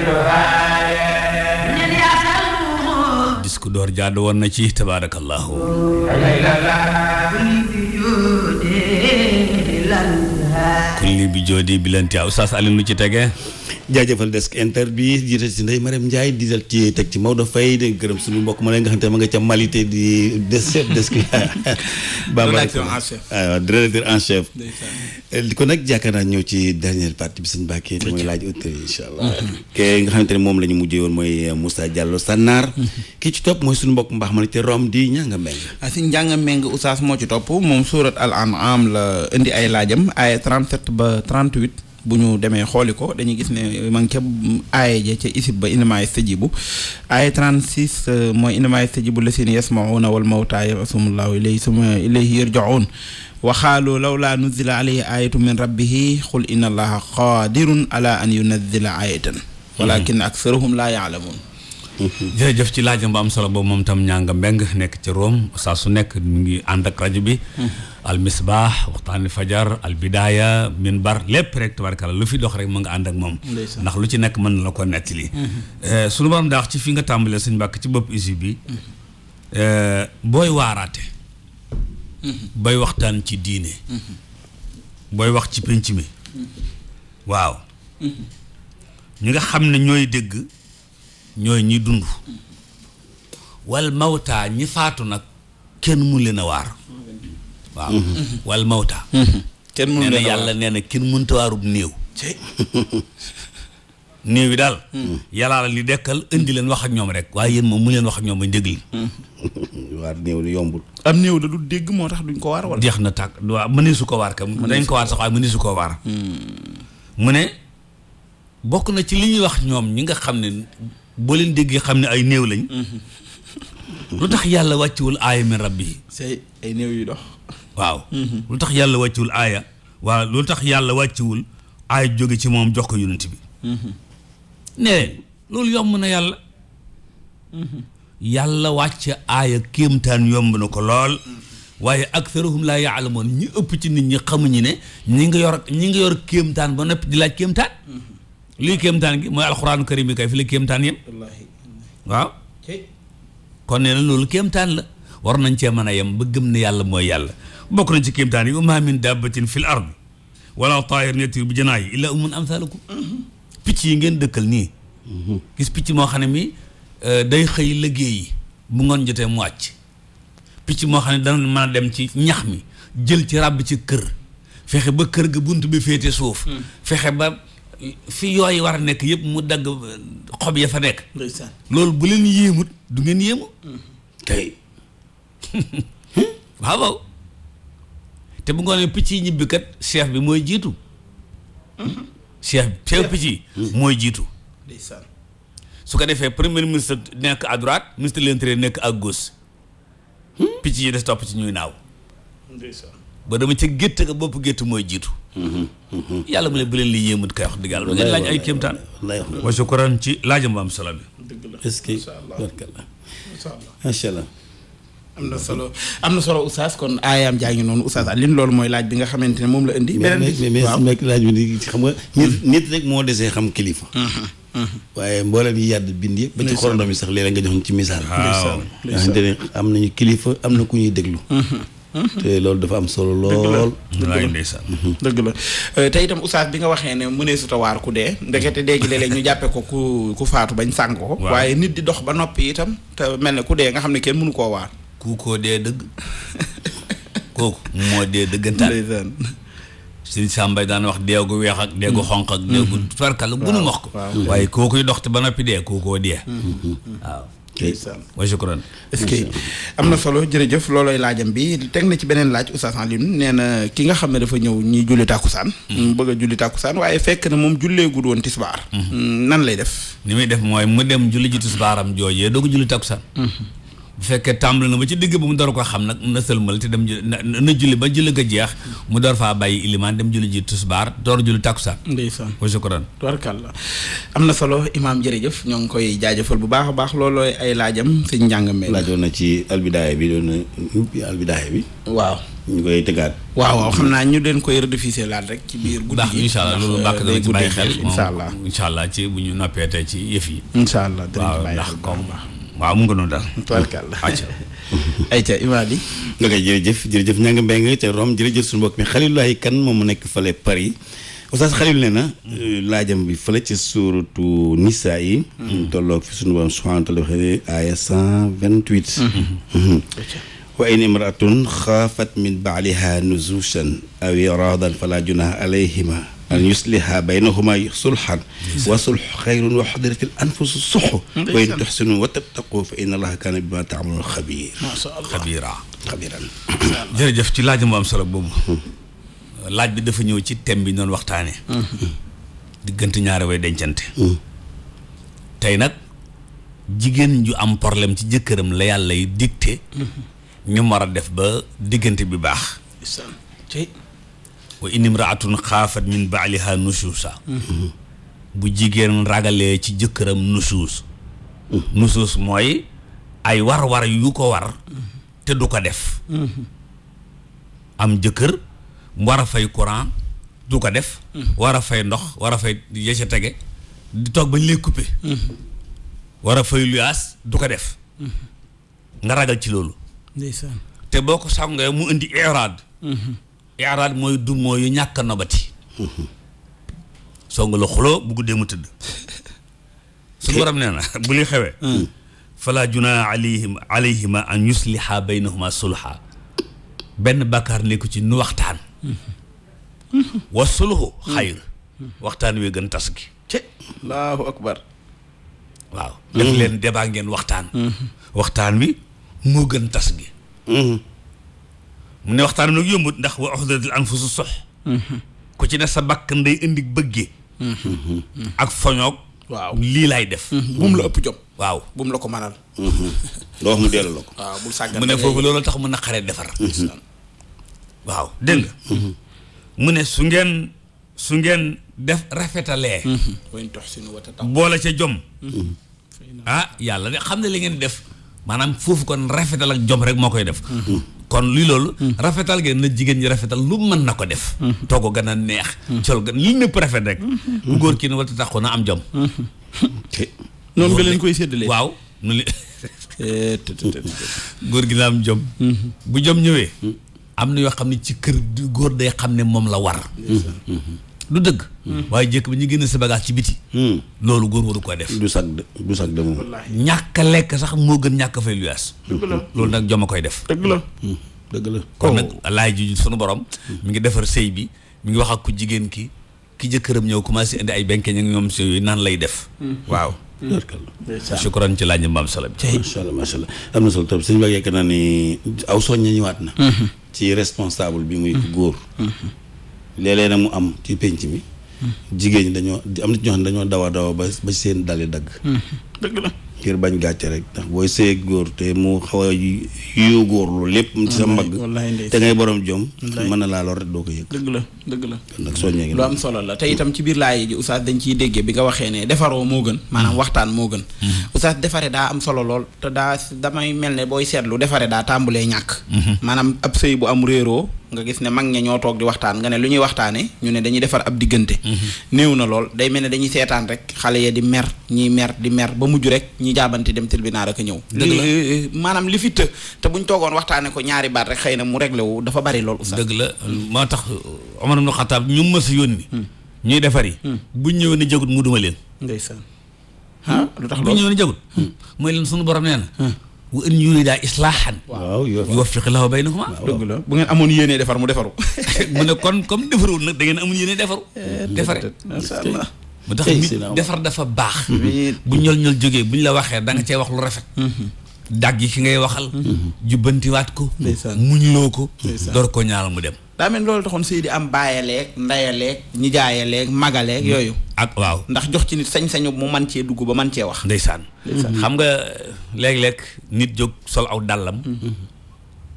disque d'or jaadu woon na ci tabaarakallaahu. kulli bi joodi bi leen teew Oustaz Alioune lu ci tegee jaajëfal desk inter bi jiite si Ndeye Marème Ndiaye di dal ci teg ci Maodo Faye di gërëm suñu mbokk ma nga xam ma nga ca malité di des chef desk bamba waaw directeur en chef euh, di ko nag jaakaar naa ñëw ci dernière partie bi sëñ Bakké te mooy laaj auteur incha allah mm-hmm. ke nga moom la ñu mujjee woon mooy euh, Moussa Diallo Sannar mm-hmm. ki ci topp mooy suñu mbokk mbaax ma ne te Rome di njànga meng ah, si njànga nga Oustaz moo ci topp moom surat al an'am la indi ay laajam 37 ba 38 bu ñu demee xooli ko dañuy gis ne ma ngi aaye ja ca isib ba innamaa yastajibu aaye 36 euh, mooy innamaa yastajibu lasina yasmauna wal mawtaa yabasumullahu ilayhi suma ilayhi yurjaun waxaalu law laa nuzila alayhi aayatu min rabbihi xul inna allaha qaadirun ala an yunazila aayatan mm-hmm. walakin aksarahum laa yaalamuun Mm-hmm. jërëjëf ci laajam ba am solo boobu moom tam ñaanga mbeng nekk ci Rome saa su nekk mu ngi ànd ak rajo bi mm-hmm. al misbah waxtaani fajar al bidaaya minbar lépp rek tabarkalla lu fi dox rek mu ngi ànd ak moom ndax lu ci nekk mën na la ko nettali mm-hmm. eh, suñu borom daax ci fi nga tàmbalee suñ mbàkk ci bopp usib bi eh, booy waaraate booy waxtaan ci diine booy wax ci pinc mi waaw ñi nga xam ne ñooy dégg ñooy ñi dund wal mawtaa ñi faatu nag kenn mun leen a waar waaw mm-hmm. Mm-hmm. wal mawtaa mm-hmm. kenn mun leen a yàlla nee na kenn munta waarub néew néew yi daal yàlla li dekkal indi leen wax ak ñoom rek waaye yéen moom mu leen wax ak ñoom bañ dégg leen waar néew li yombul am néew da du dégg moo tax duñ ko waar wala jeex na tàkk waaw mënee su ko waar kam dañ ko waar sax waaye su ko waar mu ne bokk na ci li ñuy wax ñoom ñi nga xam ne boo leen déggee xam ne ay néew lañ. Mm-hmm. lu tax yàlla wàcciwul aaya min rabbi. say ay néew yu dox. waaw. Mm-hmm. tax yàlla wàcciwul aaya. waaw lu tax yàlla wàcciwul aaya jóge ci moom jox ko yonent bi. Mm-hmm. ne loolu yomb na yàlla. yàlla wàcc aaya kéemtaan yomb na ko lool. waaye aktharuhum laa moon ñi ëpp ci nit ñi xamuñu ne ñi nga yor ñi nga yor kéemtaan ba noppi di laaj kéemtaan. luy kéemtaan gi mooy alxuraanu karim bi kay fi la kéemtaan yem waaw kon nee na loolu kéemtaan la war nañ cee mën a yem ba gëm ne yàlla mooy yàlla bokk nañ ci kéemtaan yi wa maa min dabbatin fi ardi wala taayirin yatiiru bi janaahi illaa umamun amsaalukum picc yi ngeen dëkkal nii gis picc moo xam ne mi euh, day xëy liggéey yi bu ngoon jotee mu wàcc picc moo xam ne dana mën a dem ci ñax mi jël ci ràbb ci kër fexe ba kër ga bunt bi féete suuf hmm. fexe ba fi yooyu war a nekk yëpp mu dagg xob ya fa nekk. loolu bu leen yéemut du ngeen yéemu. tey hmm? waaw waaw te bu ngoonee picc yi ñibbikat kat bi mooy jiitu. chef chef picc yi. mooy jiitu. su ko defee premier ministre nekk à droite ministre nekk à gauche. Hmm? picc yi des topp ci ñuy naaw. ba dama ci gétt ka bopp gétt mooy jiitu yàlla mu ne bu leen li yéemut kay wax dëgg yàlla ngeen laaj ay kéemtaan wa shukran ci am solo bi est-ce que macha allah am na solo am na solo oustaz kon aayaam jaa ngi noonu oustaz Alioune loolu mooy laaj bi nga xamante ne moom la indi beneen mais mais laaj bi ni xam nga hmm. nit nit rek moo desee xam kilifa hmm, hmm, waaye mboolem yi yàdd bind yëpp ba ci xorondom yi sax léeg nga jox ci misaal nga xamante ne am kilifa am na ku ñuy déglu te loolu dafa am solo lool. dëgg la mhm. euh, te itam oustaz bi nga waxee ne mënee su tawaar ku dee ndekete dee gi léeg ñu jàppee ko ku ku faatu bañ sàng ko. waaye nit di dox ba noppi itam te mel ne ku dee nga xam ne kenn mënu koo waar. ku koo dee dëgg kooku moo dee dëggantaan. sëñ Samba daan wax dee gu weex ak dee gu mm. xonq ak dee farkal mm-hmm. bu nu wax ko. waaye kookuy dox te ba noppi dee koo dee. Mm-hmm. waaw. wa shukran est-ce que na solo jërëjëf loolooy laajam bi teg na ci beneen laaj Oustaz Alioune nee na ki nga xam ne dafa ñëw ñuy julli tàkkusaan hmm. mu bëgg a julli tàkkusaan waaye fekk na moom julleegul woon tisbaar hmm. Hmm, nan lay def ni muy def mooy mu dem julli ji tisbaaram joojee doogu julli tàkkusaan bu fekkee tàmbali na ba ci digg ba mu door ko xam nag na sëlmal te dem na julli ba julli ko jeex mu door faa bàyyi ilimaan dem julli ji tisbaar door julli takkusaan ndeysaan wa shukran tubarkàlla am na solo imaam jërëjëf ñoo ngi koy jaajëfal bu baax a baax loolooy ay laajam sëñ njàngame laajoon na ci albidaaya bi doon na ubbi albidaaya bi waaw ñu koy tëggaat waaw waaw xam naa ñu den koy rediffuser laat rek ci biir guddi gi incha allah loolu bàkk dana ci xel incha allah incha allah ci bu ñu noppee tey ci yëf yi incha allah waaw ndax comme waaw mu nga noonu daal. tubarkalla ayca ayca Imaadi. nga koy jërëjëf jërëjëf ña nga mbéy te Rome jërëjëf suñu mbokk mi Xalilulaay kan moom mu nekk fale Paris Oustaz Xalil nee na. Euh, laajam bi fële ci suuratu Nisaa yi. Mm-hmm. tolloog fi suñu borom subhaanahu wa taala aaya 128. Mm-hmm. wa in min baaliha nuzushan aw iraadan fala junaha alayhima an yusliha baynahuma sulhan wa sulh xayrun wa xadiratil anfusu suxu wa in tuxsinu wa tattaqu fa inna allaha kaana bima taamaluun xabiir xabiira xabiiran jërëjëf ci laaj mu am solo boobu laaj bi dafa ñëw ci thème bi ñu doon waxtaane diggante ñaari way dencante tey nag jigéen ju am problème ci jëkkëram la yàlla yi dicté ñu mar a def ba diggante bi baax wa inimraatun xaafat min baaliha nusuusa bu jigéen ragalee ci jëkkëram nusuus nusuus mooy ay war-war yu ko war te du ko def am jëkkër mu war a fay courant du ko def war a fay ndox war a fay yece tege di toog bañ lay coupé war a fay luyaas du ko def nga ragal ci loolu te boo ko sàngee mu indi eraad iraad mooy du mooyu ñàkk a nobati song la xuloo bu guddee mu tëdd suñu borom nee na bu li xewee fala junaa alayhim alayhima an yusliha benn bàkkaar nekku ci nu waxtaan wa sulhu xayr waxtaan wi gën tas gi allahu akbar waaw def leen débat ngeen waxtaan mm-hmm. waxtaan wi moo gën tas gi mm-hmm. mu ne waxtaan nag yombut ndax wa uxdatil anfusu mhm. ci ne sa bakkan day indi bëggee mhm. ak foñoog waaw lii laay def mhm. bu mu waaw bu la ko manal loo mu dellu la ko foofu loolu tax mu naqaree defar waaw dégg nga mu ne su ngeen su ngeen def rafetalee boole ca jom ah yàlla de xam ne li ngeen def maanaam foofu kon rafetal ak jom rek moo koy def kon lii loolu rafetal ngeen na jigéen ñi rafetal lu mën na ko def togg gën a neex col gën li népp rafet rek ku góor kii ne wala taxu na am jom noonu nga leen koy séddalee waaw nu li eh, góor gi na am jom mhm. bu jom ñëwee am na yoo xam ne ci kër góor day xam ne moom la war lu dëgg. waaye jëkk ba ñu génn sa bagage ci biti. Hmm. loolu góor waru ko def. du sag du sag de ñàkk lekk sax moo gën ñàkk fay luyaas. loolu nag jom a koy def. dëgg la hmm. dëgg la. kon nag oh. laaj ji sunu borom. Hmm. mi ngi defar sëy bi mu ngi wax ak ku jigéen ki ki jëkkëram ñëw commencé indi ay benkeñ ak ñoom sëy yooyu naan lay def. waaw. d'accord shukran ci laaj maam Salam. macha allah macha allah am na solo tamit suñu bëgg yaakaar naa ni aw soñña ñëwaat na. ci responsable bi muy góor. léeg nag mu am ci penc mi. Hmm. jigéen ñi dañoo am na ci ñoo xam dañoo dawa dawa ba ba seen dale dagg. Hmm. dëgg ngir bañ gàcce rek ndax booy sëy góor te mu xaw a yu góorlu lépp. mu ci sa mbagg te ngay borom jom. mën na laa lor rek doo ko yëg. la dëgg la. kon nag soññee ngi lu am solo la te itam ci biir laay ji oustaz dañ ciy déggee bi nga waxee ne defaroo moo gën maanaam hmm. waxtaan moo gën. oustaz defaree daa am solo lool te daa damay mel ne booy seetlu defare daa tàmbulee ñàkk. maanaam ab sëy bu am réeroo. nga gis ne mag ña ñoo toog di waxtaan nga ne lu ñuy waxtaane ñu ne dañuy defar ab diggante mm-hmm. néew na lool day mel ne dañuy seetaan rek xale ya di mer ñiy mer di mer ba mujj rek ñi jaabante dem tribunal ak a ñëw li eh, eh, maanaam li fi të te buñ toogoon waxtaane ko ñaari baat rek xëy na mu réglé wu dafa bari lool oustaz dëgg la moo tax uh, Omar ibn Khattab ñu mës yónni hmm. ñuy defari hmm. buñ ñëwee ne jagut mu duma leen ndeysaan ah lu tax loolu buñ ñëwee ne jagut hmm. mooy leen sunu borom nee na wa in yurida islaahan waaw yuwaffiq lahu baynahuma dëgg la bu ngeen amoon yéenee defar mu defaru mu ne kon comme defarul nag da ngeen amoon yéenee defaru eh, defare macha allah mu tax defar dafa baax bu ñol ñol jógee bu ñu la waxee da nga cee wax lu rafet mm-hmm. dagg ki ngay waxal. Mhm. jubbantiwaat ko. muñloo ko. door ko ñaal mu dem. daa mel loolu taxoon sëy di am baayaleeg ndeyaleeg nijaayaleeg magaleeg mm. yooyu. ak waaw ndax jox ci nit sañ-sañu mu man cee dugg ba man cee wax. ndeysaan. xam nga léeg lekk nit jóg sol aw dàllam. Mm-hmm.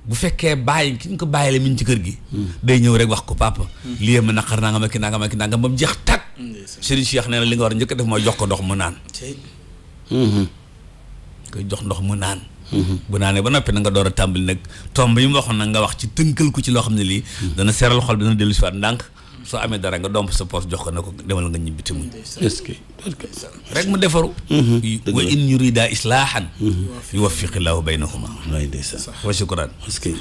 bu fekkee bàyyi ki ñu ko bàyyi la mi ci kër gi. Mm-hmm. day ñëw rek wax ko papa. Mm-hmm. lii ma naqar naa nga ma ki naa nga ma ki naa nga moom jeex tàkk. Serigne Cheikh nee na li nga war njëkk def mooy jox ko ndox mu naan. koy jox ndox mu naan mhm. bu naanee ba noppee na nga door a tàmbali nag tomb yi mu waxoon nag nga wax ci tënkal ko ci loo xam ne lii mhm. dana seeral xol bi dana dellu si waat ndànk soo amee dara nga domp sa poos jox ko na ko demal nga ñibbiti muñ est-ce que rek mu defaru mhm. wa in yurida islaahan yuwaffiqillaahu baynahuma waay ndeysaan wa shukran est-ce que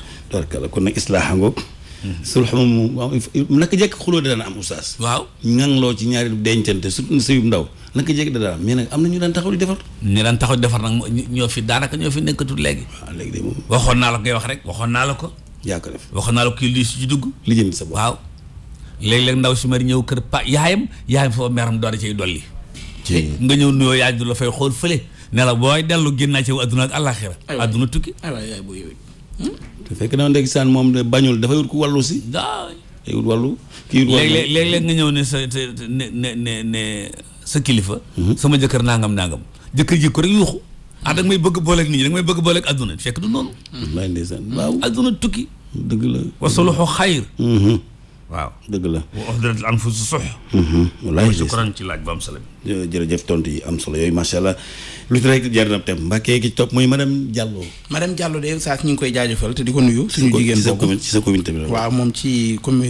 kon nag islaaha ngoog sulx mu naka jekk xuloo da daan am oustaz waaw loo ci ñaari dencante surtout sëyub ndaw naka jekk da daan am mais nag am na ñu daan taxaw di defar ñu daan taxaw di defar nag ñoo fi daanaka ñoo fi nekkatul léegi waaw léegi waxoon naa la ngay wax rek waxoon naa la ko yaa waxoon naa la ko kii lii si ci dugg sa bopp waaw léeg ndaw si mari ñëw kër pa yaayam yaayam foofu meeram doora ciy dolli eh, nga ñëw nuyoo yaay du la fay xool fële ne la booy dellu génnaa ci adduna ak àllaaxira adduna tukki te fekk na ndeysaan moom de bañul dafay wut ko wàllu si. day wut wàllu kii wut wàllu nga ñëw ne sa ne ne sa kilifa. Mhm. sama jëkkër nangam nangam jëkkër ji ko rek yuuxu. Mhm. ah da may bëgg booleeg nit ñi da may bëgg booleeg adduna fekk du noonu. wallaahi tukki. dëgg la wasuluxu xayr. Mhm. waaw dëgg la wa uhdirat al-anfus as-suh mhm. wallaahi sukran ci laaj bu am jërëjëf tontu yi am solo yooyu macha allah lu ci rek jar na tem mbàkkee ki topp mooy madame Diallo madame Diallo de saa ñu ngi koy jaajëfal te di ko nuyu suñu jigéen bokk ci sa commune tamit waaw moom ci commune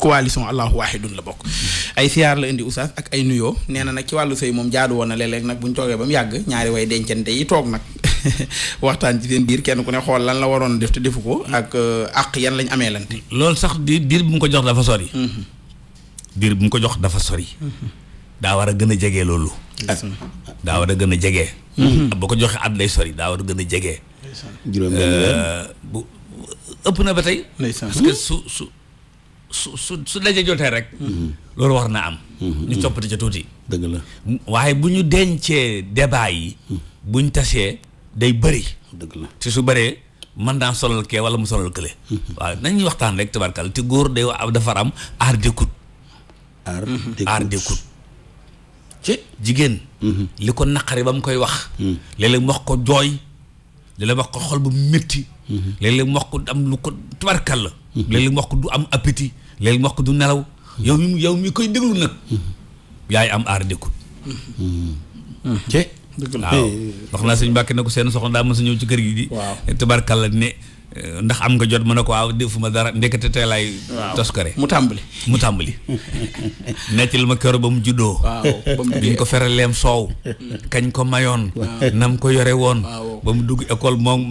coalition Allahu Wahidun la bokk mhm. ay siyaar la indi oustaz ak ay nuyoo nee na nag ci wàllu sëy moom jaadu woon na léeg-léeg nag bu ñu toogee ba mu yàgg ñaari way dencante yi toog nag waxtaan ci seen biir kenn ku ne xool lan la waroon def te defu ko ak euh, àq yan lañ amee lante loolu sax di diir bu mu ko jox dafa sori. Mm-hmm. diir bu mu ko jox dafa sori. Mm-hmm. daa war a gën a jege loolu. daa a gën a jege. Mm-hmm. boo ko joxee ab lay sori daa war a gën a jege. Euh, bu ëpp na ba tey. parce que su su su su su daje jotee rek. loolu war na am. ñu coppite ca tuuti. dëgg la waaye bu ñu dencee débat yi. buñ tasee. day bëri. dëgg la te su bëree man naa solal kee wala mu solal kële. Mhm. waaw nañuy waxtaan rek tabarkal te góor day wax dafa am art d'écoute. Mhm. ci jigéen. Mhm. li ko naqari ba mu koy wax. léeg-léeg mu wax ko jooy. léeg-léeg mu wax ko xol bu métti. léeg mu wax ko am lu ko tabarkal mu wax ko du am appétit. léeg-léeg mu wax ko du nelaw. yow mi yow mi koy déglu nag. yaay am art dëgg waaw wax naa sëñ Mbàkke na ko seen soxna ndaa mos a ñëw ci kër gi di. waaw tabarkalla ne ndax am nga jot mën a ko waaw ma dara ndekete tey laay. waaw mu tàmbali. mu tàmbali nettali ma keroog ba mu juddoo. waaw bi ko feraleem soow. Mm. kañ ko mayoon. nam ko yore woon. ba mu dugg école moom.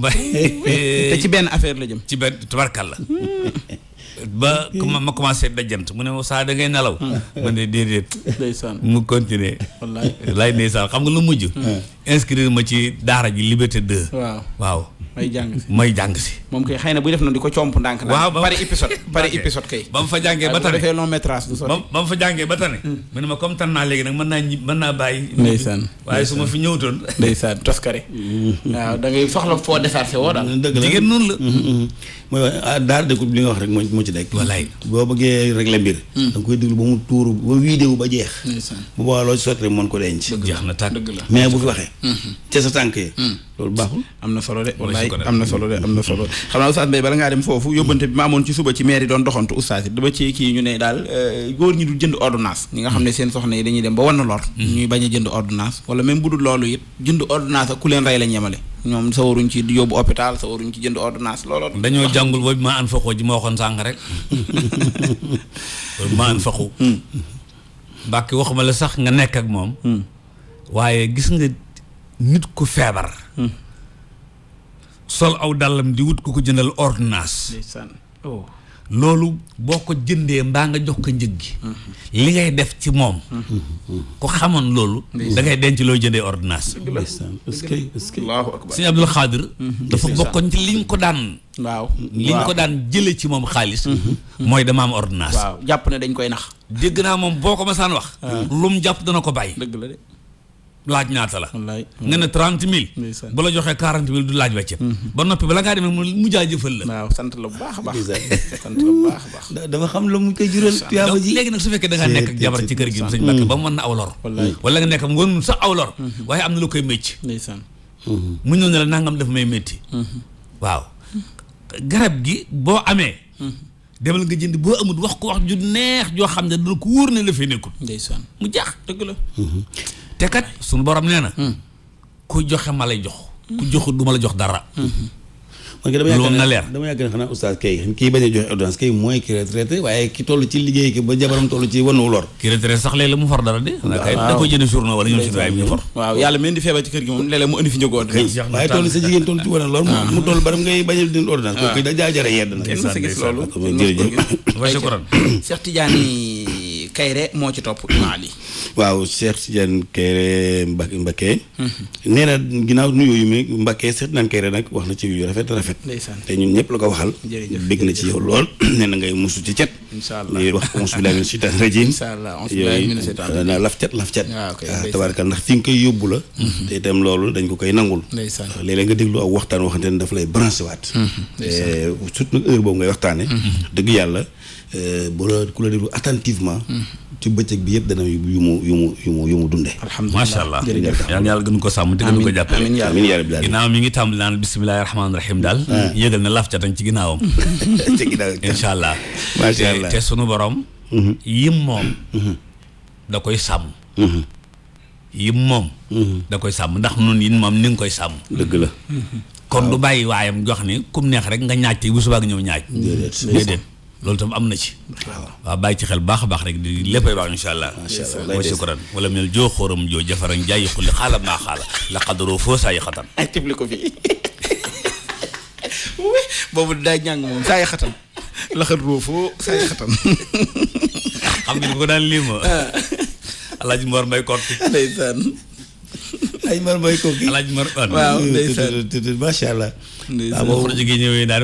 te ci benn affaire la jëm. ci benn tabarkalla. Mm. ba ma commencé dajant mu ne ma saa da ngay nelaw. Hmm. ma ne déedéet. ndeysaan mu continuer wallaay lay ndeysaan xam nga lu mujj. Hmm. inscrire ma ci daara ji liberté 2. waaw waaw. may jàng si may si. moom kay xëy na buy def noonu di ko comp ndànk. waaw ba pare épisode pare ba mu fa jàngee ba tane defee long métrage du mu fa jàngee ba tane. ne ma comme tan naa léegi nag mën naa ñib mën naa bàyyi. ndeysaan waaye su ma fi ñëwutoon. ndeysaan toskare. waaw da ngay la foo desaat si woo daal. dëgg la jigéen noonu la. Hmm, mooy ah, daara de li nga wax rek moo ci nekk. boo bëggee régler mbir. Hmm. da nga koy déglu ba mu tuuru ba vidéo ba jeex. bu boobaa loo na tàkk dëgg la mais bu fi waxee. te hmm. sa tànk hmm. loolu na solo de. wallaay am na solo de xam ne soxna yi dañuy dem ba wan lor ñuy bañ a jënd ordonnance wala même bu dul loolu it jënd ordonnance ak ku leen rey lañ yemale ñoom sawaruñ ci yóbbu hôpital sawaruñ ci jënd ordonnance looloo. dañoo jàngul boobu ma an faqoo ji ma waxoon sànq rek ma hmm. waxuma la sax nga nekk ak moom hmm. waaye gis nga nit ku feebar hmm. sol aw dàllam di wut ku ko jëndal ordonnance loolu boo ko jëndee mbaa nga jox ko njëg gi li ngay def ci moom ku xamoon loolu da ngay denc loo jëndee ordonnance sëñ Abdul Xaadir dafa bokkoon ci liñ ko daan waaw liñ ko daan jële ci moom xaalis mhm. mooy dama am ordonnance waaw jàpp ne dañ koy nax dégg naa moom boo ko masaan wax ah. lu mu jàpp dana ko bàyyi dëgg la laaj naata la nga ne trente mille bu la joxee quarante mille du laaj weccet mhm. ba noppi bala ngaa demee mu mu jaajëfal la sant la bu baax a baax a baax dafa xam la mu koy jural léegi nag su fekkee da ngaa nekk ak jabar ci gi sëñ Mbàkke mm. ba mu mën na aw lor wala nga nekk am nga sax aw lor mm-hmm. waaye am na lu koy métti mm-hmm. mu ñëw ne nangam daf may métti mm-hmm. waaw gi boo amee demal nga jënd boo amul wax ko wax ju neex joo xam ne dana ko wóor ne la fee nekkul ndeysaan mu jaax dëgg la te kat suñu borom nee na. Hmm. ku joxe ma lay jox. ku joxu du ma la jox dara. Hmm. loolu na leer dama yaakaar ne xanaa oustaz kay kii bañ a joxe ordonnance kay mooy ki retraité waaye ki toll ci liggéey ki ba jabaram toll ci wanu lor ki retraité sax léeg-léeg mu far dara de kay da koy jënd journaux wala ñoom si drive ñu far waaw yàlla meen di feebar ci kër gi moom léeg-léeg mu waaye toll sa jigéen toll ci wanu lor ah. mu toll baram ngay bañ a dindi ordonnance ah. kooku da jaajëre yedd na gis loolu jërëjëf wa Kayre moo ci topp imaam yi waaw Cheikh Tidiane Kayre Mbacké mhm. nee na ginnaaw nuyoo yu mi Mbacké Cheikh Tidiane Kayre nag wax na ci yu rafet rafet te ñun ñëpp la ko waxal bégg na ci yow lool nee na ngay musu ci cet incha allah ngay wax onze billahi min shaytan rajim yooyu na laf cet laf cet waaw ah, ah, tabaarkal ndax fi nga koy yóbbu la mhm. te itam loolu dañ ko koy nangul ah, léeg-léeg nga déglu ak waxtaan waxante ne daf lay branché waat mhm. eh, surtout nag heure boobu ngay waxtaane dëgg yàlla Euh, bu la ku la déglu attentivement. ci bëccëg bi yëpp dana yu mu yu mu yu mu yu mu dundee. macha allah jërëjëf yal yàlla gën ko sàmm te gën ko jàppale. amiin amiin yaa rabbi ginnaaw mi ngi tàmbali naan bisimilah rahmaani rahim daal. Ah. yëgal na laaf catañ ci ginnaawam. ci allah. macha allah te sunu borom. Mm-hmm. yim moom. Mm-hmm. da koy sàmm. Mm-hmm. yim moom. da koy sàmm ndax nun yin moom ni nga koy sàmm. dëgg la. kon du bàyyi waayam jox ni kum neex rek nga ñaaj te bu subaa nga ñëw ñaaj. déedéet déedéet. loolu tam am na ci. waaw bàyyi ci xel baax a baax rek di léppay baax incha allah. macha allah mooy joo xóoram joo jafaran jaay xulli xaala maa xaala la yi xatan. ay tibli ko fii boobu daay ñàng moom saa yi xatan la xadaroo foo saa yi xatan. xam ngeen ko daan lii ma. Ah. Alaaji Mor Mbay Korti. ndeysaan. Alaaji Mor Mbay Korti. Alaaji Mor waaw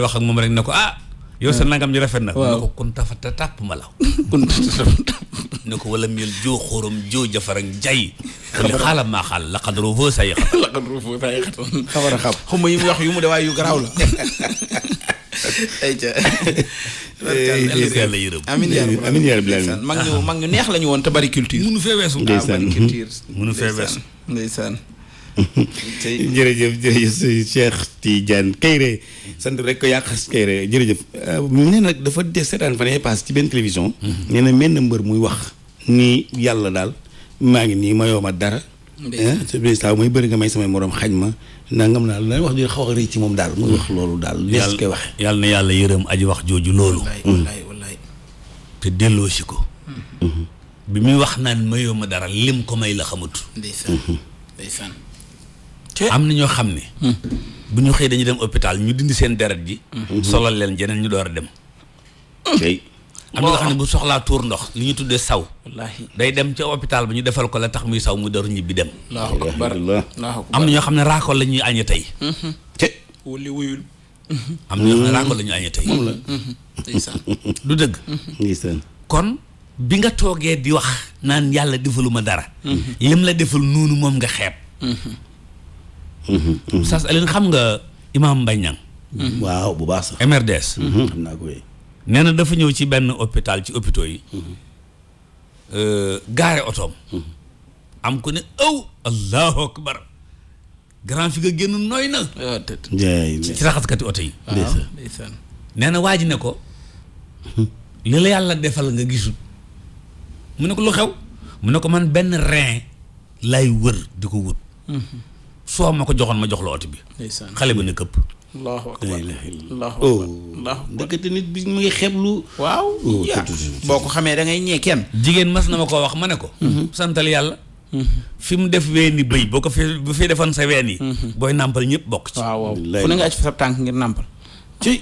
waaw moom rek na ko ah. yow sa nangam ñu rafet na. waaw ne ko kun tafata tàpp ma law. kun tafata ne ko wala mel joo xóoram joo jafarang jay. xaaral maa xaal la xadaru foo say xatal. la xadaru foo say xatal. xabar a xam xam ma yi mu wax yu mu de waaye yu garaaw la. ayca. yàlla yërëm amiin yaa rabbi amiin yaa rabbi mag ñu mag ñu neex la ñu woon te bari culture. munu fee weesu. ndeysaan ah, munu fee weesu. ndeysaan jërëjëf jërëjëf si Cheikh Tidiane Kayre sant rek ko yàqas Kayre jërëjëf euh, nee nag dafa de seetaan fan yee pass ci benn télévision mhm. nee na mbër muy wax ni yàlla daal maa ngi nii mayoo ma dara sa eh, muy bëri nga may samay moroom xañ ma nangam naa la wax ju xaw a ci moom daal muy wax mm. loolu daal nees koy waxe yàlla na yàlla yërëm aji wax jooju loolu mm. te delloo si ko mm-hmm. bi muy wax naan mayoo ma dara lim ko may la xamut ndeysaan mm-hmm. ndeysaan am na ñoo xam ne. Hmm. bu ñu xëy dañuy dem hôpital ñu dindi seen deret ji. Hmm. solal leen jeneen ñu door a dem. Hmm. am nga soxlaa tuur ndox li ñu tuddee saw. day dem ca hôpital ba ñu defal ko la tax muy saw mu door ñibbi dem. allahu akbar am na ñoo xam ne raakol la ñuy añee tey. te wuli wuyul. am na ñoo xam ne raakol la ñuy añee du dëgg. kon bi nga toogee di wax naan yàlla defalu ma dara. yem la defal noonu moom nga xeeb. Oustaz mm-hmm. Alioune xam nga Imam Mbaye Niang mm-hmm. waaw bu baax sax MRDS. Mm-hmm. xam na dafa ñëw ci benn hôpital ci hôpitaux yi. Euh, gaare otoom. am ku ne aw allahu akbar grand fi nga génn nooy na. ci raxaskati oto yi. nee na waa ji ne ko. li la yàlla defal nga gisul. mu ne ko lu xew. mu ne ko man benn rein lay wër di ko wut. soo ma ko joxoon ma jox la oto bi. xale bu na këpp. allahu akbar allahu akbar oh. dëggante nit bi mu ngi lu waaw oh, boo ko xamee da ngay ñee kenn. jigéen mas na ma koo wax ma ne ko. Mhm. santal yàlla. Mhm. fi mu def weeni bëy boo ko fi bu fi defoon sa ween yi. Mhm. booy nàmpal ñëpp bokk ci. waaw waaw fu ne nga aj fa sa tànk ngir nàmpal. ci.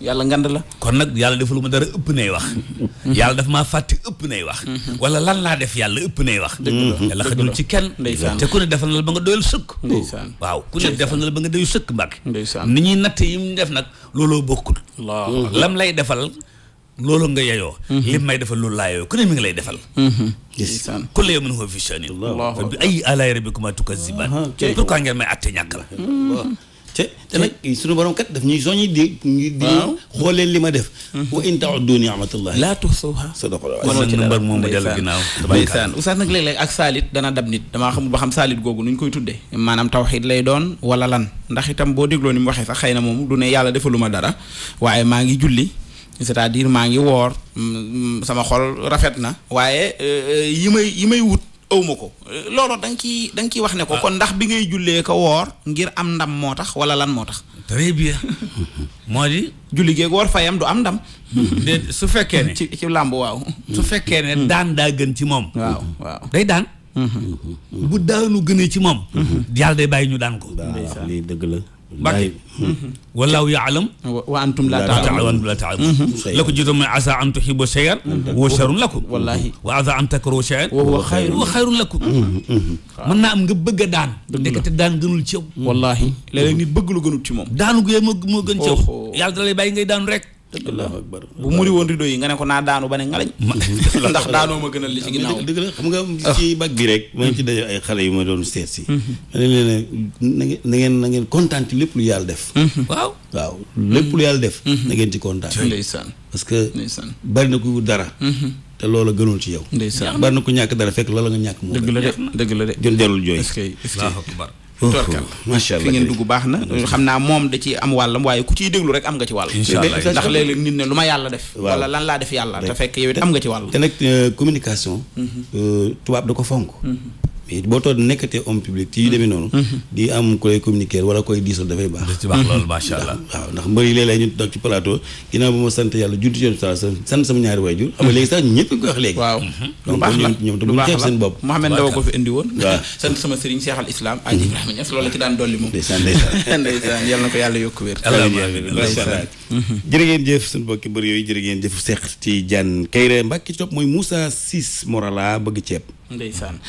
yàlla ngand la kon nag yàlla deful ma dara ëpp nay wax yàlla daf maa fàtte ëpp nay wax wala lan laa def yàlla ëpp nay wax yàlla xajul ci kenn te ku ne defal na la ba nga doyal sëkk waaw ku ne defal na la ba nga doyal sëkk mbàkke ni ñuy natt yi mu def nag looloo bokkul lam lay defal loolu nga yeyoo mm-hmm. li may defal loolu laa yeyoo ku ne mi ngi lay defal ku mm-hmm. la yawmin huwa fii sha'nin fa bi ay alaay rabbikumaa tukazzibaan pourquoi ngeen may atte ñàkk la mm-hmm. te te nag suñu borom kat daf ñuy soññi di. ñu di xoolee li ma def. Mhm. wa in ta'uddu ni'matallahi laa tuhsuha. sadaqallahu wala ci dara moom mu dellu ginnaaw. ndeysaan oustaz nag léeg-léeg ak saalit dana dab nit damaa xamul ba xam saalit googu nuñ koy tuddee. maanaam tawxiid lay doon wala lan ndax itam boo dégloo ni mu waxee sax xëy na moom du ne yàlla defaluma dara waaye maa ngi julli. c'est-à-dire maa ngi woor mm, mm, sama xol rafet na waaye euh, euh, yi may wut ëwma ko loolu da nga ciy da wax ne ko ah. kon ndax bi ngay jullee ko woor ngir am ndam moo tax wala lan moo tax très bien moo di julli geeg woor fayam du am ndam su fekkee ne ci ci làmb waaw su fekkee ne daan daa gën ci moom waaw day daan mhm. bu daanu gënee ci moom mhm. yàlla day bàyyi ñu daan ko Mbacke. wallaahu yaalam. wa antum laa taalamuun la ko jiitoon mooy asa an tuhibu shay'an mhm. Mhm. wa sharrun lakum. wallaahi wa asa an takrahu shay'an wa huwa xayrun lakum. Mhm. mën naa am nga bëgg a daan. ndekete daan gënul ci yow. wallaahi léeg-léeg nit bëgg lu gënul ci moom. daanu gu yee moo moo gën ci yow. yàlla da lay bàyyi ngay daan rek. dëgg la bu muri woon rido yi nga ne ko naa daanu ba ne ngalañ. ndax daanoo ma gënal li ci ginnaaw. dëgg la xam nga ci bag bi rek. ma ngi ci daje ay xale yu ma doon seet si. Mhm. ma ne leen na ngeen na ngeen kontaan ci lépp lu yàlla def. Mhm. waaw waaw mhm. lépp lu yàlla def. na ngeen ci kontaan. ndeysaan parce que. ndeysaan bari na ku dara. te loola gënul ci yow. ndeysaan bari na ku ñàkk dara fekk loola nga ñàkk moo. dëgg la de dëgg la de. jël jarul jooy. est-ce que torkal macha allah fi ngeen dugg baax na xam naa moom da ci am wàllam waaye ku ciy déglu rek am nga ci wàll ndax léeg-léeg nit lu ma yàlla def wala lan laa def yàlla te fekk yow it am nga ci wàll te nag euh, communication mhm. euh, tubaab da ko fonk mhm. mais boo toog nekkatee homme public ci yu noonu. Mm-hmm. Mm-hmm. di am ku lay communiquer koy diisal dafay baax. waaw ndax mbëri léeg ñu toog ci plateau ginnaaw ba ma sant yàlla jur ci sant sama ñaari waajur. Mm-hmm. xam a lu baax la ñoom te bu seen bopp. Mouhamed Ndaw ko fi indi sant sama sëriñ Cheikh al Aji loolu ci daan dolli moom. ndeysaan yàlla yokk wér. jërë ngeen jëf seen bokki mbër yooyu jërë ngeen jëf Seex Tijaan Kayre Mbàkke topp mooy Moussa Ciss Morola bëgg ceeb. ndeysaan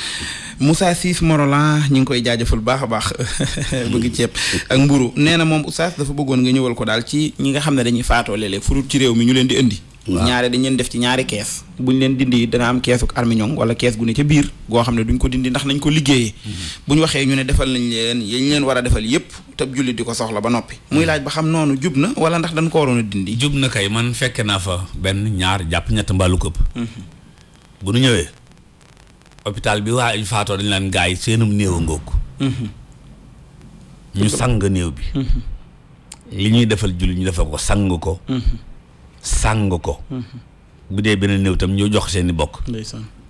Moussa Ciss Morola ñu ngi koy jaajëfal baax a baax bëgg ceeb ak mburu nee na moom Oustaz dafa bëggoon nga ñëwal ko daal ci ñi nga xam ne dañuy faatoo léeg-léeg furut ci réew mi ñu leen di indi. ñaare dañ leen def ci ñaari kees buñ leen dindi dana am keesu armignon wala kees gu ne ca biir goo xam ne duñ ko dindi ndax nañ ko liggéeyee mhm. bu ñu waxee ñu ne defal nañ leen yañ leen war a defal yépp tab julli di ko soxla ba noppi muy mhm. laaj ba xam noonu jub na wala ndax dañ ko waroon a dindi jub na kay man fekke naa fa benn ñaar jàpp ñett mbaalu këpp mhm. bu nu ñëwee hôpital bi waa faatoo dañ leen gaay seenum néew a ngóog ñu sang néew bi li ñuy defal julli ñu defal ko sang ko sàng ko mhm. bu dee beneen néew tam ñu jox seeni i bokk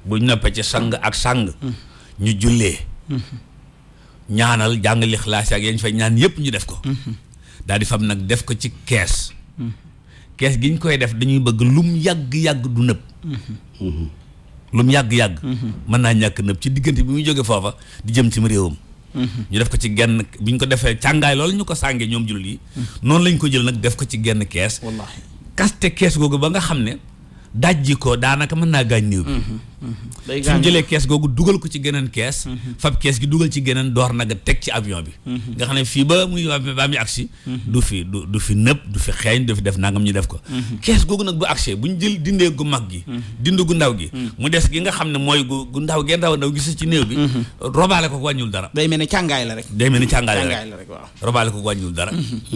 bu ñu noppee ci sàng ak sàng mhm. ñu jullee mhm. ñaanal jàng lixlaas ak yañ fay ñaan yëpp ñu def ko daal di fam nag def ko ci kees kees gi ñu koy def dañuy bëgg lum yàgg-yàgg du nëb lum yàgg-yàgg mën naa ñàkk nëb ci diggante bi muy jóge foofa di jëm ci mu réewam ñu def ko ci genn bi ñu ko defee càngaay loolu ñu ko sàngee ñoom jullit yi noonu lañ ko jël nag def ko ci genn kees kaste kees googu ba nga xam ne dajji ko daanaka mën naa gaañ néew bi mm-hmm. su jëlee kees googu dugal ko ci geneen kees mhm. fab kees gi dugal ci geneen door nag teg ci avion bi mhm. nga xam ne fii ba muy ba muy agsi mhm. du fi du fi nëb du fi xeeñ du fi def nangam ñu def ko kees googu nag bu agsi bu ñu jël dindee gu mag gi dind gu gi mu des gi nga xam ne mooy gu gu ndaw gee ndaw ndaw gis ci néew bi robaale ko wàññul dara day mel ni càngaay la rek day mel ni càngaay la rek waaw robaale ko wàññul dara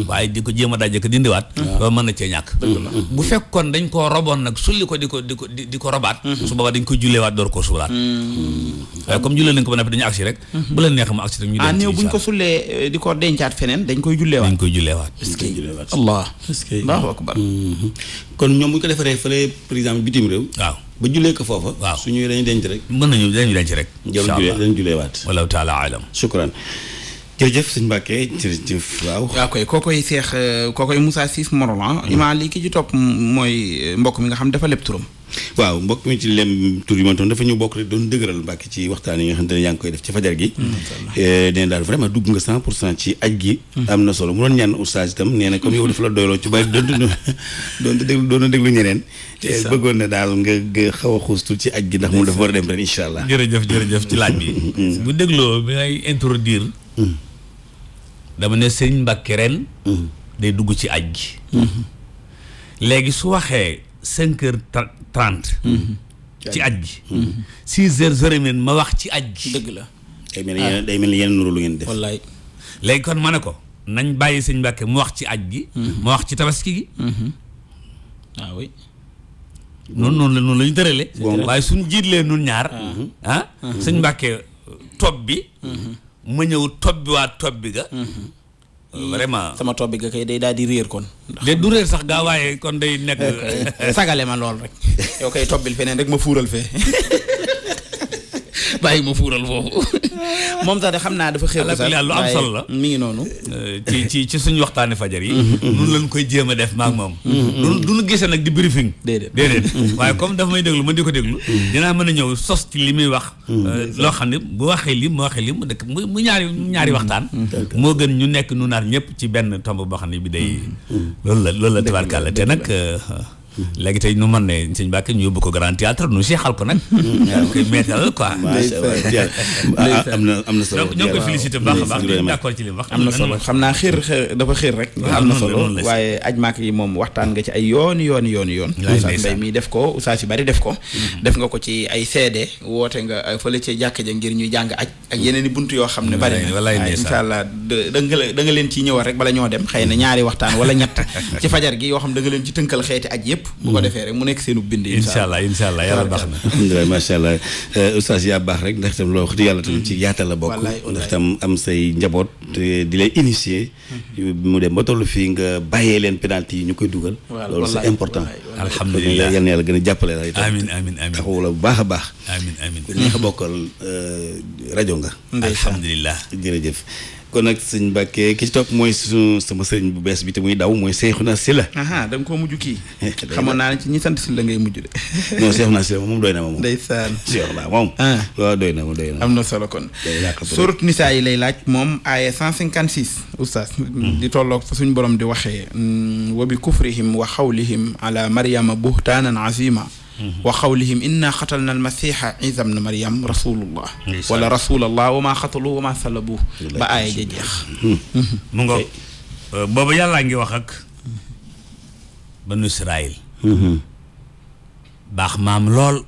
waaye di ko jéem a dajje ko dindiwaat loolu mën na cee ñàkk bu fekkoon dañ koo roboon nag sulli ko di julleewaat door koo suulaat. Hmm. waaye comme jullee nañ ko ba noppi dañu agsi rek. Hmm. bu la neex ma agsi rek ñu ah, dem. ko sullee eh, di ko dencaat feneen dañ akbar hmm. kon ñoom bu ñu ko defaree fële par exemple bitim réew. waaw ba jullee ko foofa. waaw su ñuy dañuy denc rek. mën nañu dañuy denc rek. incha allah jël jullee dañu julleewaat. shukran. jërëjëf sëñ Mbacke jërëjëf waaw. waaw koy koo koy seex euh, koo koy Moussa Cissé Morolan. Ah. Mm. imaa lii ki ci topp mooy euh, mbokk mi nga xam dafa leb turam. waaw mbokk mi ci lem tur yi man dafa ñu bokk rek doon dëgëral Mbacke ci waxtaan yi nga xam ne yaa ngi koy def ci fajar gi. Mm, eh, nee daal vraiment dugg nga 100 pour cent ci aj gi. Mm. am na solo mu doon ñaan oustaz itam nee na comme yow dafa la doyloo ci bàyyi doon doon déglu doon déglu ñeneen. Eh, bëggoon na daal nga nga xaw a xuustul ci aj gi ndax mu dafa war a dem ren incha allah. jërëjëf jërëjëf ci laaj bi. bu dégloo bi ngay introduire dama ne sëriñ Mbàkke ren. Mm-hmm. day dugg ci aj gi. Mm-hmm. léegi su waxee cinq heures trente. Mm-hmm. ci aj gi. six heures et ma wax ci aj gi. dëgg la. day ah. day mel ni yéen nuru léegi kon ma ne ko nañ bàyyi sëñ Mbàkke mu wax ci aj gi. mu wax ci tabaski gi. Ah noonu noonu la noonu la ñu waaye suñ jiitlee nun ñaar. ah sëñ Mbàkke topp bi. ma ñëw tobbiwaat tobbi ga. Mm-hmm. vraiment sama tobbi ga kay day daal di réer kon. de du réer sax gaa waaye kon day nekk. sagale ma lool rek. yoo koy tobbil feneen rek ma fuural fee. bàyyi ma fuural foofu. moom sax de xam naa dafa xew. sax lu am solo la mi ngi noonu. Euh, ci ci ci suñu waxtaani fajar yi. Mm-hmm, mm-hmm. nun lañ koy jéem a def maak moom. du du nu gisee nag di briefing. déedéet déedéet mm-hmm, waaye comme dafa may déglu ma di ko déglu. dinaa mën a ñëw sos ci li muy wax. Euh, loo xam ne bu waxee li mu waxee li mu dëkk mu ñaari ñaari waxtaan. moo gën ñu nekk nu naar ñëpp ci benn tomb boo xam ne bi day. loolu la loolu la tabarkàlla te nag. Mm-hmm. léegi tey nu man ne sëñ Mbacke ñu yóbbu ko grand théâtre nu seexal ko nag mm-hmm. waaw koy ah, ah, am na am na solo donc ñoo ngi koy baax a baax d'accord am na solo xam naa xiir dafa xiir am na solo waaye aj maak yi moom waxtaan nga ci ay yoon yoon yoon yoon mbay mi def ko usaa si bari def ko mm-hmm. def nga ko ci ay seede woote nga euh, fële ca jàkk ja ngir ñuy jàng aj ak yeneen i bunt yoo xam ne bari na incha allah da nga da nga leen ci ñëwal rek bala ñoo dem xëy na ñaari waxtaan wala ñett ci fajar gi yoo xam da nga leen ci tënkal xeeti aj yëpp lépp. bu ko defee rek mu nekk seenu bind. incha allah incha allah yàlla baax na. alhamdulilah macha allah euh, yaa baax rek ndax tam loo wax yàlla tamit ci yaatal la bokk. ndax tam am say njaboot. di lay initier. Mhm. mu dem ba toll fii nga bàyyee leen penalti yi ñu koy dugal. loolu c'est important. alhamdulilah yal na yàlla gën a jàppale la. amiin amiin amiin taxawu la bu baax a baax. amiin amiin neex a bokkal euh, rajo nga. alhamdulilah jërëjëf. kon nag sëñ Mbàkke ki ci topp mooy su sama sëriñ bu bees bi te muy daw mooy Seexuna Sila. da nga koo mujj kii. xamoon naa ne ci ñi sant Sila ngay mujj de. non moom doy na ma moom. ndeysaan moom. Ah. waaw doy na ma doy na ma. am na solo kon. surat Nisaa yi lay laaj moom aaya 156 oustaz. Hmm. di tollook fa suñ borom di waxee. Mm, wa bi kufrihim wa xawlihim ala Maryama buhtaanan azima wa qawlihim inna xatalna almasiha isa bna mariam rasulullah wala rasulallah wa maa xatalu wa maa salabu ba aaya ja jeex mu nga boobu yàllaa ngi wax ak banu israil baax maam lool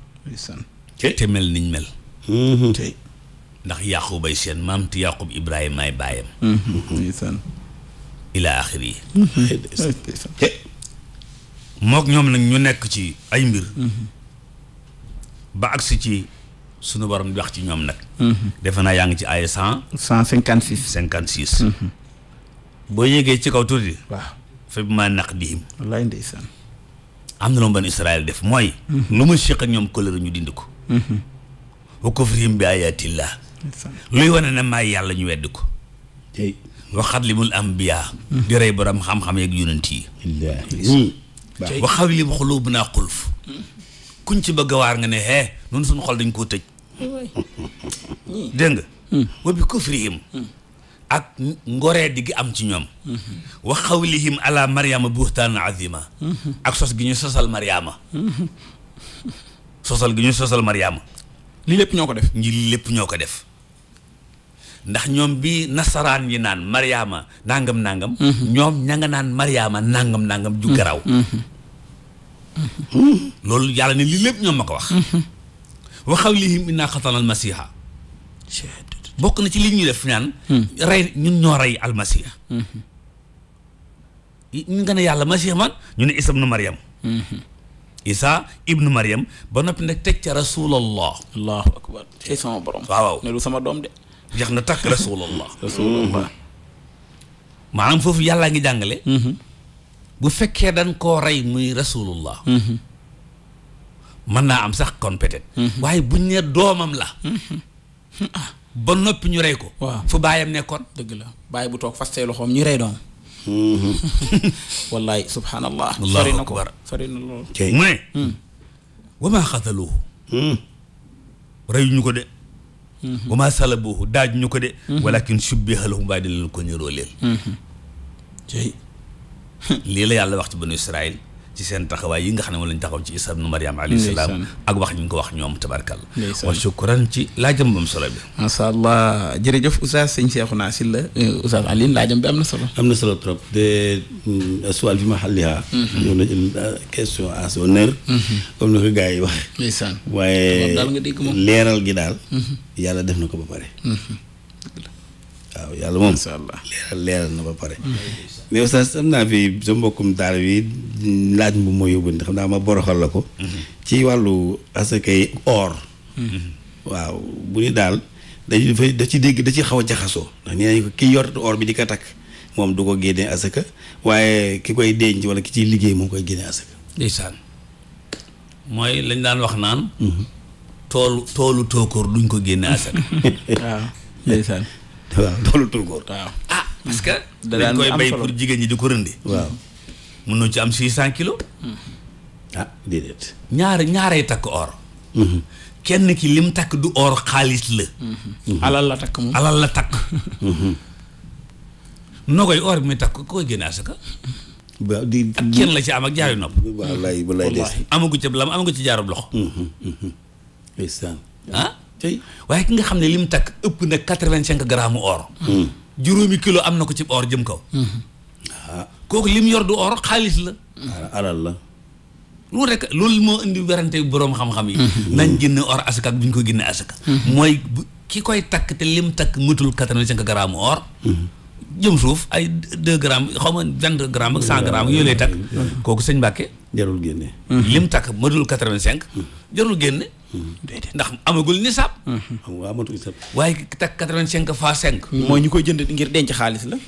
te mel niñ mel mm-hmm. ndax yaqubay seen maam te yaqub ibrahima ay baayam mm-hmm. ila axiri mm-hmm. yi mook ñoom nag ñu nekk ci ay mbir mm-hmm. ba agsi ci sunu borom jox ci ñoom nag mm-hmm. defe naa yaa ngi ci ay cent cent cinquante six cinquante six mm-hmm. boo yéegee ci kaw tuuti waaw fa bi maa naq dihim wallaay am na loom ban Israël def mooy lu ma siq ñoom couleur ñu dind ko wa kufrihim bi ayatillah luy wane ne maay yàlla ñu wedd ko waxat li mul ambiya di rey borom xam-xam yeeg yonent wa xaw li xuluubunaa xulf kuñ ci bëgg a waar nga ne hee noonu suñu xol dañ koo tëj dégg nga wa bi ak ngoree di gi am ci ñoom wax wa xawlihim ala mariama buhtaan azima ak sos gi ñu sosal mariama sosal gi ñu sosal mariama lii lépp ñoo ko def ñi lii lépp ñoo ko def ndax ñoom bi nasaraan yi naan Mariama nangam nàngam mm-hmm. ñoom ña naan Mariama nangam nangam. ju garaaw. Mm-hmm. Mm-hmm. loolu yàlla ne lii lépp ñoom ma ko wax. wa qawlihim inna qatalna al-masiha. bokk na ci li ñuy def ñaan. Mm. rey ñun ñoo rey almasiha. ñu nga yàlla masiha man ñu ne Isa ibnu Mariam. Isa ibnu Mariam ba noppi nag teg ca rasulallah. allahu akbar. tey sama borom. waaw ne du sama doom de. jeex na tàkk rasulallah rasulallah hmm. maanaam foofu yàllaa ngi jàngale mm-hmm. bu fekkee dañ koo rey muy rasulullah mm-hmm. mën naa am sax kon peut-être mm-hmm. waaye buñ ne doomam la ah. ba noppi ñu rey ko waaw fu baayam nekkoon dëgg la baay bu toog fastee loxoom ñu rey doom wallaay subhaanallah sori na ko sori na loolu mu ne mm. wamaa xataluhu mm. reyuñu ko de Mm-hmm. wa maa salabuhu daaj ñu ko de mm-hmm. walakin subbiha lahum waaye di leen ko niroo leen mm-hmm. lii la yàlla wax ci banu Israayil ci seen taxawaay yi nga xam ne moom lañ taxaw ci Isa ibnu Maryam alayhi salaam ak wax ñu ko wax ñoom tabarkal wa shukran ci laajam bu am solo bi macha allah jërëjëf eh, bi na solo am na solo trop de mm, sual bi ma xalliha mhm. ñëw na ah, question à son honneur mhm. comme ni ko gars yi waxee ndeysaan waaye daal nga dégg moom leeral gi daal mhm. yàlla def na ko ba pare waaw yàlla moom leeral leeral na ba pare mais oustaz sa mbokkum daal wi laaj moom ma yóbbu xam naa ma boroxal la ko. ci wàllu asakay or. waaw bu ni daal dañuy dafay da ci dégg da ci xaw a jaxasoo ndax nee nañ ko ki yor or bi di ko takk moom du ko génnee asaka waaye ki koy denc wala ki ciy liggéey moom koy génnee asaka. lañ daan wax naan. Mhm. toolu duñ ko génne asaka. waaw ndeysaan waaw doolul tur góor. ah parce que. dañ koy bay pour jigéen ñi di ko rënd waaw mënoo ci am 600 kilos. Hmm. ah ñaar ñaaree takk or. Hmm. kenn ki lim takk du or xaalis la. Hmm. alal la takk moom alal la takk. bi muy takk ko koy génne asaka. ak kenn la ci am ak jaayu nopp. wallaahi wallaahi des amagu ci lam amagu ci jaarub loxo. ndeysaan ah. tey waaye ki nga xam ne li mu takk ëpp nag quatre-vingt-cinq grammes or. Hmm. juróomi kilo am na ko ci or jëm kaw. Hmm. Ah. kooku li mu yor du or xaalis la. Ah, alal la. loolu rek loolu moo indi werante boroom xam-xam yi. Hmm. nañ génne or asaka ak bu ñu koy génne asaka. mooy ki koy takk te lim takk mëtul quatre-vingt-cinq grammes or. jëm suuf ay deux grammes xaw ma vingt grammes ak cent grammes yooyu lay takk mm-hmm. Mm-hmm. kooku sëñ Mbàkke jarul génne mm-hmm. lim takk madul quatre vingt cinq jarul génne ndax amagul nisaab xam ah, waaye takk quatre vingt cinq fois cinq mooy ñu koy jënd ngir denc xaalis la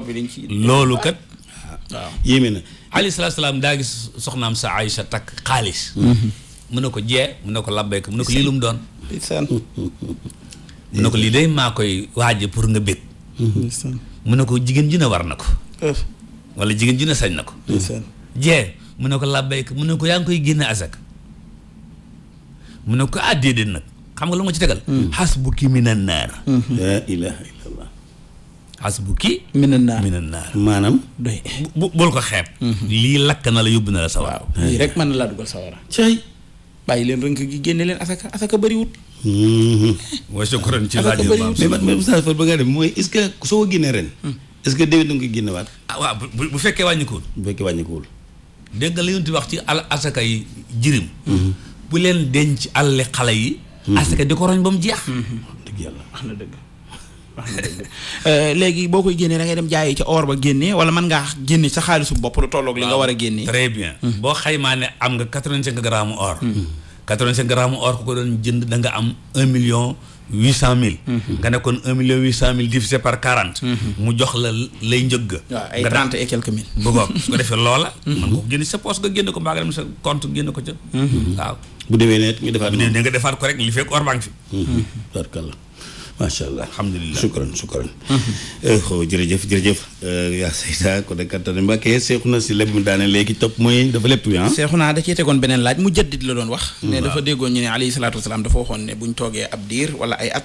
bi dañ ci loolu kat waaw ah. ah. yéeme na alayhi salaatu salaam daa gis soxnaam sa Aïcha takk xaalis mu ne ko jee mu ne ko labbayk mu ne ko lii lu doon mu ne ko lii day maa koy waaje pour nga bég mu ne ko jigéen ji ne war na ko. Eh. wala jigéen ji ne sañ na ko. jee mu ne ko làbbayk mun ne ko yaa ngi koy génne asak mun ne ko ah déedéet nag xam nga lu ma ci tegal. xasbuki hmm. minan naar. Hmm. laa ilaaha illallah. xasbuki. minan naar minan naar. maanaam. doy bu bul ko xeeb. Hmm. lii lakk na la yóbbu na la sawar. lii rek mën na laa dugal sawara. cay bàyyi leen rënk gi génne leen asaka asaka bëriwut. wa shukran ci laaj mais man Moussa Fall bëgg a dem mooy est-ce que soo ko génnee ren. Hmm. est-ce que déwén da nga ko génnewaat. ah waaw bu bu fekkee wàññikuwul. bu fekkee wàññikuwul. dégg nga li ñu di wax ci al asaka yi jirim. Hmm. bu leen denc àlli xale yi. Hmm. asaka di ko roñ ba mu jeex. dëgg yàlla wax na dëgg. Euh, léegi boo koy génnee da ngay dem jaay ci or ba génne wala man ngaa génne sa xaalisu bopp lu tolloog li nga war a génne. très bien. boo xaymaa ne am nga quatre-vingt-cinq grammes or. 85 grammes or ku ko doon jënd da nga am 1 million 800 mill mhm. nga nekkoon 1 million 800 mille divisé par 40. Mhm. mu jox la lay njëgg. waaw ay 30 et quelques mille. su ko defee loola. man mhm. nga ko sa poche nga génne ko mbaa nga dem sa compte génne ko ca. waaw bu déwénee nga defaat. bu déwénee nga defaat ko rek li fekk or baa ngi fi. macha allah alhamdulilah shukran shukran eh, jërëjëf jërëjëf eh, yaa sayda seexu na si lépp mu daane léegi topp mooy dafa lépp bi ah. naa da cee tegoon beneen laaj mu jaddit la doon wax mm, ne dafa déggoon ñu ne alayhi salaatu wasalaam dafa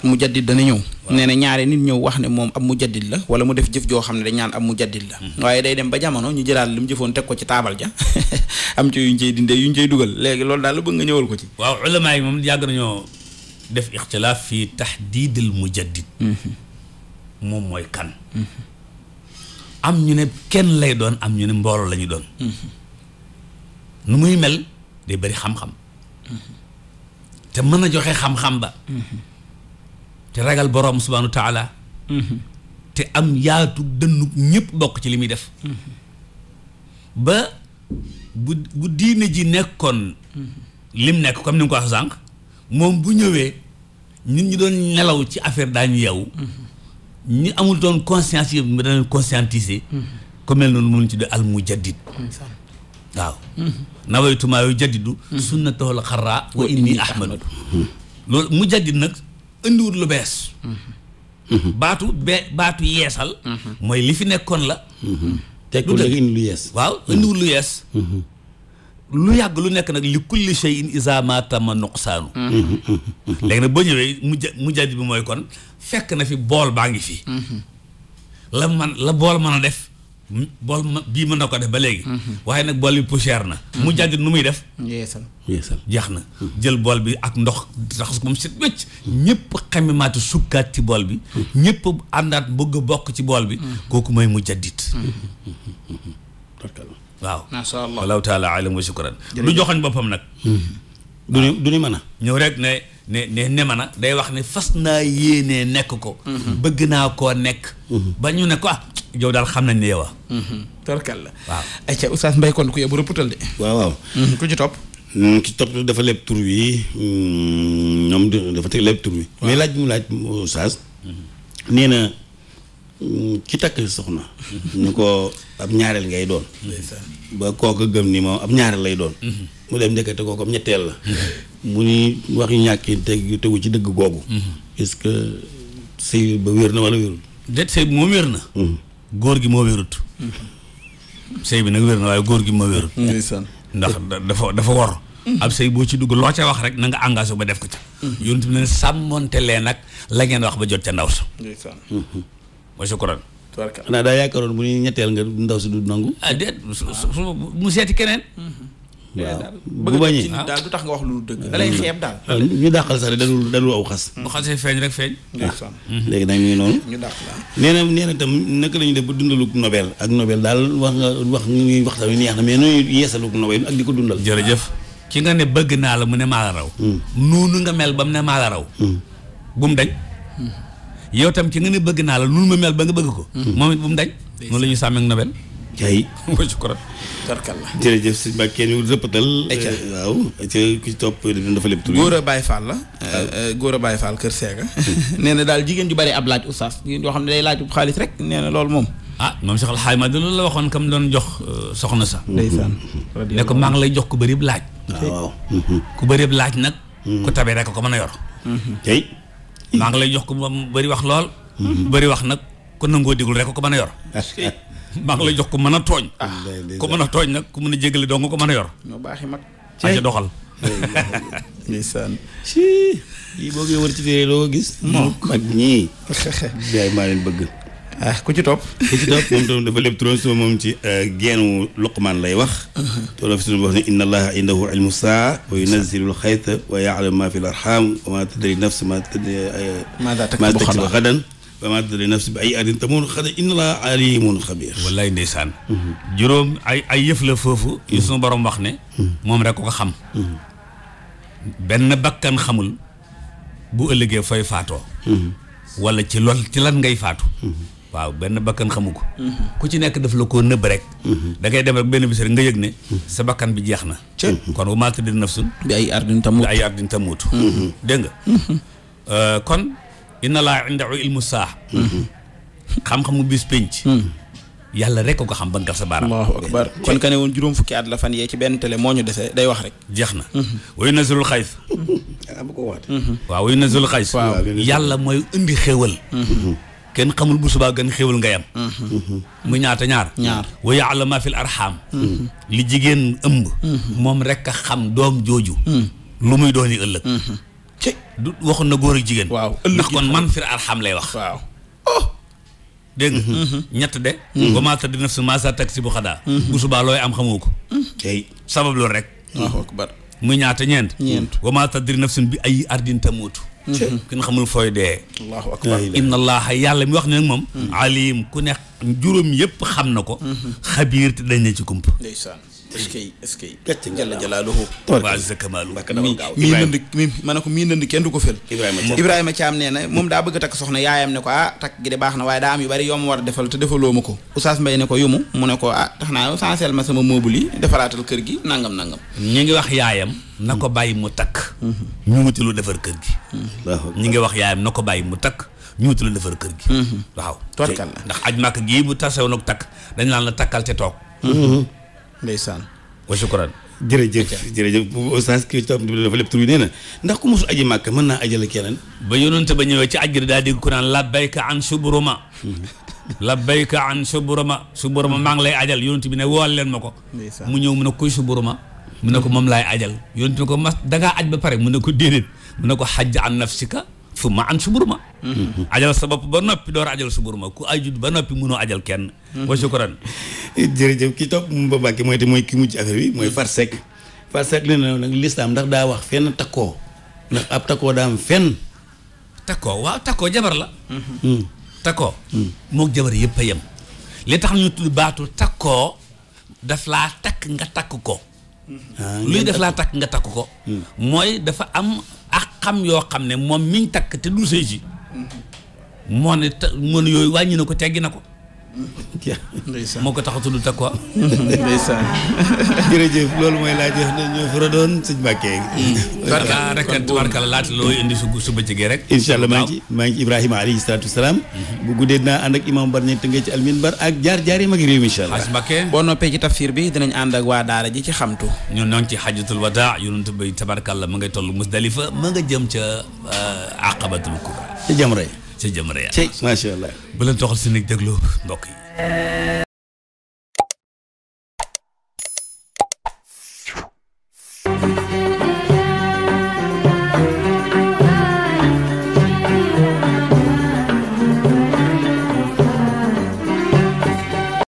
mu jaddit wax ne moom ab mu jaddit la wala mu def jëf joo xam ne dañ naan ab mu jaddit la mm-hmm. waaye day dem ba jamono ñu jëlaat li mu jëfoon teg ko ci taabal ja am ci yuñ cey yu yuñ cey dugal léegi loolu daal la bëgg nga ñëwal ko ci waaw ulama moom yàgg nañoo def ixtilaaf fii taxdiidil mujaddid mhm. moom mooy kan mhm. am ñu ne kenn lay doon am ñu ne mbooloo lañuy ñu doon mhm. nu muy mel day bari xam-xam te mën a joxe xam-xam ba te ragal boroom subhaanahu wa taala te am yaatu dënnu ñëpp bokk ci li muy def ba bu bu diine ji nekkoon lim nekk comme ni mu ko wax sànq moom bu ñëwee ñun ñu doon nelaw ci affaire daañu yeewu ñi amul doon conscience yëpp mu danañ conscientiser ku mel noonu mënuñ ci de al mujaddid waaw nawaytumaa yu jaddidu sunnatahul xarra wa inni ahmadu loolu mujaddid nag indiwut lu bees baatu be baatu yeesal mooy li fi nekkoon la teg ko indi lu yees waaw indiwut lu yees lu yàgg lu nekk nag li kulli shay'in iza ma tama nuqsaanu mm-hmm. Mm-hmm. léegi nag boo ñëwee mujj mujjaj bi mooy kon fekk na fi bool baa ngi fi. Mm-hmm. la man la bool man a def bool bii mën na ko def ba léegi waaye nag bool bi poussière na mu jàjj nu muy def yeesal jeex na jël bool bi ak ndox raxas ko moom set wécc ñëpp xamimaati sukkaat ci bool bi ñëpp àndaat bëgg bokk ci bool bi kooku mooy mu jaddit waaw macha allah wallahu taala alam wa shukran du joxoñ boppam nag hmm. du ni du mën a ñëw rek ne ne ne ne a day wax ne fas naa yéenee nekk ko hmm. bëgg naa koo nekk hmm. ba ñu ne ko ah yow daal xam nañ ne yow ah. torkal la waaw ayca oustaz Mbaye kon ku yóbbu rëpputal waaw waaw ku ci ci topp dafa leb tur wi ñoom dafa teg leb tur laaj mu laaj oustaz nee na ki takk soxna ñu ko ab ñaareel ngay doon ba kooku gëm ni moom ab ñaareel lay doon mhm. mu dem ndekete kooku ab ñetteel la mu ni wax yu ñàkk teg tegu ci dëgg googu mhm. est-ce que sëy ba wér na wala wérul déet sëy bi moom wér na mhm. góor gi moo wérut sëy bi nag wér na waaye góor gi moo wérut ndax dafa dafa war ab sëy boo ci dugg loo ca wax rek na nga engagé ba def ko ca yonent bi ne sàmmonte leen nag la ngeen wax ba jot ca ndaw sa wa shukran. xanaa daa yaakaaroon bu ñetteel nga ndaw si du nangu. Ah, mu seeti keneen. waaw bu bañee daal du tax nga wax lu dëgg. Mm. Ah, ñu dàqal sax de dalul dalul xas. bu xasee rek feeñ. Ah. léegi na nee na itam naka la def ba dundalug Nobel ak Nobel daal wax nga wax ñuy waxtaan wi neex na mais nooy yeesalug Nobel ak di ko dundal. jërëjëf ki nga ne bëgg naa la mu ne maa la raw. Mm. noonu nga mel ba mu ne maa raw. Mm. bu mu dañ. yow tam ci nga ne bëgg naa la lu ma mel ba nga bëgg ko. Mm-hmm. moom it bu mu dañ. noonu la ñuy sàmmeeg Nobel. jaay wala sukkur tarkal la jërëjëf sëñ Ba kenn rëppatal. Eh, waaw ca ku lépp tur góor a bàyyi faal la. Ah. Eh, eh, góor a Baye faal Kër Seega. Hmm. nee na daal jigéen ju bari ab laaj oustaz jigéen joo xam ne day laaj xaalis rek nee na loolu moom. ah moom Cheikh Al ma Madi loolu la waxoon kam doon jox euh, soxna sa. Hmm. ndeysaan. Hmm. ne ko maa ngi lay jox ku bëri laaj. waaw ku bëri laaj nag. ku tabee rek ko mën a yor. maa ngi lay jox ko moom bëri wax lool. Mm-hmm. bari wax nag ko nangoo digul rek ko mën a yor. maa ngi lay jox ko mën a tooñ. Ah. ko mën a tooñ nag ku mën a jégale doo nga ko mën a yor. ñoo no baaxi mag ca doxal. ndeysaan lii boo koy wër ci téere doo ko gis. moom mag ñii. jaay maa leen bëgg. ah ku ci topp. ku ci topp moom itam dafa lépp turoon moom ci euh, geenu Luqmaan lay wax. tolloo fi suñu wax ne inna allaha indahu ilmu saa wa yunazzilu lxayta wa yaalamu ma fi l ma tadri mhm. mhm. wax ne mhm. moom rek ko ko xam benn bakkan xamul bu ëllëgee fooy faatoo wala ci lool ci lan ngay faatu waaw benn bakkan xamu ko. Mhm. ku ci nekk def la koo nëbb rek. Mhm. da ngay dem rek benn bis rek nga yëg ne. sa bakkan bi jeex na. Mhm. kon bu maa tëddee nafsun. bi ay ardin tamut bi dégg nga. Euh, kon. inna laa indahu ilmu saa. xam-xamu bis ko xam banqal sa baaraam allahu akbar kon ka ne la fan yee ci benn télé moo ñu dese day wax rek jeex na wayu ko waat waaw wayu nazilul xays yàlla mooy indi xéwal kenn xamul bu subaa gën xéwal ngay am mm-hmm. mu ñaata ñaar ñaar wa ya'lamu fil arham mm-hmm. li jigéen ëmb mm-hmm. moom rekk a xam doom jooju lu muy doon ëllëg ci du waxoon na góor ak jigéen waaw ndax kon man fir arham lay wax waaw oh! dégg ñett de ba maa tadri nafsun maa saa taksi bu xadaa bu subaa looy am xamoo ko tey sabab loolu rek waaw akbar ñaata ñeent ñeent wa maa bi ay ardin tamuutu Mhm. kenn xamul fooy dee allahu akbar inna allaha yàlla mi wax ne nag moom mhm. alim ku ne juróom yëpp xam na ko mhm. xabiir te dañ na ci kump ndeysaan est-ce que est-ce que gàcce jalla jalaaluhu mii nënd mi ne ko mii nënd kenn du ko fel Ibrahima Thiam nee na moom daa bëgg a takk soxna yaayam ne ko ah takk gi de baax na waaye daa am yu bari yoo war a defal te defaloo ma ko Oustaz Mbaye ne ko yumu mu ne ko ah tax naa sanseel ma sama meuble defaraatal kër gi nangam nangam mhm. ñu ngi wax yaayam na ko bàyyi mu takk ñu wuti lu defar kër gi ñu ngi wax yaayam na ko bàyyi mu takk ñu lu defar kër gi waaw torkal la ndax aj màkk gii bu tasew nag takk la takkal te toog mhm. ndeysaan wa shukran jërëjëf jërëjëf oustaz ki topp dafa lépp tur bi nee na ndax ku mosul aji màkk mën naa ajale keneen ba yonent ba ñëwee ci ajjir daa dégg ku naan labbayka an suburuma labbayka an suburuma suburuma maa ngi lay ajal yonent bi na wool leen ma ko mu ñëw mu ne kuy suburuma mu na ko moom laay ajal yonent bi ko mas dangaa aj ba pare mu na ko déedéet mu ne ko xajj an nafsika fu ma an subur ma mm-hmm. ajal sa bopp ba noppi door ajal subur ma ku ajut ba noppi munoo ajal kenn mm-hmm. wa shukran jërëjëf ki topp mu ba bàkke mooy te mooy ki mujj affaire bi mooy far sek far sek ne na nag lislaam ndax daa wax fenn takkoo ndax ab takkoo daa am fenn takkoo waaw takkoo jabar la mm-hmm. mm. takkoo mm. mook jabar yëpp a yem li tax ñu tudd baatu takkoo daf laa takk nga takk ko ah, luy def laa takk nga takk ko mm. mooy dafa am a xam yoo xam ne moom miñ takk te du ji moo ne moo ne yooyu wàññi na ko teggi na ko moo ko tax a tudd takwa ndeysaan jërëjëf loolu mooy laaj yoo xam ne ñoo fa doon sëñ Mbàkke mm. barka rek barka la laata looy su su bëccëgee rek incha allah maa ngi ci maa ngi ci Ibrahima alayhi salaatu wasalaam mm-hmm. bu guddee dinaa ànd ak imam bar ñeent nga ci almin bar ak jaar jaar yi mag réew boo noppee ci tafsir bi dinañ ànd ak waa daara ji ci xamtu ñun ñoo ngi ci xajatul wadaa yonent bay tabarkalla mu ngay toll Musdalifa ma nga jëm ca euh, aqabatul kubra ca Jamra ca jëmale yàlla. macha allah bu leen toxal si nit déglu mbokk yi.